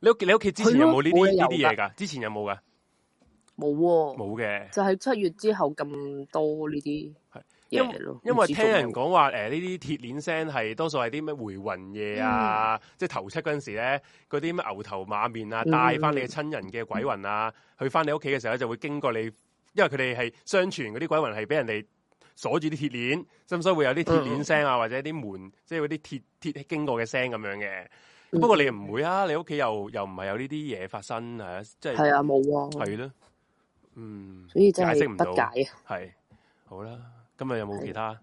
你屋你屋企之前有冇呢啲呢啲嘢噶？之前有冇噶？冇，冇嘅，就係七月之後咁多呢啲。因因為聽人講話，誒呢啲鐵鏈聲係多數係啲咩回魂夜啊，嗯、即係頭七嗰陣時咧，嗰啲咩牛頭馬面啊，帶翻你嘅親人嘅鬼魂啊，去翻你屋企嘅時候就會經過你，因為佢哋係相傳嗰啲鬼魂係俾人哋鎖住啲鐵鏈，甚至會有啲鐵鏈聲啊，或者啲門，即係嗰啲鐵鐵經過嘅聲咁樣嘅。嗯？不過你唔會啊，你屋企又又唔係有呢啲嘢發生，就是，啊，即係係啊冇啊，係咯，嗯，所以不解釋唔到，解啊。係好啦。今日有冇其他？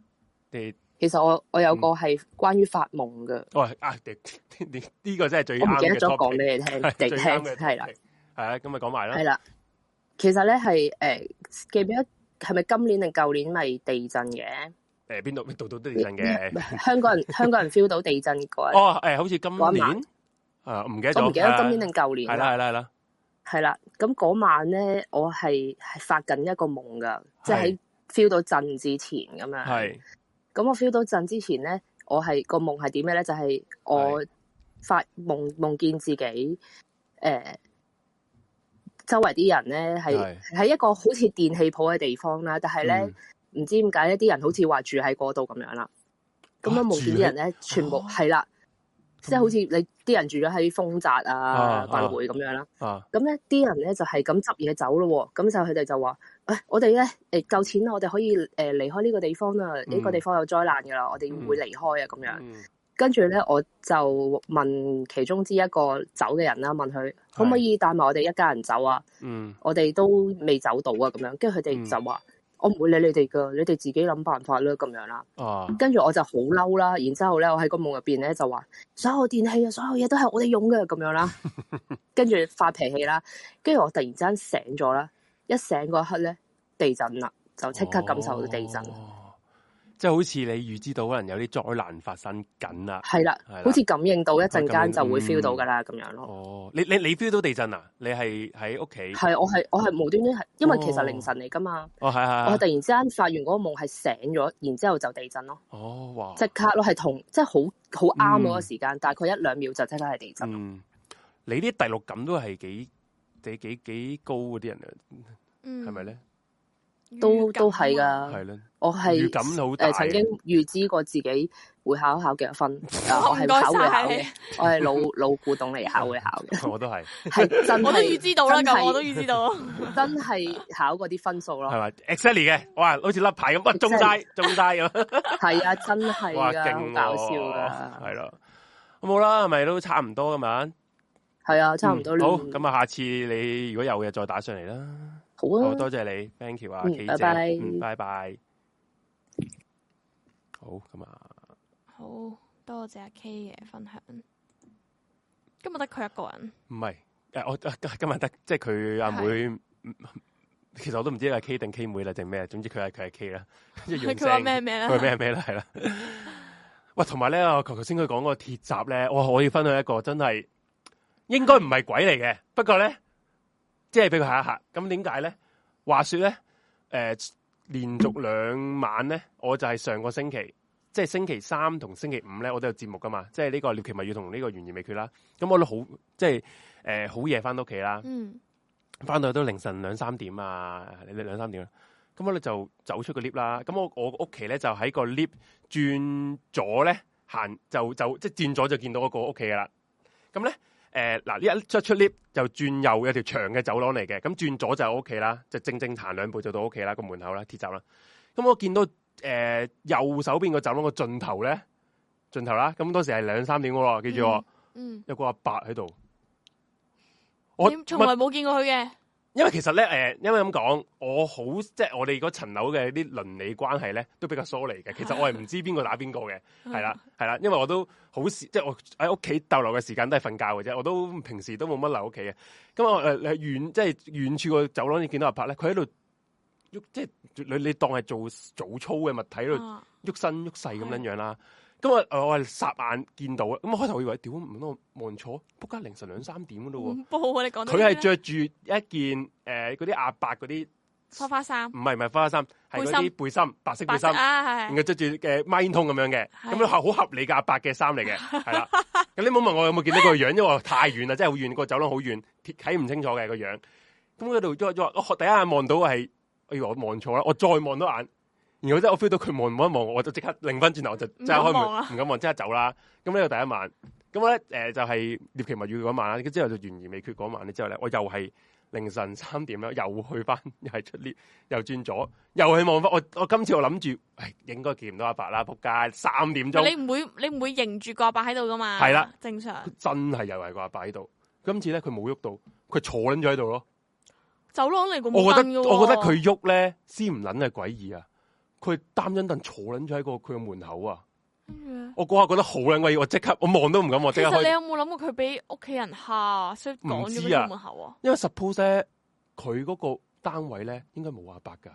其實我我有個係關於發夢嘅。哦，啊，你呢個真係最啱嘅。唔記得咗講咩？係地震係啦。係啦，咁咪講埋啦。係啦，其實咧係誒記唔記得係咪今年定舊年咪地震嘅？誒，邊度度度都地震嘅。香港人香港人 feel 到地震嗰日。哦，誒，好似今年啊，唔記得，唔記得今年定舊年啦。係啦係啦係啦。係啦，咁嗰晚咧，我係係發緊一個夢噶，即係喺。feel 到，到震之前咁樣，係咁我 feel 到震之前咧，我係個夢係點嘅咧？就係、是、我發夢夢見自己，誒、呃，周圍啲人咧係喺一個好似電器鋪嘅地方啦，但係咧唔知點解咧，啲人好似話住喺嗰度咁樣啦，咁我夢見啲人咧，全部係啦。哦即係好似你啲人住咗喺豐澤啊、運會咁樣啦，咁咧啲人咧就係咁執嘢走咯。咁就佢哋就話，誒、哎，我哋咧誒夠錢啦，我哋可以誒離開呢個地方啦。呢、嗯呢個地方有災難噶啦，我哋會離開啊。咁樣跟住咧，我就問其中之一個走嘅人啦，問佢可唔可以帶埋我哋一家人走啊？嗯，我哋都未走到啊，咁樣跟住佢哋就話。我唔會理你哋噶，你哋自己諗辦法啦咁樣啦。哦，跟住我就好嬲啦，然之後咧，我喺個夢入邊咧就話，所有電器啊，所有嘢都係我哋用嘅咁樣啦，跟 住發脾氣啦，跟住我突然之間醒咗啦，一醒嗰刻咧地震啦，就即刻感受到地震。Oh. 即係好似你預知到可能有啲災難發生緊啦，啊，係啦的，的好似感應到一陣間就會 feel 到噶啦，咁樣咯。哦，你你你 feel 到地震啊？你係喺屋企？係我係我係無端端係，因為其實凌晨嚟噶嘛。哦，係係。我突然之間發完嗰個夢，係醒咗，然之後就地震咯。哦，哇！即刻咯，係同即係好好啱嗰個時間，嗯、大概一兩秒就即刻係地震。嗯，你啲第六感都係幾幾幾，幾，幾高嗰啲人啊？是是呢嗯，係咪咧？都都係噶，我係我好誒，曾經預知過自己會考考幾多分， 我係考會考嘅，我係老老古董嚟考會考嘅。我都係， 係 真我都預知到啦，咁我都預知到，真係考過啲分數咯。係咪？exactly 嘅，哇，好似甩牌咁、exactly. 啊，中晒，中晒咁。係 啊，真係， 哇，勁、啊、搞笑噶，係咯、啊，好冇啦，咪都差唔多噶嘛。係啊，差唔多。好，咁啊，下次你如果有嘅，再打上嚟啦。好、啊哦，多謝你，Thank you 啊，K 姐，拜拜。好咁啊，好多謝阿 K 嘅分享。今日得佢一個人，唔係誒，我、啊、今日得即係佢阿妹。其實我都唔知阿 K 定 K 妹啦，定咩？總之佢係佢係 K 啦，一樣聲。跟住佢話咩咩啦，佢咩咩啦，係啦。喂，同埋咧，我頭頭先佢講嗰個鐵閘咧，我可以分享一個真係，應該唔係鬼嚟嘅，不過咧。即係俾佢吓一吓，咁點解咧？話說咧，誒、呃，連續兩晚咧，我就係上個星期，即係星期三同星期五咧，我都有節目噶嘛。即係呢個廖其文要同呢個懸疑未決啦。咁我都好，即係誒，好夜翻到屋企啦。嗯，翻到都凌晨兩三點啊，兩三點啦。啦咁我咧就走出個 lift 啦。咁我我屋企咧就喺個 lift 轉左咧行，就就即係轉左就見到個屋企噶啦。咁咧。誒、呃、嗱，呢一出出 lift 就轉右有條長嘅走廊嚟嘅，咁、嗯、轉左就我屋企啦，就正正彈兩步就到屋企啦，個門口啦，鐵閘啦。咁、嗯、我見到誒、呃、右手邊個走廊個盡頭咧，盡頭啦。咁、嗯嗯、當時係兩三點嘅喎，記住我嗯，嗯，有個阿伯喺度，我，點，從來冇見過佢嘅。因為其實咧，誒、呃，因為咁講，我好即係我哋嗰層樓嘅啲鄰里關係咧，都比較疏離嘅。其實我係唔知邊個打邊個嘅，係 啦，係啦。因為我都好少，即係我喺屋企逗留嘅時間都係瞓覺嘅啫。我都平時都冇乜留屋企嘅。咁我誒，遠即係遠處個走廊，你見到阿伯咧，佢喺度喐，即係你你當係做早操嘅物體喺度喐身喐勢咁樣樣啦。 今日我係霎眼看見到啊！咁開頭我以為屌，唔通望錯？卜家凌晨兩三點嘅咯，佢係着住一件誒嗰啲阿伯嗰啲花花衫，唔係唔係花花衫，係嗰啲背心，白色背心，啊、然後着住嘅孖煙筒咁樣嘅，咁都係好合理嘅阿伯嘅衫嚟嘅，係啦。咁 你冇問我，我有冇見到個樣，因為我太遠啦，真係好遠， 個走廊好遠，睇唔清楚嘅個樣。咁喺度喐喐，我第一眼望到係，哎呀，我望錯啦！我再望到眼。然後即我 feel 到佢望唔望一望我，就即刻擰翻轉頭，我就即刻開門，唔敢望，即刻走啦。咁、嗯、呢、呢個第一晚，咁咧誒就係、是、獵奇物語嗰晚啦。咁之後就懸而未決嗰晚之後咧我又係凌晨三點啦，又去翻又係出 lift，又轉咗，又去望翻我。我今次我諗住，係應該見唔到阿伯啦。仆街三點鐘，你唔會你唔會認住個阿伯喺度噶嘛？係啦，正常佢真係又係個阿伯喺度。今次咧佢冇喐到，佢坐捻咗喺度咯。走廊嚟咁暗嘅，我覺得佢喐咧先唔捻係詭異啊。佢擔張凳坐捻咗喺個佢嘅門口啊、嗯！我嗰下覺得好捻位，我即刻我望都唔敢望。其實你有冇諗過佢俾屋企人吓，所以趕呢、啊、門口啊？因為 suppose 咧，佢嗰個單位咧應該冇阿伯噶，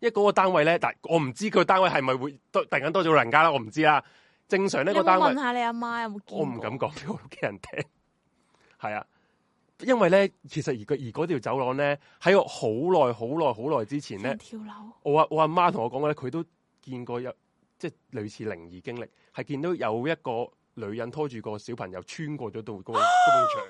因為嗰個單位咧，但我唔知佢單位係咪會突然間多咗老人家啦，我唔知啦。正常咧、啊，我問下你阿媽有冇見到？我唔敢講俾屋企人聽，係 啊。因為咧，其實而個而嗰條走廊咧，喺我好耐、好耐、好耐之前咧，我話我阿媽同我講過咧，佢都見過有即係類似靈異經歷，係見到有一個女人拖住個小朋友穿過咗到嗰嗰埲牆，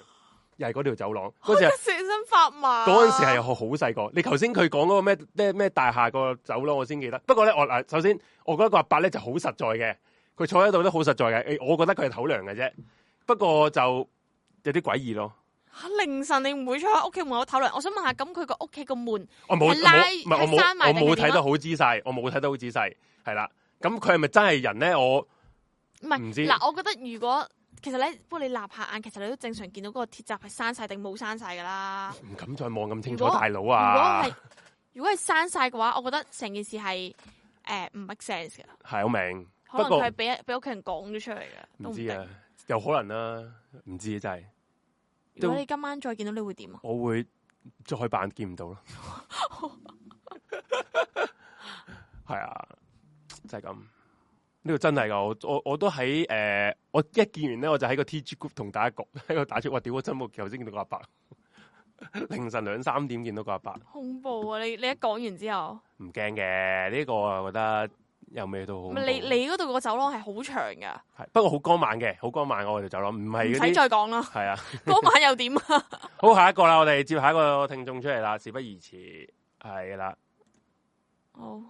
又係嗰條走廊嗰陣時，全身發麻。嗰陣時係好細個。你頭先佢講嗰個咩咩咩大廈個走廊，啊、走廊我先、啊、記得。不過咧，我啊，首先我覺得個阿伯咧就好實在嘅，佢坐喺度都好實在嘅。誒，我覺得佢係口涼嘅啫，不過就有啲詭異咯。凌晨你唔會出喺屋企門口討論，我想問下，咁佢個屋企個門冇拉係閂埋定點？我冇睇得好仔細，我冇睇得好仔細，係啦。咁佢係咪真係人咧？我唔係唔知，嗱，我覺得如果其實咧，不過你立下眼，其實你都正常見到嗰個鐵閘係閂晒定冇閂晒噶啦。唔敢再望咁清楚，大佬啊！如果係如果係閂晒嘅話，我覺得成件事係誒唔 make sense 嘅。係、我、明白，可能佢俾俾屋企人講咗出嚟嘅，唔知道啊不，有可能啦、啊，唔知真係。就是如果你今晚再見到你會點？我會再扮見唔到咯。係啊，就係、是、咁。呢、這個真係噶，我我我都喺誒、呃，我一見完咧，我就喺個 TG group 同大家講喺度打出，我屌我真冇頭先見到個阿伯， 凌晨兩三點見到個阿伯，恐怖啊！你你一講完之後，唔驚嘅呢個，我覺得。有咩都好你。你你嗰度個走廊係好長噶，係不過好光猛嘅，好光猛我哋走廊，唔係要睇再講啦。係啊，光猛又點啊？ 好下一個啦，我哋接下一個聽眾出嚟啦，事不宜遲，係啦。哦，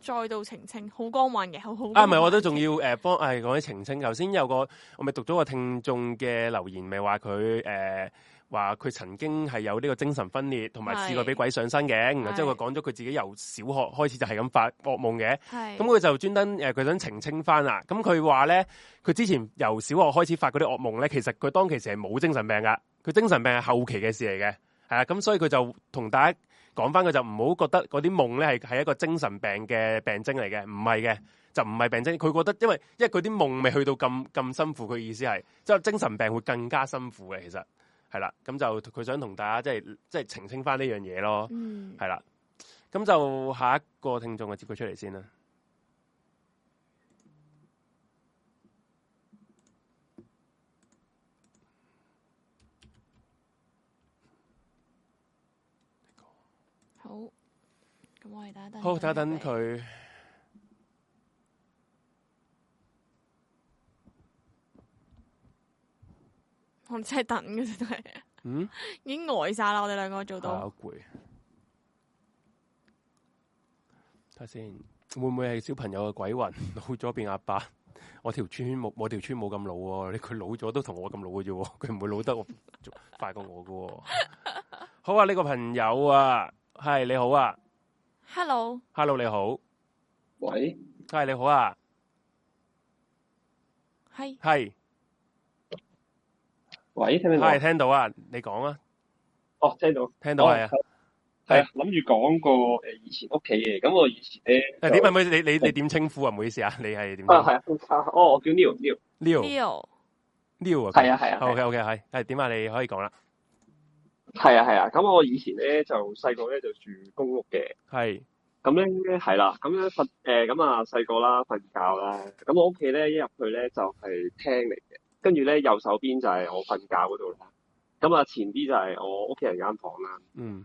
再度澄清，好光猛嘅，好好啊，唔係，我都仲要誒幫，係講起澄清。頭先、哎、有個我咪讀咗個聽眾嘅留言，咪話佢誒。呃話佢曾經係有呢個精神分裂，同埋試過俾鬼上身嘅。然之後佢講咗佢自己由小學開始就係咁發惡夢嘅。咁佢就專登誒，佢想澄清翻。啊，咁佢話咧，佢之前由小學開始發嗰啲惡夢咧，其實佢當其時係冇精神病噶。佢精神病係後期嘅事嚟嘅，係啦。咁所以佢就同大家講翻，佢就唔好覺得嗰啲夢咧係係一個精神病嘅病徵嚟嘅，唔係嘅就唔係病徵。佢覺得因為因為佢啲夢未去到咁咁辛苦，佢意思係即係精神病會更加辛苦嘅，其實。係啦，咁就佢想同大家即係即係澄清翻呢樣嘢咯。嗯。係啦，咁就下一個聽眾嘅接佢出嚟先啦。好，咁我哋等一等。好，等一等佢。我唔使等嘅啫，都係。嗯。已經呆晒啦，我哋兩個做到、啊。好攰。睇下先，會唔會係小朋友嘅鬼魂老咗變阿伯？我條村冇，我條村冇咁老、哦。你佢老咗都同我咁老嘅啫。佢唔會老得快過我嘅、 哦。好啊，呢、這個朋友啊，係，你好啊。Hello。Hello，你好。喂。係，你好啊。係。係。喂，聽到啊，到你講啊，哦，聽到，聽到係、哦、啊，係啊，諗住講個誒以前屋企嘅，咁我以前咧，誒，你問唔問你你你點稱呼啊？唔好意思，唔好意思啊，你係點？啊係啊，哦，我叫 Neil，Neil，Neil，Neil，係啊係啊，OK OK，係，係點啊？你可以講啦，係啊係啊，咁我以前咧就細個咧就住公屋嘅，係，咁咧係啦，咁樣瞓誒，咁啊細個啦瞓覺啦，咁我屋企咧一入去咧就係廳嚟嘅。跟住咧，右手邊就係我瞓覺嗰度啦。咁啊，前啲就係我屋企人間房啦。嗯。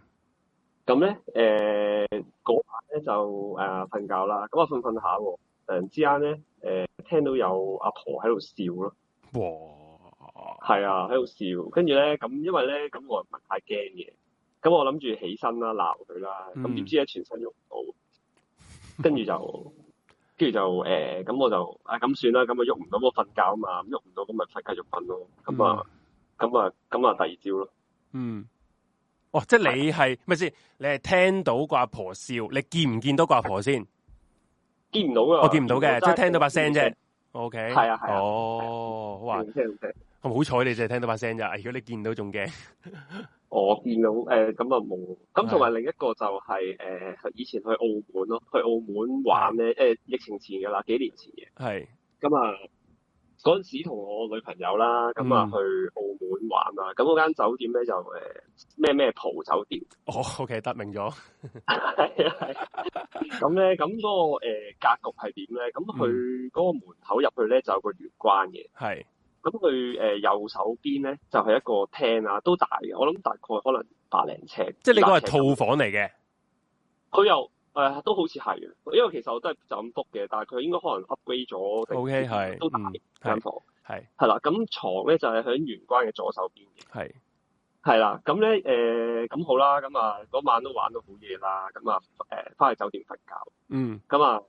咁咧，誒嗰晚咧就誒瞓覺啦。咁啊瞓瞓下喎，突然之間咧誒聽到有阿婆喺度笑咯。哇！係啊，喺度笑。跟住咧，咁因為咧咁我唔係太驚嘅。咁我諗住起身啦，鬧佢啦。咁、嗯、點知咧，全身喐唔到。跟住就～ 跟住就誒，咁、呃、我就啊咁算啦，咁咪喐唔到，我瞓覺啊嘛，喐唔到，咁咪再繼續瞓咯，咁、嗯、啊，咁啊，咁啊，第二朝咯。嗯。哦，即係你係咪先？你係聽到個阿婆笑，你見唔見到個阿婆先、啊？見唔到㗎、哦、見到，見到，到，見到 okay，啊，我見唔到嘅，即係聽到把聲啫。O K。係啊係啊。哦，好啊。咁好彩你淨係聽到把聲咋，如果你見到仲驚、哦。我見到誒，咁啊冇咁同埋另一個就係、是、誒、呃，以前去澳門咯，去澳門玩咧，誒、嗯欸，疫情前噶啦，幾年前嘅。係、嗯。咁啊，嗰陣時同我女朋友啦，咁、嗯、啊去澳門玩啦，咁嗰間酒店咧就誒，咩咩蒲酒店。哦，OK，得明咗。咁 咧， 咁嗰、那個誒、呃、格局係點咧？咁佢嗰個門口入去咧就有個玄關嘅。係、嗯。咁佢右手邊咧就係、是、一個廳啊，都大嘅。我諗大概可能百零尺。即係呢個係套房嚟嘅。佢又、呃、都好似係嘅，因為其實我都係就咁 book 嘅，但係佢應該可能 upgrade 咗。OK 係都大間、嗯、房係係啦。咁床咧就係、是、喺玄關嘅左手邊嘅。係係啦。咁咧呃咁好啦。咁啊嗰晚都玩到好夜啦。咁啊返翻去酒店瞓覺。嗯。咁啊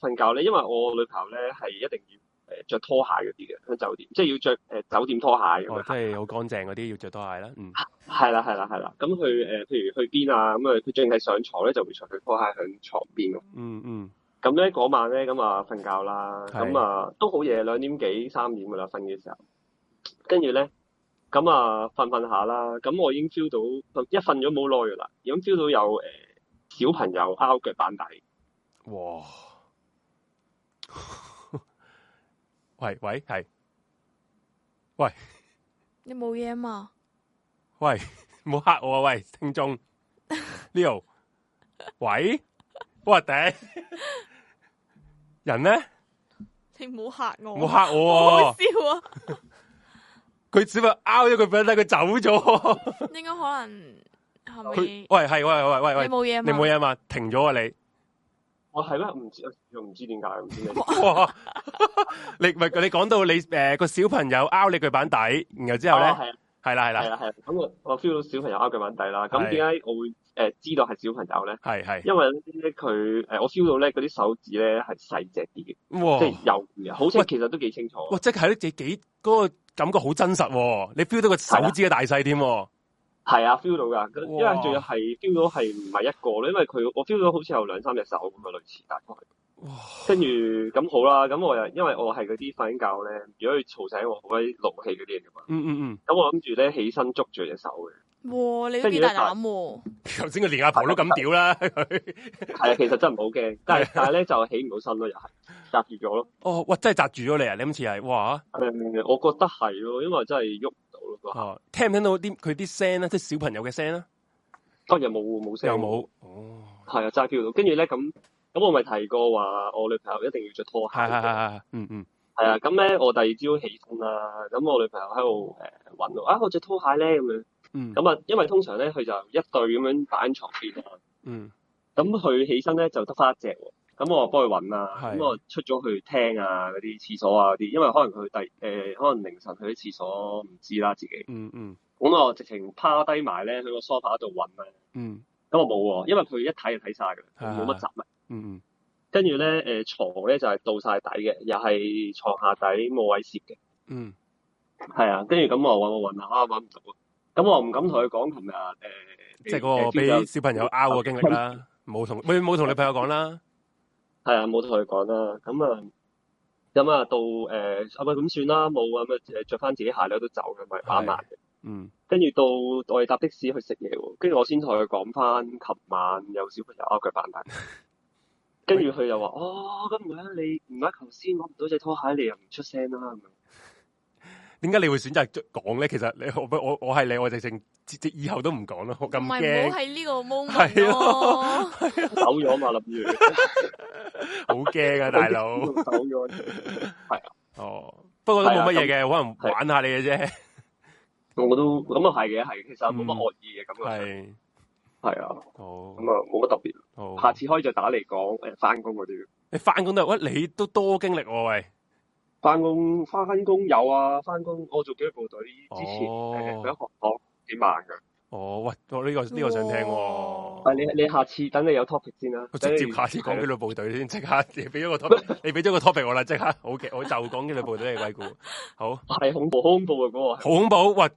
瞓覺咧，因為我女朋友咧係一定要。誒，着拖鞋嗰啲嘅，喺酒店，即係要着誒、呃、酒店拖鞋、哦、即係好乾淨嗰啲，要着拖鞋啦。嗯，係、啊、啦，係啦，係啦。咁佢，誒、呃，譬如去邊啊，咁啊，佢淨係上床咧，就會除佢拖鞋喺床邊。嗯嗯。咁咧嗰晚咧，咁啊瞓覺啦，咁啊、嗯呃、都好夜，兩點幾三點噶啦，瞓嘅時候。跟住咧，咁啊瞓瞓下啦，咁我已經 feel 到，一瞓咗冇耐噶啦，已經 feel 到有誒、呃、小朋友敲腳板底。哇！ 喂喂係，喂，你冇嘢啊嘛？喂，唔好嚇我啊！喂，聽眾 Leo，喂，哇頂， 人呢？你唔好嚇我、啊，唔好嚇我、啊，好， 笑啊！佢只不過拗咗佢，俾得佢走咗。應該可能係咪？ 喂，係喂喂喂喂，你冇嘢嘛？你冇嘢啊嘛？停咗啊！你。我係咩？唔知又唔知點解唔知哇、 哦！ 你唔你講到你誒個、呃、小朋友 o 你腳板底，然後之後咧係啦係啦係啦係啦。咁、哦啊啊啊啊啊啊啊、我我 feel 到小朋友 o u 腳板底啦。咁點解我會誒、呃、知道係小朋友咧？係係、啊啊。因為咧佢誒我 feel 到咧嗰啲手指咧係細隻啲嘅，即係幼。好、就、似、是、其實都幾清楚哇。哇！即係咧幾嗰、嗰個感覺好真實。你 feel 到個手指嘅大細添？係啊，feel 到噶，因為仲要係 feel 到係唔係一個咧，因為佢我 feel 到好似有兩三隻手咁啊，類似大概。哇！跟住咁好啦，咁我又因為我係嗰啲瞓緊覺咧，如果要嘈醒我，我啲勞氣嗰啲嘅嘛。嗯嗯嗯。咁我諗住咧起身捉住隻手嘅。你都幾膽喎？頭先佢連阿婆都咁屌啦，佢係 啊，其實真係唔好驚，但係 但係咧就起唔到身咯，又係紮住咗咯。哦，哇！真係紮住咗你啊？你咁似係哇？誒、嗯，我覺得係咯，因為真係喐。吓、哦，聽唔聽到啲佢啲聲咧？即係小朋友嘅聲啦。當日冇冇聲，又冇哦。係啊，揸票到，跟住咧咁咁，我咪提過話，我女朋友一定要着拖鞋。係係係，嗯嗯，係啊。咁咧，我第二朝起身啦，咁我女朋友喺度誒揾我啊，我着拖鞋咧咁樣。嗯。咁啊，因為通常咧，佢就一對咁樣擺喺床邊啊。嗯。咁佢起身咧，就得返一隻喎。咁我幫佢揾啦，咁我出咗去廳啊，嗰啲廁所啊啲，因為可能佢第，誒、呃，可能凌晨去啲廁所唔知啦自己。嗯嗯。咁、啊、我直情趴低埋咧，去個 sofa 度揾啦。嗯。咁我冇喎，因為佢一睇就睇晒噶，冇乜雜物。嗯，跟住咧，誒，床咧就係到晒底嘅，又係床下底冇位攝嘅。嗯。係、就、啊、是，嗯、跟住咁我揾我揾啊，啊揾唔到啊。咁我唔敢同佢講琴日，誒，即係嗰個俾小朋友拗 out 嘅經歷啦，冇 同沒跟，冇同女朋友講啦。係啊，冇同佢講啦。咁啊，咁啊到誒，咁算啦，冇咁啊，着翻自己鞋咧都走咁咪扮埋。嗯。跟、嗯、住到、呃啊嗯嗯、到我哋搭的士去食嘢喎，跟住我先同佢講翻，琴晚有小朋友拗腳扮大，跟住佢又話，哦，咁唔好啊，你唔係頭先攞唔到隻拖鞋，你又唔出聲啦，係點解你會選擇講咧？其實你我我我係你，我直情即即以後都唔講咯。我咁驚。唔係，我喺呢個 moment、啊。係走咗嘛，諗住好 驚怕 怕 啊，大佬，係哦，不過都冇乜嘢嘅，啊、可能玩下你嘅啫、嗯。 我都咁啊，係、嗯、嘅，係，其實冇乜惡意嘅感覺，係係啊，好，咁啊，冇、哦、乜、嗯、特別、哦，下次可以再打嚟講，誒，翻工嗰啲，你翻工都喂，你都多經歷喎、啊，喂，翻工翻翻工有啊，翻工我做紀律部隊之前佢喺、哦、學堂幾慢嘅。哦喂，呢、這個呢、這個想聽、哦，唔你你下次等你有 topic 先啦，直接下次講紀律部隊先，即刻你俾咗個 topic， 你俾咗個 topic 我啦，即刻好 K，OK，我就講紀律部隊嘅鬼故， 好係恐怖，恐怖嘅個啊，好恐怖，喂，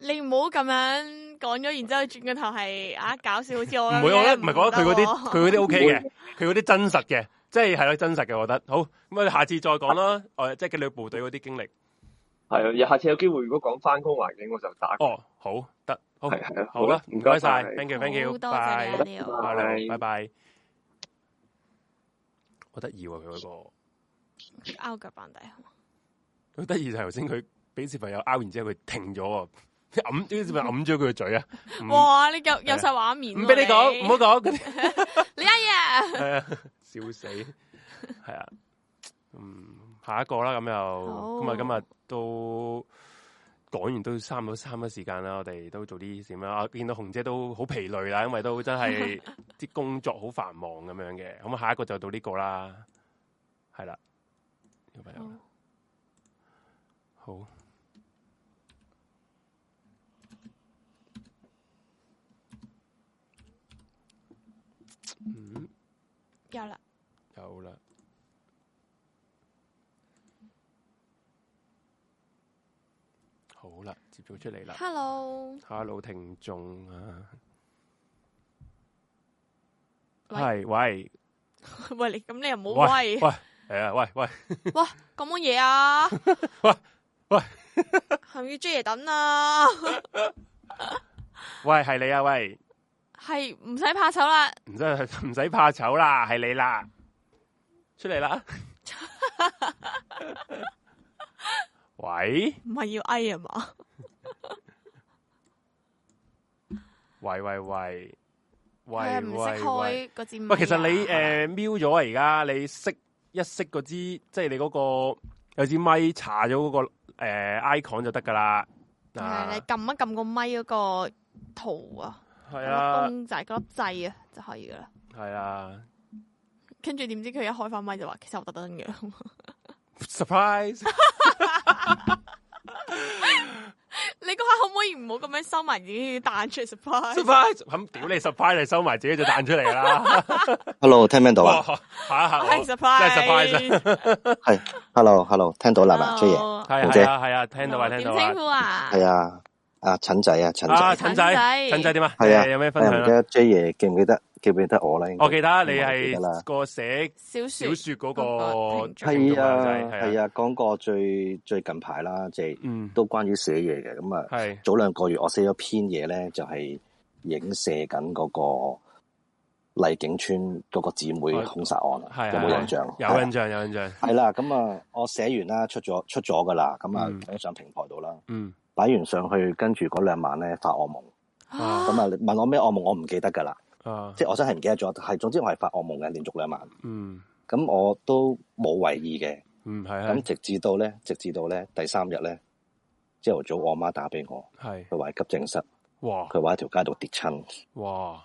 你唔好咁樣講咗，然之後轉個頭係啊搞笑，好似我唔會，我覺得唔係講佢嗰啲，佢嗰啲 O K 嘅，佢嗰啲真實嘅，即係係真實嘅，我覺得好，咁我哋下次再講啦，哦、啊，即係紀律部隊嗰啲經歷，係啊，下次有機會如果講翻工環境，我就打哦，好得。好好啦，唔該晒，thank you，thank you，拜拜，拜拜，好得意啊佢嗰個，拗腳板底，好得意就頭先佢俾小朋友拗完之後佢停咗，一揞住佢嘅嘴啊，哇，你有有晒畫面，唔俾你講，唔好講，你阿爺，啊,、 一贏, 笑死，係 啊，嗯，下一個啦，咁又，咁、oh. 啊，今日都。講完都差唔多三到三嘅時間啦，我哋都做啲點樣？我、啊、見到紅姐都好疲累啦，因為都真係啲工作好繁忙咁樣嘅。咁下一個就到呢個啦，係啦，小朋友，好。嗯，有啦，有啦。出嚟啦！Hello，Hello，聽眾啊，喂，喂，喂，咁你又唔好喂？喂，係啊，喂喂，哇，咁乜嘢啊？喂喂，係咪要 J 爺等啊？喂，係、啊、 喂 你啊？喂，係唔使怕醜啦，唔使唔使怕醜啦，係你啦，出嚟啦！ 喂，唔係要嗌啊嘛？.喂喂喂喂，喂喂喂喂喂喂！唔識開嗰支咪，其實你誒瞄咗，而家你識一識嗰支，即係你嗰個有支咪，查咗嗰個誒 icon 就得噶啦。係你撳一撳個咪嗰個圖啊，係啊，公仔嗰粒掣啊就可以噶啦。係啊，跟住點知佢一開翻咪就話，其實我特登嘅 surprise。 assemble! 你嗰下可唔可以唔好咁樣收埋自己彈出嚟 surprise？surprise 咁屌你 surprise surprise 你收埋自己就彈出嚟啦 ！Hello，聽唔、哦啊 hey, 聽到啊？係啊係，surprise，係 surprise 啫。係 Hello，Hello，聽到啦嘛？J 爺，紅姐，係啊，聽到, hello, 聽到啊，聽到啊。點稱呼啊？係啊，阿陳仔啊，陳仔，陳仔，陳仔點啊？係啊，有咩分享？唔、啊、記,記得 J 爺記唔記得？記唔記得我咧、哦？我記得你係個寫小說嗰個係啊係啊，啊，講過最最近排啦，即、嗯、係都關於寫嘢嘅。咁啊，早兩個月我寫咗篇嘢咧，就係影射緊嗰個麗景村嗰個姊妹凶殺案，哦、有冇印象，有印象、啊？有印象，有印象。係 啦、啊，咁啊，我寫完啦，出咗出咗噶啦，咁啊、嗯，上平台度啦，嗯，擺完上去，跟住嗰兩晚咧發惡夢，咁啊，你問我咩惡夢，我唔記得噶啦。啊、即係我真係唔記得咗，但係總之我係發惡夢嘅，連續兩晚。嗯，咁我都冇遺意嘅。嗯，係啊。咁直至到咧，直至到咧第三日咧，朝頭早我阿媽打俾我，係佢話急症室，哇！佢話喺條街度跌親，哇！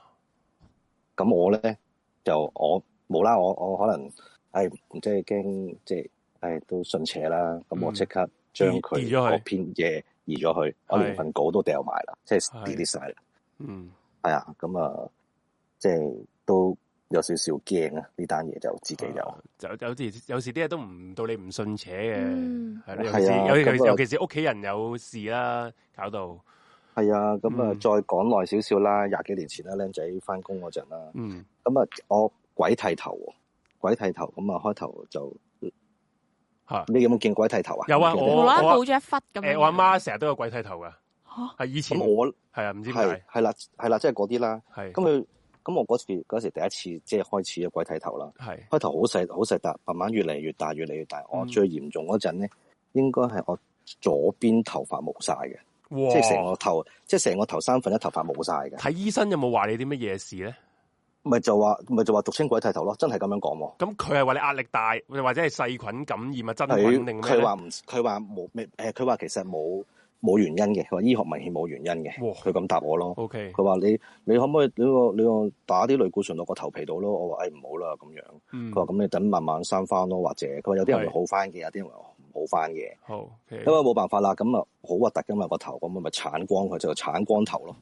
咁我咧就我冇啦，我無無我，我可能誒，即係驚即係誒，都信邪啦。咁我即刻將佢嗰篇嘢移咗去、嗯、去，我連份稿都掉埋啦，即係 delete 晒啦。嗯、係、哎、啊、咁、嗯、啊。即係都有少少驚啊！呢單嘢，就自己就就有時有時啲嘢都唔到你唔信邪嘅，係咯，有時尤其、嗯、是尤其是屋、啊、企、嗯、人有事啦、啊，搞到係啊！咁啊，再講耐少少啦，廿幾年前啦，僆仔翻工嗰陣啦，嗯，咁啊，嗯點點嗯嗯、我鬼剃頭，鬼剃頭咁啊，開頭就吓，你有冇見鬼剃頭啊？有啊，我啦，冇咗、呃、一忽、欸、我我阿媽成日都有鬼剃頭啊，吓係以前我係啊，唔知點解係啦係啦，即係嗰啲啦，係咁佢。咁我嗰次嗰時第一次即係開始嘅鬼剃頭啦，係開頭好細好細笪，慢慢越嚟越大，越嚟越大。我、哦嗯、最嚴重嗰陣咧，應該係我左邊頭髮冇晒嘅，即係成個頭，即係成個頭三分一頭髮冇晒嘅。睇醫生有冇話你啲乜嘢事咧？咪就話咪就話俗稱鬼剃頭咯，真係咁樣講喎。咁佢係話你壓力大，或者係細菌感染啊，真菌定咩？佢話唔佢話冇未誒，佢話其實冇。冇原因嘅，佢話醫學明顯冇原因嘅，佢咁答我咯。佢、okay、話你你可唔可以呢個呢個打啲類固醇落個頭皮度咯？我話誒唔好啦咁樣。佢話咁你等慢慢生翻咯，或者佢話有啲人會好翻嘅，有啲人唔好翻嘅。好、okay，因為冇辦法啦，咁啊好核突噶嘛個頭咁，咪剷光佢就剷光頭咯。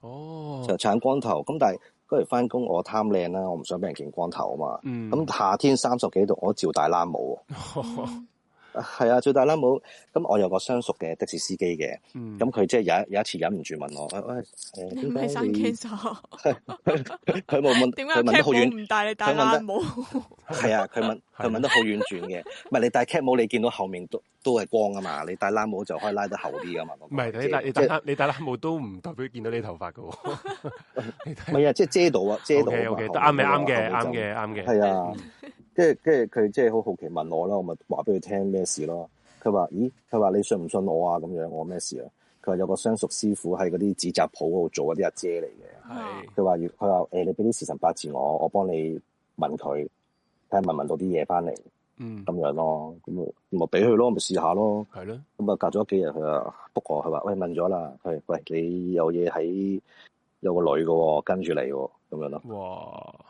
哦、oh，就剷光頭。咁但係嗰時翻工，我貪靚啦，我唔想俾人見光頭啊嘛。咁、嗯、夏天三十幾度，我照戴冷帽。 係啊，最大拉帽。咁、嗯、我、嗯嗯、有個相熟嘅的士司機嘅，咁佢即係有有一次忍唔住問我，喂、哎、喂，點解你？你唔係生 case 哦。佢佢冇問，點解你唔戴帶你戴拉帽？係 啊，佢問佢問得好遠轉嘅，唔係你戴 c a 帽，你見到後面都都係光啊嘛，你戴拉帽就可以拉得厚啲啊嘛。唔係 你戴你戴黑你戴黑帽都唔代表見到你頭髮噶。係 啊，即係遮到啊，遮到。啱啱嘅，啱、okay, 嘅，啱、right, 嘅、right, right.。係、right, right. 啊。 即係，即係佢即係好好奇問我啦，我咪話俾佢聽咩事咯。佢話：咦，佢話你信唔信我啊？咁樣我咩事啊？佢話有個相熟師傅喺嗰啲紙紮鋪嗰度做嗰啲阿姐嚟嘅。係。佢話：佢話，誒、呃，你俾啲時辰八字我，我幫你問佢，睇下問唔問到啲嘢翻嚟。嗯。咁樣咯，咁啊，咪俾佢咯，咪試下咯。係咯。咁啊，隔咗幾日佢啊不 o 佢話喂，問咗啦，佢：「喂，你有嘢喺，有個女嘅跟住嚟，咁樣咯。哇！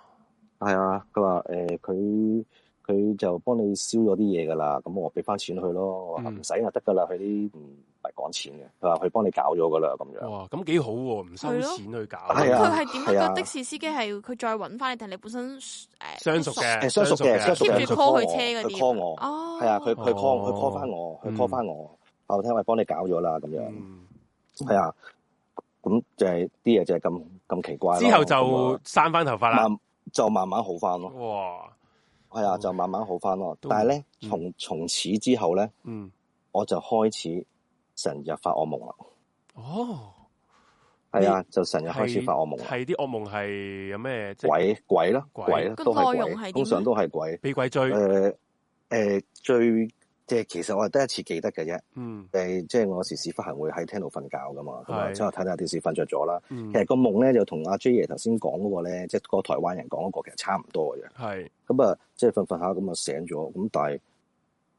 係啊，佢話誒，佢、呃、佢就幫你燒咗啲嘢噶啦，咁我俾翻錢佢咯。我話唔使啊，得噶啦，佢啲唔係講錢嘅。佢話佢幫你搞咗噶啦，咁樣。哇，咁幾好喎、啊，唔收錢去搞。啊，佢係點啊？的士司機係佢再搵翻你，定你本身誒？相、呃、熟嘅，相熟嘅，相熟嘅。keep 住 call 佢車嗰啲，call 我。哦，係啊，佢佢 call 佢 call 翻我，佢 call 翻我，我聽我幫、嗯、你搞咗啦，咁樣。係、嗯、啊，咁就係啲嘢就係咁咁奇怪。之後就生翻頭髮啦。嗯就慢慢好返咯。哇，係啊，就慢慢好返咯。但係呢，從、嗯、從此之後呢、嗯，我就開始成日發惡夢啦。哦，係啊，就成日開始發惡夢啦。係啲惡夢係有咩鬼鬼咯？鬼咯，都係鬼、那個，通常都係鬼。被鬼追。誒、呃、誒，最、呃。即係其實我係第一次記得嘅啫，嗯，誒，即係我時時出行會喺廳度瞓覺噶嘛，咁啊，即係睇下電視瞓着咗啦。其實個夢咧就同阿 J 爺頭先講嗰個咧，即係個台灣人講嗰個其實差唔多嘅啫。係咁啊，即係瞓瞓下咁啊醒咗，咁但係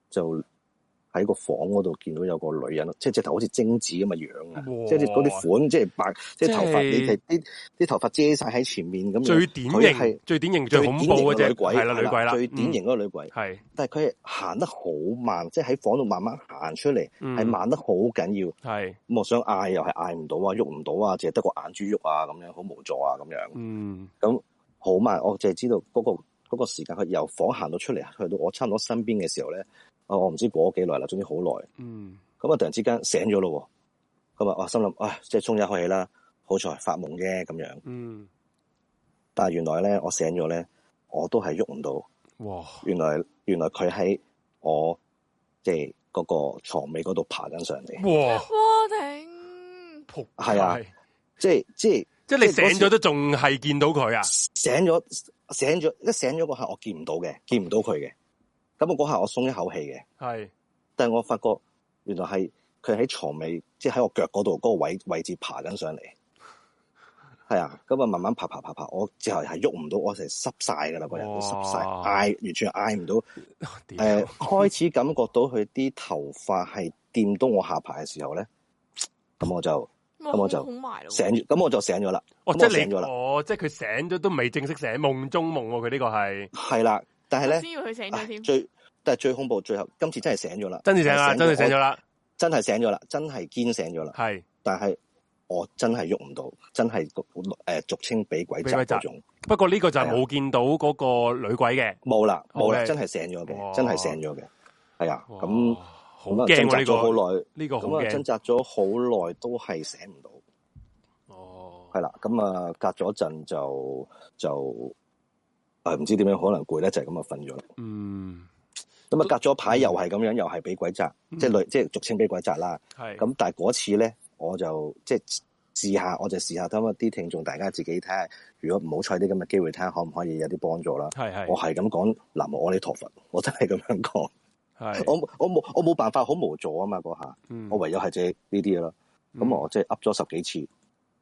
就。喺個房嗰度見到有個女人，即係直頭好似貞子咁嘅樣啊，就是就是就是！即係啲款，即係白，即係頭髮，你係啲啲頭髮遮晒喺前面咁。最典型係最典型最恐怖嘅啫，係啦女鬼啦，最典型嗰個女鬼係，嗯。但係佢係行得好慢，即係喺房度慢慢行出嚟，係、嗯、慢得好緊要。係咁、嗯、我想嗌又係嗌唔到啊，喐唔到啊，淨係得個眼珠喐啊，咁樣好無助啊，咁樣。嗯，咁、嗯、好慢，我淨係知道嗰、嗰個嗰、嗰個時間，佢由房行到出嚟，去到我差唔多身邊嘅時候咧。哦，我唔知過咗幾耐啦，總之好耐。嗯，咁啊，突然之間醒咗咯，咁啊，我心諗啊，即係沖一口氣啦，好彩發夢啫，咁樣。嗯，但係原來咧，我醒咗咧，我都係喐唔到。哇！原來原來佢喺我即係嗰個床尾嗰度爬緊上嚟。哇！哇！停！撲係啊！即係即係即係你醒咗都仲係見到佢啊？醒咗醒咗一醒咗個係我見唔到嘅，見唔到佢嘅。咁我嗰下我鬆一口氣嘅，係，但係我發覺原來係佢喺床尾，即係喺我腳嗰度嗰個位位置爬緊上嚟，係啊，咁啊慢慢爬爬爬爬，我之後係喐唔到，我成濕晒噶啦，個人都濕晒，嗌完全嗌唔到，誒，開始感覺到佢啲頭髮係掂到我下巴嘅時候咧，咁我就，咁、哦、我就醒咗，咁、哦、我就醒咗啦，即係醒咗啦，哦，我哦我哦我即係佢醒咗都未正式醒，夢中夢、啊，佢呢個係，係啦。但係咧，先要去醒咗先、啊。最但係最恐怖，最後今次真係醒咗啦！真係醒啦，真係醒咗啦，真係醒咗啦，真係堅醒咗啦。係，但係我真係喐唔到，真係誒，俗稱俾鬼扎嗰種。不過呢個就冇見到嗰個女鬼嘅，冇啦、啊，冇、okay，啦，真係醒咗嘅，真係醒咗嘅，係啊。咁好掙扎咗好耐，呢、這個咁啊掙扎咗好耐都係醒唔到。哦，係啦、啊，咁啊隔咗一陣就就。就係唔知點樣，可能攰咧，就係咁啊，瞓咗。嗯，咁啊，隔咗排又係咁樣，嗯，又係俾鬼砸、嗯，即係累，即係俗稱俾鬼砸啦。係。咁但係嗰次咧，我就即係試下，我就試下，等啊，啲聽眾大家自己睇下，如果唔好彩啲咁嘅機會，睇下可唔可以有啲幫助啦。係。我係咁講，南無阿彌陀佛，我真係咁樣講。係。 我我冇我冇辦法，好無助啊嘛嗰下、嗯。我唯有係借呢啲嘢咯。嗯。咁、嗯、我即係噏咗十幾次，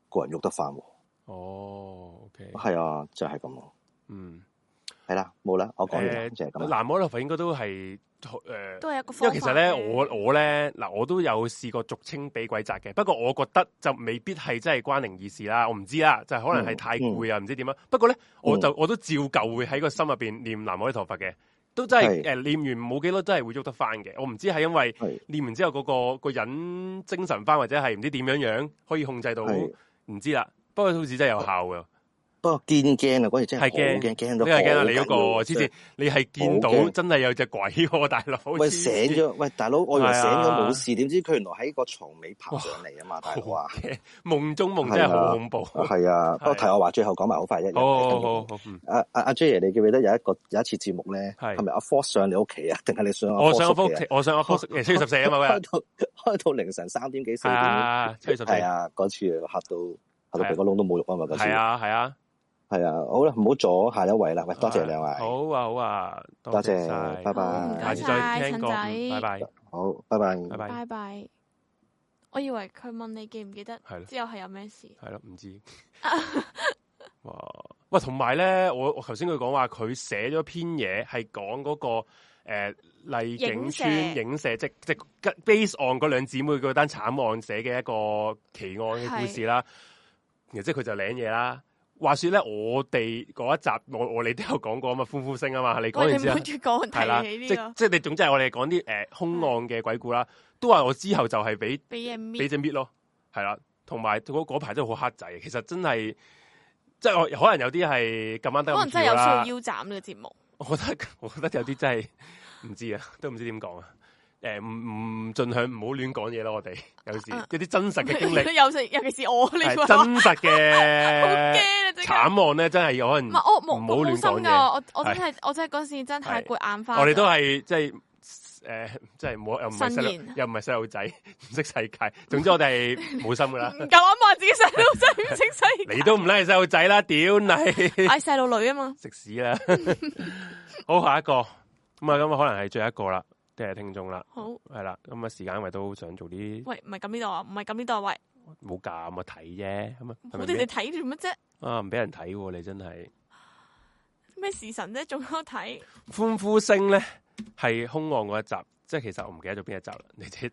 個人喐得翻。哦 o、okay、係啊，就係咁咯。嗯。係啦，冇啦，我講完啦，就係咁啦。南無阿彌陀佛應該都係誒、呃，都係一個方法。因為其實咧、嗯，我我咧嗱，我都有試過俗稱俾鬼扎嘅。不過我覺得就未必係真係關靈異事啦。我唔知啦，就係、可能係太攰啊，唔、嗯、知點樣。不過咧、嗯，我就我都照舊會喺個心入邊念南無阿彌陀佛嘅，都真係誒、嗯呃、念完冇幾多，真係會喐得翻嘅。我唔知係因為念完之後嗰、嗰個、嗰個人精神翻，或者係唔知點樣樣可以控制到，唔、嗯、知啦。不過好似真係有效嘅。嗯見鏡、那個、啊！嗰時真係驚驚驚到，驚你嗰個，之前你係見到真係有隻鬼喎，大佬。喂醒咗，喂大佬，我以為醒咗冇、啊、事，點知佢原來喺個床尾爬上嚟啊嘛，大佬啊！夢中夢真係好恐怖，係啊！不過、啊啊、提、啊、我話，最後講埋好快一哦，好、啊、好、啊、好、啊。阿阿阿 J 爺，你記唔記得有一個有一次節目咧，係咪阿 Force 上你屋企啊？定係你上我？我上我上我 Force 七月十四啊嘛，開到開到凌晨三點幾四點。係啊，嗰次吓到吓到鼻哥窿都冇肉啊嘛，嗰時係啊係啊。係啊，好啦，唔好阻下一位啦。喂，多謝兩位、啊。好啊，好啊，多謝，多謝晒。拜，拜，拜拜。下次再陳仔拜拜，拜拜。好，拜拜，拜拜。拜拜。我以為佢問你記唔記得，係之後係有咩事？係咯、啊，唔、啊、知。 哇，喂，同埋咧，我我頭先佢講話，佢寫咗篇嘢、那個，係講嗰個誒麗景村影社，影社，即即 base on 嗰兩姊妹嗰單慘案寫嘅一個奇案嘅故事其實他啦。然之後，即佢就領嘢啦。話說咧，我哋嗰一集，我我哋都有講過咁啊，呼呼聲啊嘛。你我哋唔會講提起呢個即係你總之係我哋講啲誒凶案嘅鬼故啦。都話我之後就係俾俾嘢搣，俾隻搣咯，係啦。同埋嗰排真係好黑仔，其實真係即係可能有啲係今晚得可能真係有需要腰斬呢個節目。我覺得我覺得有啲真係唔知、知、呃、啊，都唔知點講啊。誒，唔唔盡享唔好亂講嘢咯。我哋有時有啲真實嘅經歷，尤其尤其是我呢個真實嘅。 慘望咧，真係有可能唔好心噶。我我，我，我，我，我，我，我真係我真係嗰時真係太攰眼花。我哋都係即係誒，即係冇又唔係又唔係細路仔唔識世界。總之我哋冇心噶啦。唔夠膽話自己細路仔唔識世界。 你都唔係細路仔啦，屌你 吃屎了笑！嗌細路女啊嘛，食屎啦！好，下一個咁啊，咁啊，可能係最後一個啦。即係聽眾啦，好係啦，咁啊時間因為都想做啲喂，唔係撳呢度啊，唔係撳呢度啊，喂，冇咁啊睇啫，咁啊，我哋哋睇做乜啫？啊，唔俾人睇喎，你真係咩時辰咧，仲有睇歡呼聲咧，係兇案嗰一集，即係其實我唔記得咗邊一集啦，你睇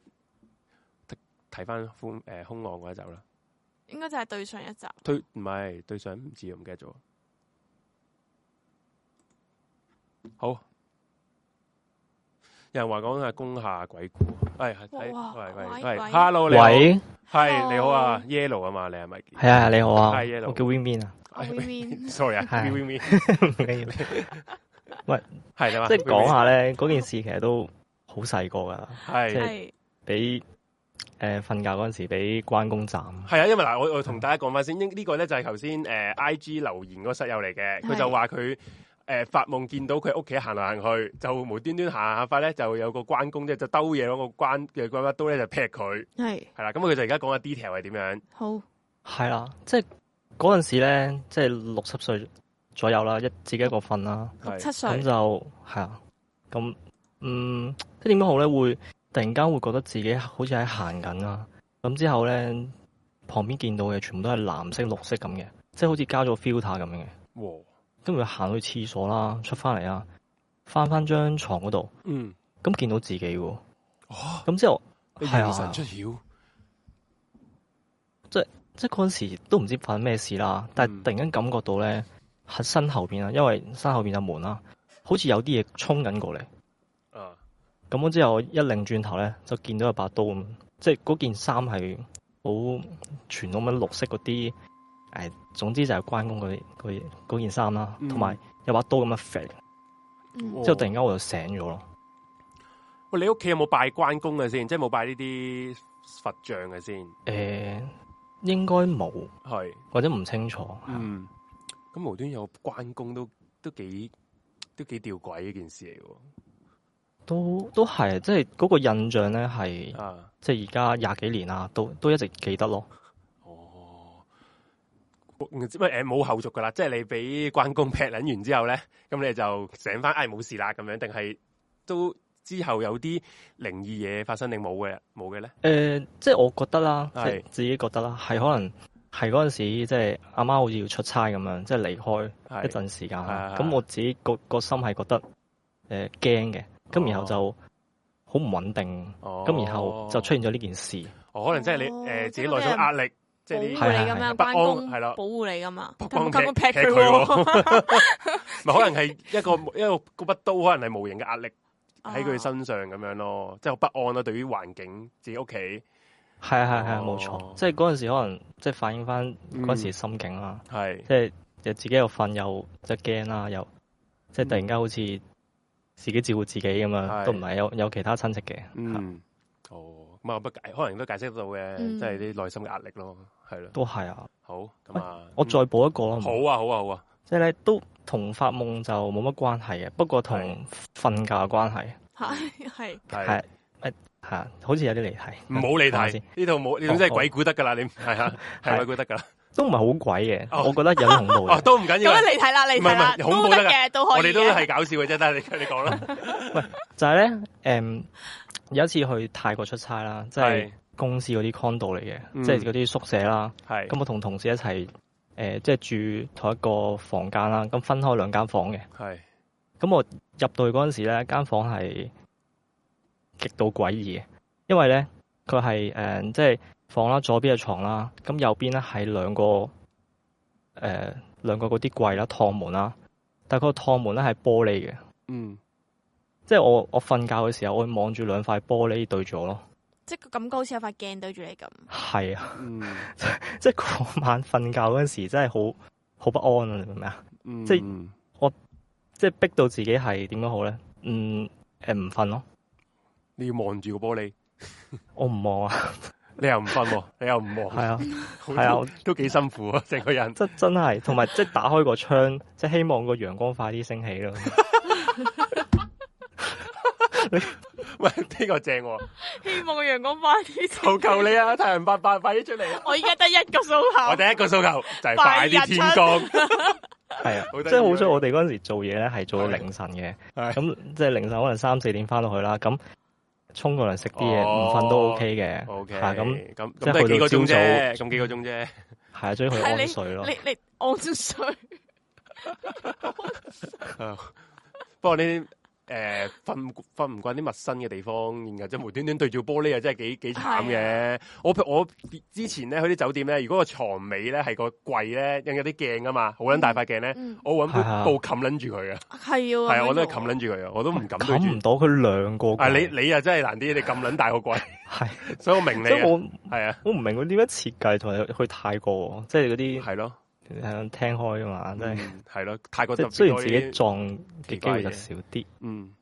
睇翻歡誒兇案嗰一集啦，應該就係對上一集，對唔係對上唔知啊，唔記得咗，好。有人話講係攻下鬼故，係係係喂喂，hello 你好，係你好啊，yellow 啊嘛，你係咪？係啊，你好啊，係 yellow 叫 WinWin 啊，WinWin，sorry 啊，係、啊、WinWin，、啊 yeah. We  We  喂，係你話，即係講下咧嗰件事，其實都好細個噶，係 是給，即係俾誒瞓覺嗰陣時俾關公斬，係 啊，因為嗱，我我同大家講翻先，呢、這、呢個咧就係頭先誒 I G 留言嗰室友嚟嘅，佢 就話佢。誒、呃，發夢見到佢屋企行嚟行去，就無端端行下發咧，就有個關公即係，就兜嘢嗰個關嘅關刀咧，就劈佢。係係啦，咁佢就而家講嘅 detail 係點樣？好係啦，即係嗰陣時咧，即係六十歲左右啦，一自己一個瞓啦，六七歲就係啦，咁嗯，即係點講好咧？會突然間會覺得自己好似喺行緊啦，咁之後咧旁邊見到嘅全部都係藍色、綠色咁嘅，即係好似加咗 filter 咁樣嘅。跟住行去廁所啦，出翻嚟、嗯哦、啊，翻翻張床嗰度，咁見到自己喎，咁之後係啊，神出竅，即係即係嗰陣時都唔知發生咩事啦，但係突然間感覺到咧喺、嗯、身後邊啊，因為身後邊有門啦，好似有啲嘢衝緊過嚟，咁、啊、我之後一擰轉頭咧，就見到一把刀，即係嗰件衫係好傳統嘅綠色嗰啲。誒，總之就係關公嗰啲嗰件衫啦，同埋有一把刀咁樣揈，之後突然間我就醒咗咯。喂、哦，你屋企有冇拜關公嘅先？即係冇拜呢啲佛像嘅先？誒、呃，應該冇，係或者唔清楚。嗯，咁無端有關公都都幾都幾吊詭呢件事嚟嘅。都都係，即係嗰個印象咧，係、啊、即係而家廿幾年啦，都都一直記得咯。唔知咩誒，冇後續噶啦，即係你俾關公劈捻完之後咧，咁你就醒翻，唉、哎，冇事啦咁樣，定係都之後有啲靈異嘢發生，定冇嘅，冇嘅咧？誒、呃，即係我覺得啦，是即係自己覺得啦，係可能係嗰陣時，即係阿媽，媽好似要出差咁樣，即係離開一陣時間，咁我自己個、啊、個，個心係覺得誒驚嘅，咁、呃、然後就好唔穩定，咁、哦、然後就出現咗呢件事，哦，可能即係你誒、呃、自己內心壓力。保護你咁樣，不安，係咯，保護你噶嘛，咁咁樣劈佢咯。唔、啊、 可能係一個，因 個嗰把刀可能係無形嘅壓力喺佢身上咁樣咯，即、啊、係、就是、好不安啦、啊。對於環境，自己屋企，係啊係啊係啊，冇、哦、錯。即係嗰陣時候可能即係反映翻嗰陣時候心境啦。係、嗯，即係又自己又瞓又即係驚啦，又，又即係突然間好似自己照顧自己咁樣，是都唔係有有其他親戚嘅。嗯。不解，可能都解釋到嘅，即係啲內心嘅壓力咯，係咯，都係啊。好咁啊，欸，我再補一個啦。好啊，好啊，好啊。即係咧，都同發夢就冇乜關係嘅，不過同瞓覺嘅關係係係係係好似有啲離題。唔好離題呢套冇呢真係鬼故得㗎啦，你係啊，係鬼故得㗎啦，都唔係好鬼嘅。我覺得有恐怖嘅。哦， 哦都唔緊要，你啊離題啦，離題恐怖嘅都可以，都我哋都係搞笑嘅啫， 但係你你講啦。喂，就係咧，誒。有一次去泰國出差啦，即係公司嗰啲 condo 嚟嘅，即係嗰啲宿舍啦。咁、嗯、我同同事一齊，誒、呃，即係住同一個房間啦。咁分開兩間房嘅。咁我入到去嗰陣時咧，間房係極度詭異嘅，因為咧佢係誒，即係房啦，左邊嘅床啦，咁右邊咧係兩個誒、呃，兩個嗰啲櫃啦，趟門啦，但係個趟門咧係玻璃嘅。嗯。即係我我瞓覺嘅時候，我會望住兩塊玻璃對住我咯。即係個感覺好似有塊鏡對住你咁。係啊，嗯、即係嗰晚瞓覺嗰陣時候真係，真係好好不安啊！你明唔明啊？即係我即係逼到自己係點樣好咧？嗯，誒、呃，唔瞓咯。你要望住個玻璃， 我唔望看啊， 啊。你又唔瞓，你又唔望。係啊，係啊，啊都幾辛苦啊，成個人。即真真係，同埋即係打開個窗，即係希望個陽光快啲升起咯。 你喂呢個正喎？希望陽光快啲。求求你啊，太陽白白快啲出嚟啊！我而家得一個訴求。我第一個訴求就係快啲天光。係啊，即係好彩我哋嗰陣時做嘢咧，係做到凌晨嘅。咁、嗯、即係凌晨可能三四點翻到去啦。咁衝過嚟食啲嘢，唔瞓都 OK 嘅。Oh, OK，係咁咁，即係去幾個鐘啫，仲幾個鐘啫。係啊，終於可以安睡咯。你安睡。你你按水 不過呢？誒、呃，瞓瞓唔慣啲陌生嘅地方，然後即係無端端對住玻璃啊，啊，真係幾幾慘嘅。我我之前咧去啲酒店咧，如果個床尾咧係個櫃咧，印有啲鏡噶嘛，好撚大塊鏡咧，我搵部布冚撚住佢嘅。係啊，係啊，我都係冚撚住佢啊，我都唔敢。冚唔到佢兩個。你你啊真係難啲，你咁撚大個櫃。係， 所以我明你。係我啊，我唔明佢點解設計同埋去泰國，即係嗰啲。係咯。聽開啊嘛，即係係咯，太、嗯、過。即係雖然自己撞嘅機會就少啲。嗯，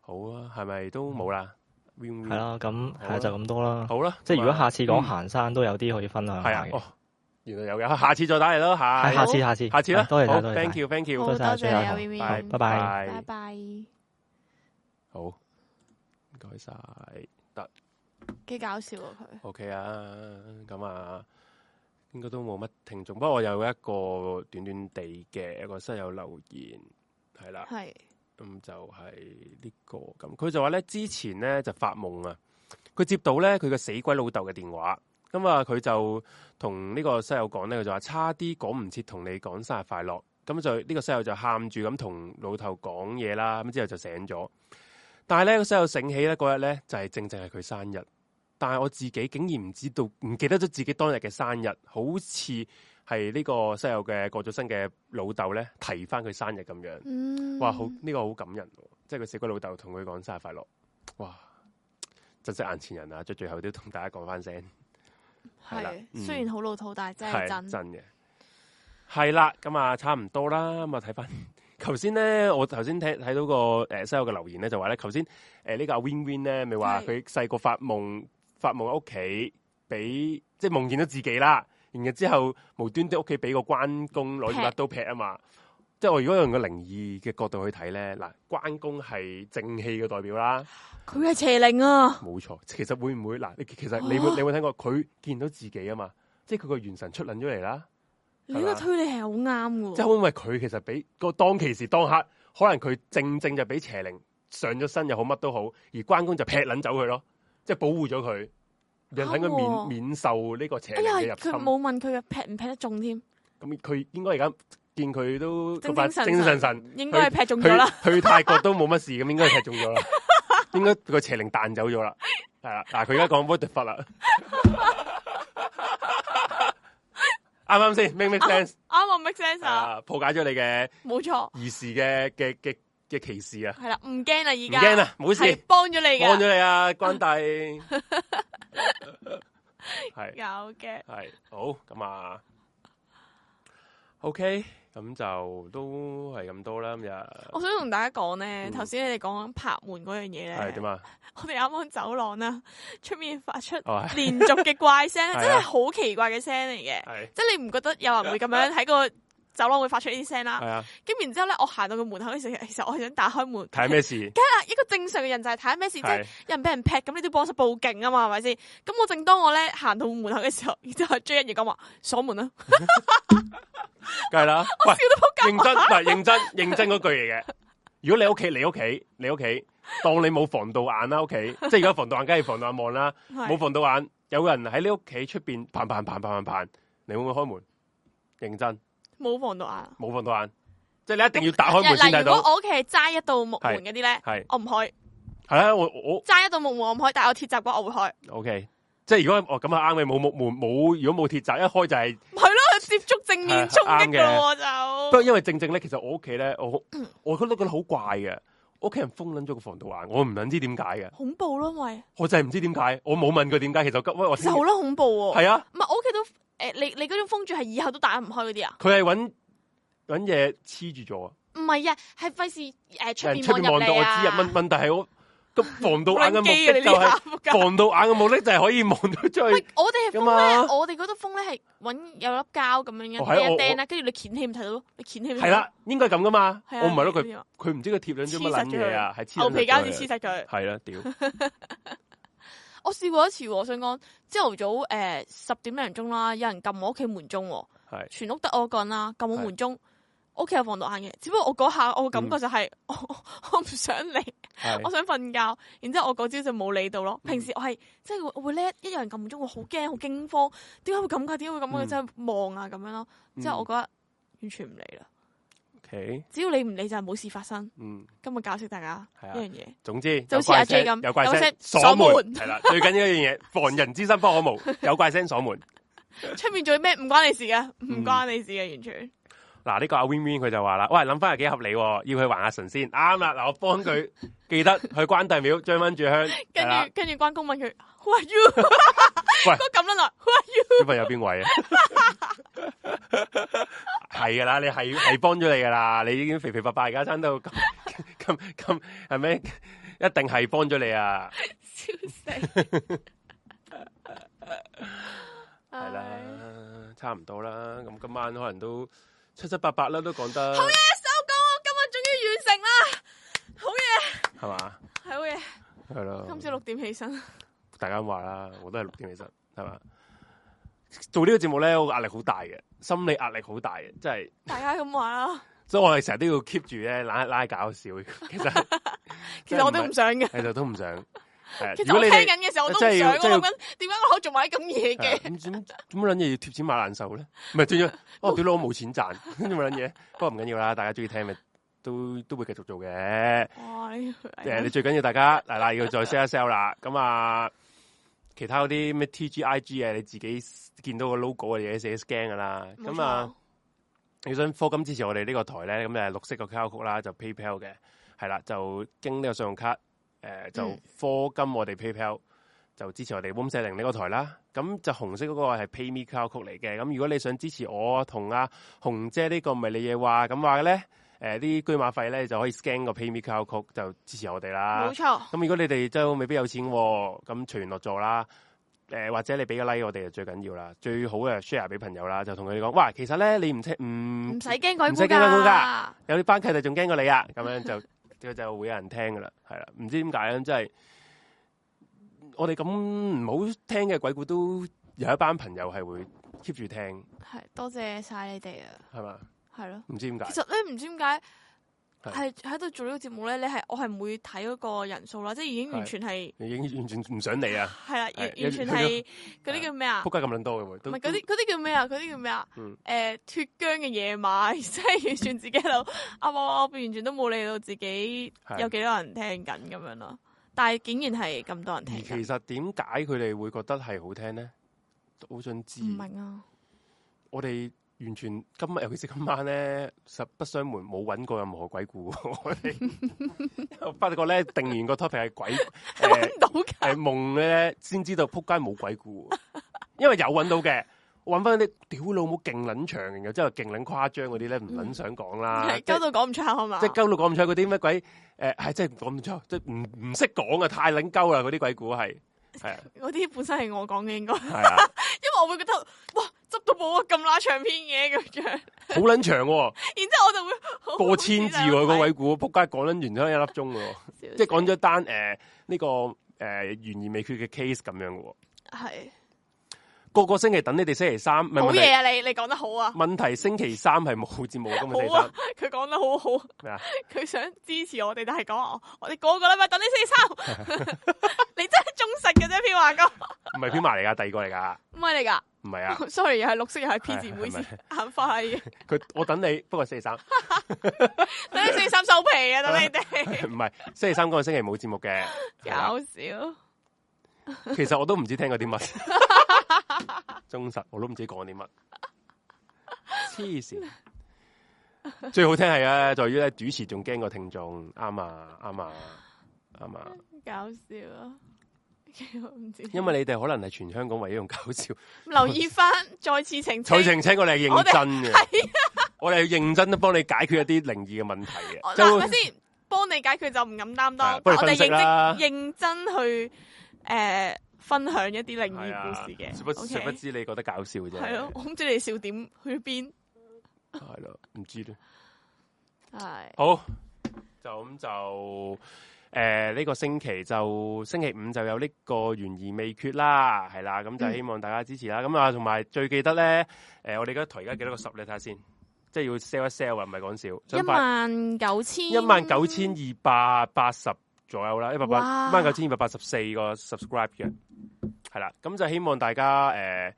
好啊，係咪都冇啦？係、嗯、啦，咁係就咁多啦。好啦、啊啊，即係如果下次講行山、嗯、都有啲可以分享。係啊，哦，原來有嘅，下次再打嚟咯。下次，下次，下次，下次啦。多謝多謝，謝，謝，謝，謝，Thank you，Thank you，多謝，謝，謝，謝 Vivian、啊、拜拜，拜拜。好，唔該晒，得。幾搞笑啊佢。OK 啊，咁啊。應該都冇乜聽眾，不過我有一個短短地嘅一個室友留言係啦，咁就係呢個咁。佢就話咧，之前咧就發夢啊，佢接到咧佢個死鬼老豆嘅電話，咁啊佢就同呢個室友講咧，佢就話差啲講唔切同你講生日快樂，咁就呢個室友就喊住咁同老豆講嘢啦，咁之後就醒咗。但係咧個室友醒起咧嗰日咧就係正正係佢生日。但係我自己竟然唔知道，唔記得咗自己當日嘅生日，好似係呢個西友嘅過咗身嘅老豆咧，提翻佢生日咁樣、嗯，哇！好呢、這個好感人、哦，即係佢小哥老豆同佢講生日快樂，哇！珍惜眼前人啊，在最後都同大家講翻聲，係啦、嗯。雖然好老土，但係真係真嘅，係啦。咁啊，差唔多啦。咁啊，睇翻頭先咧，我頭先睇睇到個誒室友嘅留言咧，就話咧，頭先誒呢個阿 Win Win 咧，咪話佢細個發夢。發夢屋企，俾即係夢見到自己啦。然後之後無端端即屋企俾個關公攞住把刀劈啊嘛。即係我如果用個靈異嘅角度去睇咧，嗱，關公係正氣嘅代表啦。佢係邪靈啊。冇錯，其實會唔會嗱？其實你會、啊、你會睇過佢見到自己啊嘛？即係佢個元神出捻咗嚟啦。你呢個推理係好啱嘅。即係因為佢其實俾個當其時當刻，可能佢正正就俾邪靈上咗身又好，乜都好，而關公就劈捻走佢咯。即係保護咗佢，又等佢免免受呢個邪靈嘅入侵。佢冇問佢嘅劈唔劈得中添？咁佢應該而家見佢都精精神神，應該係劈中咗啦。去泰國都冇乜事，咁應該係劈中咗啦。應該個邪靈彈走咗啦。係啦，嗱佢而家講乜就發啦。啱唔啱先？Make sense？啱啊，make sense 啊！破解咗你嘅冇錯，儀式嘅嘅嘅。嘅歧視啊，係啦，唔驚啦，而家唔驚啊，唔好意思，幫咗你嘅，幫咗你啊，關帝係 有嘅，係好咁啊，OK，咁就都係咁多啦。咁又，我想同大家講咧，頭、嗯、先你哋講拍門嗰樣嘢咧，係點啊？我哋啱啱走廊啊，出面發出連續嘅怪聲， 真係好奇怪嘅聲嚟嘅，即係、就是、你唔覺得有人會咁樣喺個？走廊會發出些聲音、啊、呢啲聲啦，跟住然之後咧，我行到個門口嗰時候，其實我想打開門睇咩事，梗係啦，一個正常嘅人就係睇咩事，即係、就是、有人俾人劈咁，你都要幫手報警啊嘛，係咪先？咁我正當我咧行到門口嘅時候，最一說 然之後 Jade 又講話鎖門啦，梗係啦，我笑到撲街，認真唔認真，認真嗰 句嚟嘅。如果你屋企，你屋企，你屋企，當你冇防盜眼啦，屋、okay? 企 即係而家防盜眼梗係防盜眼望啦，冇防盜眼，有人喺你屋企出邊，砰砰砰你會唔會開門？認真。冇防盜眼，冇防盜眼，即係你一定要打開門先睇到。如果我屋企係齋一道木門嗰啲咧，係我唔開。係啊，我我齋一道木門我唔開，但係我鐵閘我我會開 okay。O K，即係如果哦咁啊啱嘅，冇木門冇，如果冇鐵閘一開就係、是。係咯，接觸正面衝擊咯就。不過因為正正咧，其實我屋企咧，我我都覺得好怪嘅。我屋企人封捻咗個防盜眼，我唔捻知點解嘅。恐怖咯，喂。我就係唔知點解，我冇問佢點解。其實今喂我好啦，我其實恐怖、哦。係啊，唔係我屋企都。誒、欸，你你嗰種封住係以後都打唔開嗰啲啊？佢係搵搵嘢黐住咗啊！唔係啊，係費事誒，出邊望入嚟啊！蚊，蚊但係我個防盜眼嘅目的就係防盜眼嘅目的就係可以望到出嚟。我哋係封 我哋嗰度封咧係搵有粒膠咁樣、哦啊、一嘢釘啦，跟住你掀起唔睇到，你掀起係啦，應該咁噶嘛？我唔係咯，佢佢唔知佢貼兩張乜嘢啊？係黐牛皮膠，黐實佢。係啦，屌！ 我試過一次，我想講，朝頭早誒十點零鐘啦，有人撳我屋企門鐘，全屋得我一個人啦，撳我門鐘，屋企有防盜眼嘅，只不過我嗰下我感覺就係、是嗯、我唔想理，我想瞓覺，然之後我嗰朝就冇理到咯、嗯。平時我係即係會我會叻，一有人撳鐘，我好驚好驚慌，點解會咁嘅？點解會咁嘅、嗯？真係望啊咁樣咯，即係我覺得完全唔理啦。Okay. 只要你唔理就冇、是、事發生，嗯、今日教識大家呢樣嘢。總之就好似阿 J 咁有怪聲，有怪聲，有怪聲鎖門，係啦 對了 最緊要一樣嘢，防人之心不可無，有怪聲鎖門出 面做咩唔關你事噶，唔、嗯、關你事嘅完全。嗱，呢個阿 Win Win 佢就話啦，喂，諗翻又幾合理，要去還下神先，啱啦。嗱，我幫佢 記得去關帝廟追返住香，跟住跟住關公問佢 who are you？關公咁樣話 who are you？小朋友邊位啊？係 噶 啦，你係係幫咗你噶啦，你已經肥肥白白而家撐到咁咁咁，係咪？一定係幫咗你啊！笑死！係啦，差唔多啦。咁今晚可能都。七七八八都講得。好嘢，收工！今日終於完成啦，好嘢。係嘛？係好嘢。係咯。今朝六點起身。大家話啦，我都係六點起身，係嘛？做呢個節目咧，我壓力好大嘅，心理壓力好大嘅，真係。大家咁話啦。所以我哋成日都要 keep 住咧，拉拉搞笑。其實， 其實是是我都唔想嘅。其實都唔想。 其實我聽緊嘅時候，我都唔想我諗緊，點解我仲買咁嘢嘅？咁、啊、點？咁嘢要貼錢買難受咧？唔係點樣我屌你，我、啊、冇、啊、 錢賺，咁乜嘢？ 不過唔緊要啦，大家中意聽咪都都會繼續做嘅。你、 呃、最緊要大家嗱嗱要再 sell 一 sell 啦。咁 啊，其他嗰啲咩 TG、IG 啊，你自己見到個 logo 嘅嘢，寫 scan 噶啦。咁啊，你想課金支持我哋呢個台咧？咁、嗯、就綠色個 card 啦，就 PayPal 嘅，係啦，就經呢個信用卡。誒、嗯，就課金我哋 PayPal 就支持我哋 Room 410呢個台啦。咁就紅色嗰個係 pay me QR code 嚟嘅。咁如果你想支持我同阿紅姐個呢個，唔係你嘢話咁話嘅咧。誒，啲居馬費咧就可以 scan 個 pay me QR code 就支持我哋啦。冇錯。咁如果你哋真未必有錢、啊，咁隨緣樂助啦。誒、呃，或者你俾個 like 我哋就最緊要啦。最好誒 share 俾朋友啦，就同佢哋講，哇，其實咧你唔聽唔唔使驚鬼故，唔使驚鬼故噶。有啲班契就仲驚過你啊，咁樣就。 就就會有人聽噶啦，係啦，唔知點解咧，即係我哋咁唔好聽嘅鬼故都有一班朋友係會 keep 住聽。係多謝晒你哋啊！係嘛？係咯，唔知點解。其實咧，唔知點解。係喺度做呢個節目咧，你係我係唔會睇嗰個人數啦，即係已經完全係，已經完全唔想理啊。係啦，完完全係嗰啲叫咩啊？扑街咁捻多嘅會。唔係嗰啲啲叫咩啊？嗰啲叫咩啊？誒，脱韁嘅野馬，即係完全自己喺度 啊！我我完全都冇理到自己有幾多人聽緊咁樣咯。但係竟然係咁多人聽。而其實點解佢哋會覺得係好聽咧？好想知。唔明啊！我哋。完全今日，尤其是今晚咧，實不相瞞，冇揾過任何鬼故。我發覺咧，定完個 topic 係鬼揾到嘅，係夢咧先知道撲街冇鬼故，因為有揾到嘅，揾翻啲屌老母冇勁捻長，又即係勁捻誇張嗰啲咧，唔捻想講啦，鳩到講唔出係嘛，即係鳩到講唔出嗰啲咩鬼誒，係真係講唔出，即係唔唔識講啊，太捻鳩啦，嗰啲鬼故係。係啊，嗰啲本身係我講嘅應該，因為我會覺得哇。都冇啊！咁拉長篇嘢咁樣，好捻長。然之後我就會過千字，啊好那個鬼故，撲街講捻完都一粒鐘嘅，即係講咗單誒呢個誒懸、呃、而未決嘅 case 咁樣喎。係個個星期等你哋星期三。冇嘢啊！你你講得好啊！問題星期三係冇節目嘅嘛？今日星期三。好啊！佢講得好好。佢、啊、想支持我哋，但係講我哋個個禮拜等你星期三， 你真係忠實嘅啫，飄華哥。唔係飄華嚟噶，第二個嚟噶。唔係嚟噶。唔係啊，sorry，又係綠色，又係 P 字妹字，啊，眼快嘅 。佢我等你，不過星期三，等你星期三收皮啊！等你哋，唔係星期三嗰個星期冇節目嘅，搞笑。 其實我都唔知道聽過啲乜，忠 實我都唔知講啲乜，黐線。 最好聽係啊，在於咧主持仲驚過聽眾，啱 啊，啱啊，啱啊，搞笑啊！因為你哋可能係全香港唯一用搞笑。留意翻， 再次澄清。澄清我哋係認真嘅。係啊。我哋要認真都幫你解決一啲靈異嘅問題嘅。嗱，咪、啊、先？幫你解決就唔敢擔當。是啊、我哋認真認真去誒、呃、分享一啲靈異故事嘅。是啊、OK, 不，不知你覺得搞笑啫。係咯、啊，我唔知你笑點去邊。係 咯，唔知咯。係、啊。好，就咁就。誒、呃，呢、這個星期就星期五就有呢個懸疑未決啦，係啦，咁就希望大家支持啦。咁、嗯、啊，同埋最記得咧，誒、呃，我哋而家台而家幾多個十你睇下先，即係要 sell 一 sell 啊，唔係講笑。一萬九千。一萬九千二百八,八十左右啦，一百八一萬九千二百八十四個 subscribe 嘅，係啦，咁就希望大家誒，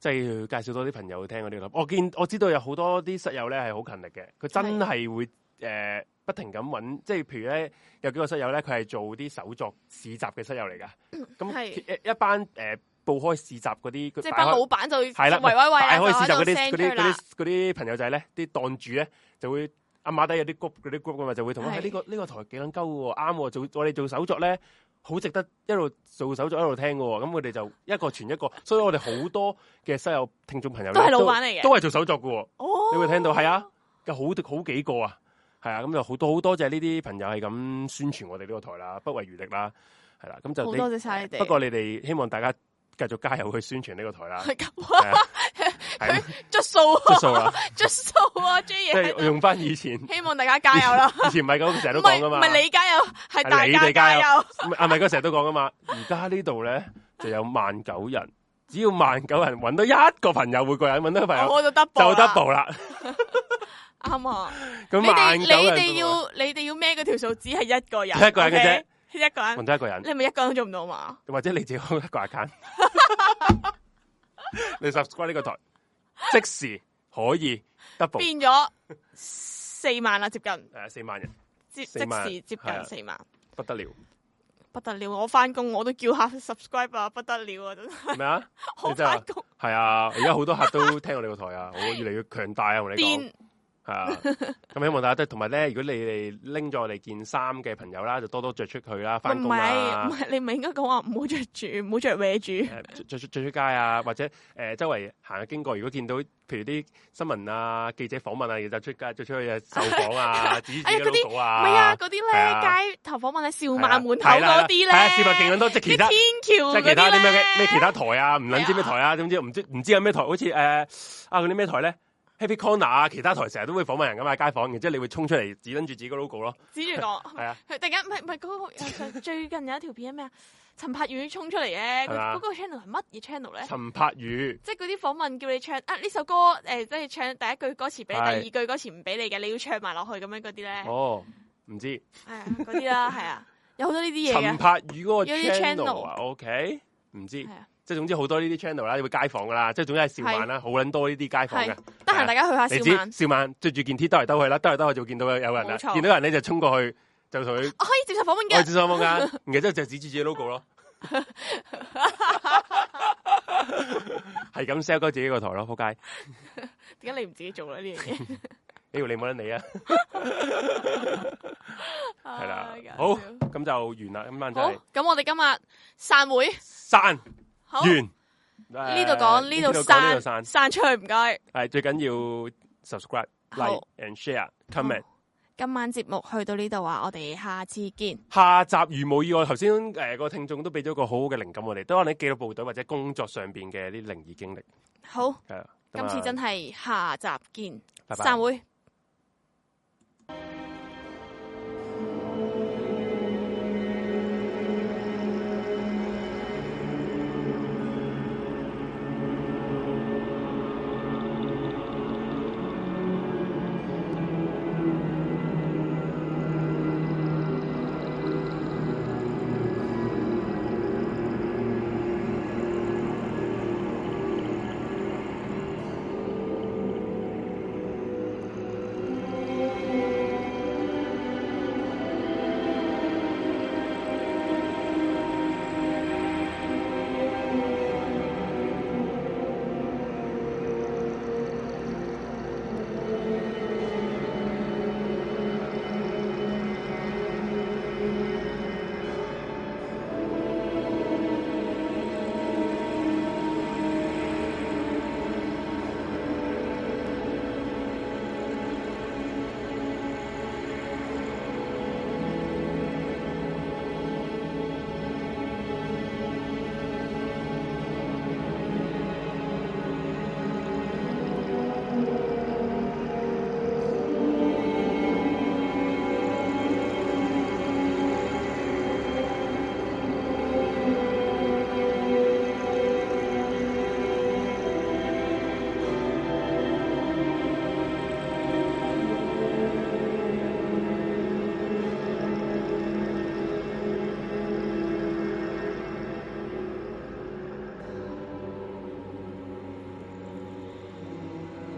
即、呃、係介紹多啲朋友聽我啲個，我見我知道有好多啲室友咧係好勤力嘅，佢真係會。誒、呃，不停咁搵，即係譬如咧，有幾個室友咧，佢係做啲手作市集嘅室友嚟噶。咁、嗯嗯嗯、一,一班誒，報、呃、開市集嗰啲，即係班老闆就係啦，圍圍圍，開市集嗰啲嗰啲啲朋友仔咧，啲檔主咧，就會阿馬仔有啲 group 嗰啲 group 嘅話就會同我，呢、哎這個呢、這個台幾撚鳩喎，啱喎、哦，做我哋做手作咧，好值得一路做手作一路聽喎、哦。咁佢哋就一個傳一個，所以我哋好多嘅室友聽眾朋友都係老闆嚟嘅，都係做手作喎、哦哦。你會聽到係啊，有好好幾個啊。係啊，咁就好多好多謝呢啲朋友係咁宣傳我哋呢個台啦，不遺餘力啦，係啦、啊，咁就好多謝晒你哋。不過你哋希望大家繼續加油去宣傳呢個台啦。係 咁啊，追數啊，追數啊，追數啊！即係、啊 啊、用翻以前，希望大家加油啦。以前唔係咁成日都講噶嘛，唔係你加油，係大家加油。唔係咪哥成日都講噶嘛？而家呢度咧就有萬九人，只要萬九人揾到一個朋友，每個人揾到一個朋友，哦、我就 double 就 double 啦。 啱 啊、嗯！咁萬九你哋要 你哋要孭嗰條數，只係一個人，一個人嘅啫，okay? 一個人，真係一個人。你咪一個人做唔到嘛？或者你自己開個 account，你 subscribe 呢個台， 即時可以 double，變咗四萬啦，接近誒、嗯、四萬人，即人即時接近四萬，不得了，不得了！我返工我都叫客人 subscribe 啊，不得了啊！ 你真係咩啊？好翻工係啊！而家好多客都聽你 我哋個台啊，我越嚟越強大啊！我你講。咁、 啊嗯、希望大家都同埋咧，如果你哋拎咗我哋件衫嘅朋友啦，就多多着出去啦，翻工唔係，唔係，你唔係應該講話唔好着住，唔好着孭住。着着出街啊，或者誒、呃、周圍行啊經過，如果見到譬如啲新聞啊、記者訪問啊，就出街着出去啊受訪啊、主持啊、錄、哎、稿啊。唔係啊，嗰啲咧街頭訪問咧笑罵門口嗰啲咧，笑咪勁卵多。即係其他啲天橋啲咩咩其他台啊，唔捻知咩台啊，點、啊、知唔知唔知有咩台？好似誒、呃、啊啲咩台咧？Happy Corner 啊，其他台成日都會訪問人噶嘛，街坊嘅，即係你會衝出嚟指拎住自己個 logo 咯著說，指住我係啊，佢突然間唔係唔係嗰個最近有一條片咩啊？陳柏宇衝出嚟嘅，嗰、啊那個 channel 係乜嘢 channel 咧？陳柏宇即係嗰啲訪問叫你唱啊呢首歌，誒即係唱第一句歌詞俾你，第二句歌詞唔俾你嘅，你要唱埋落去咁樣嗰啲咧。哦，唔知係啊，嗰、哎、啲啦係 啊，有好多呢啲嘢啊。陳柏宇嗰個 channel 啊，OK，唔知係啊。Okay? 即係總之好多呢啲 channel 啦，會街坊噶啦。即係總之係兆萬啦，好撚多呢啲街坊嘅。得閒大家去下兆萬。着住件 T 兜嚟兜去啦，兜嚟兜去就見到有人啦。見到人咧就衝過去，就同佢。可以接受訪問嘅。可以接受訪問。然之後就指住自己 logo 咯，係咁 sell 嗰自己個台咯，仆街。點解你唔自己做呢樣嘢？屌你冇得理啊， 啊！係 啦，好咁就完啦。咁樣就係。咁我哋今日散會。散。好，呢度講呢度散，散出去唔該。係、哎、最緊要 subscribe、like and share、comment。今晚節目去到呢度啊，我哋下次見。下集如無意外，頭先誒個聽眾都俾咗個好好嘅靈感，我哋都喺記錄部隊或者工作上邊嘅啲靈異經歷。好，yeah, 今次真係下集見，拜拜，散會。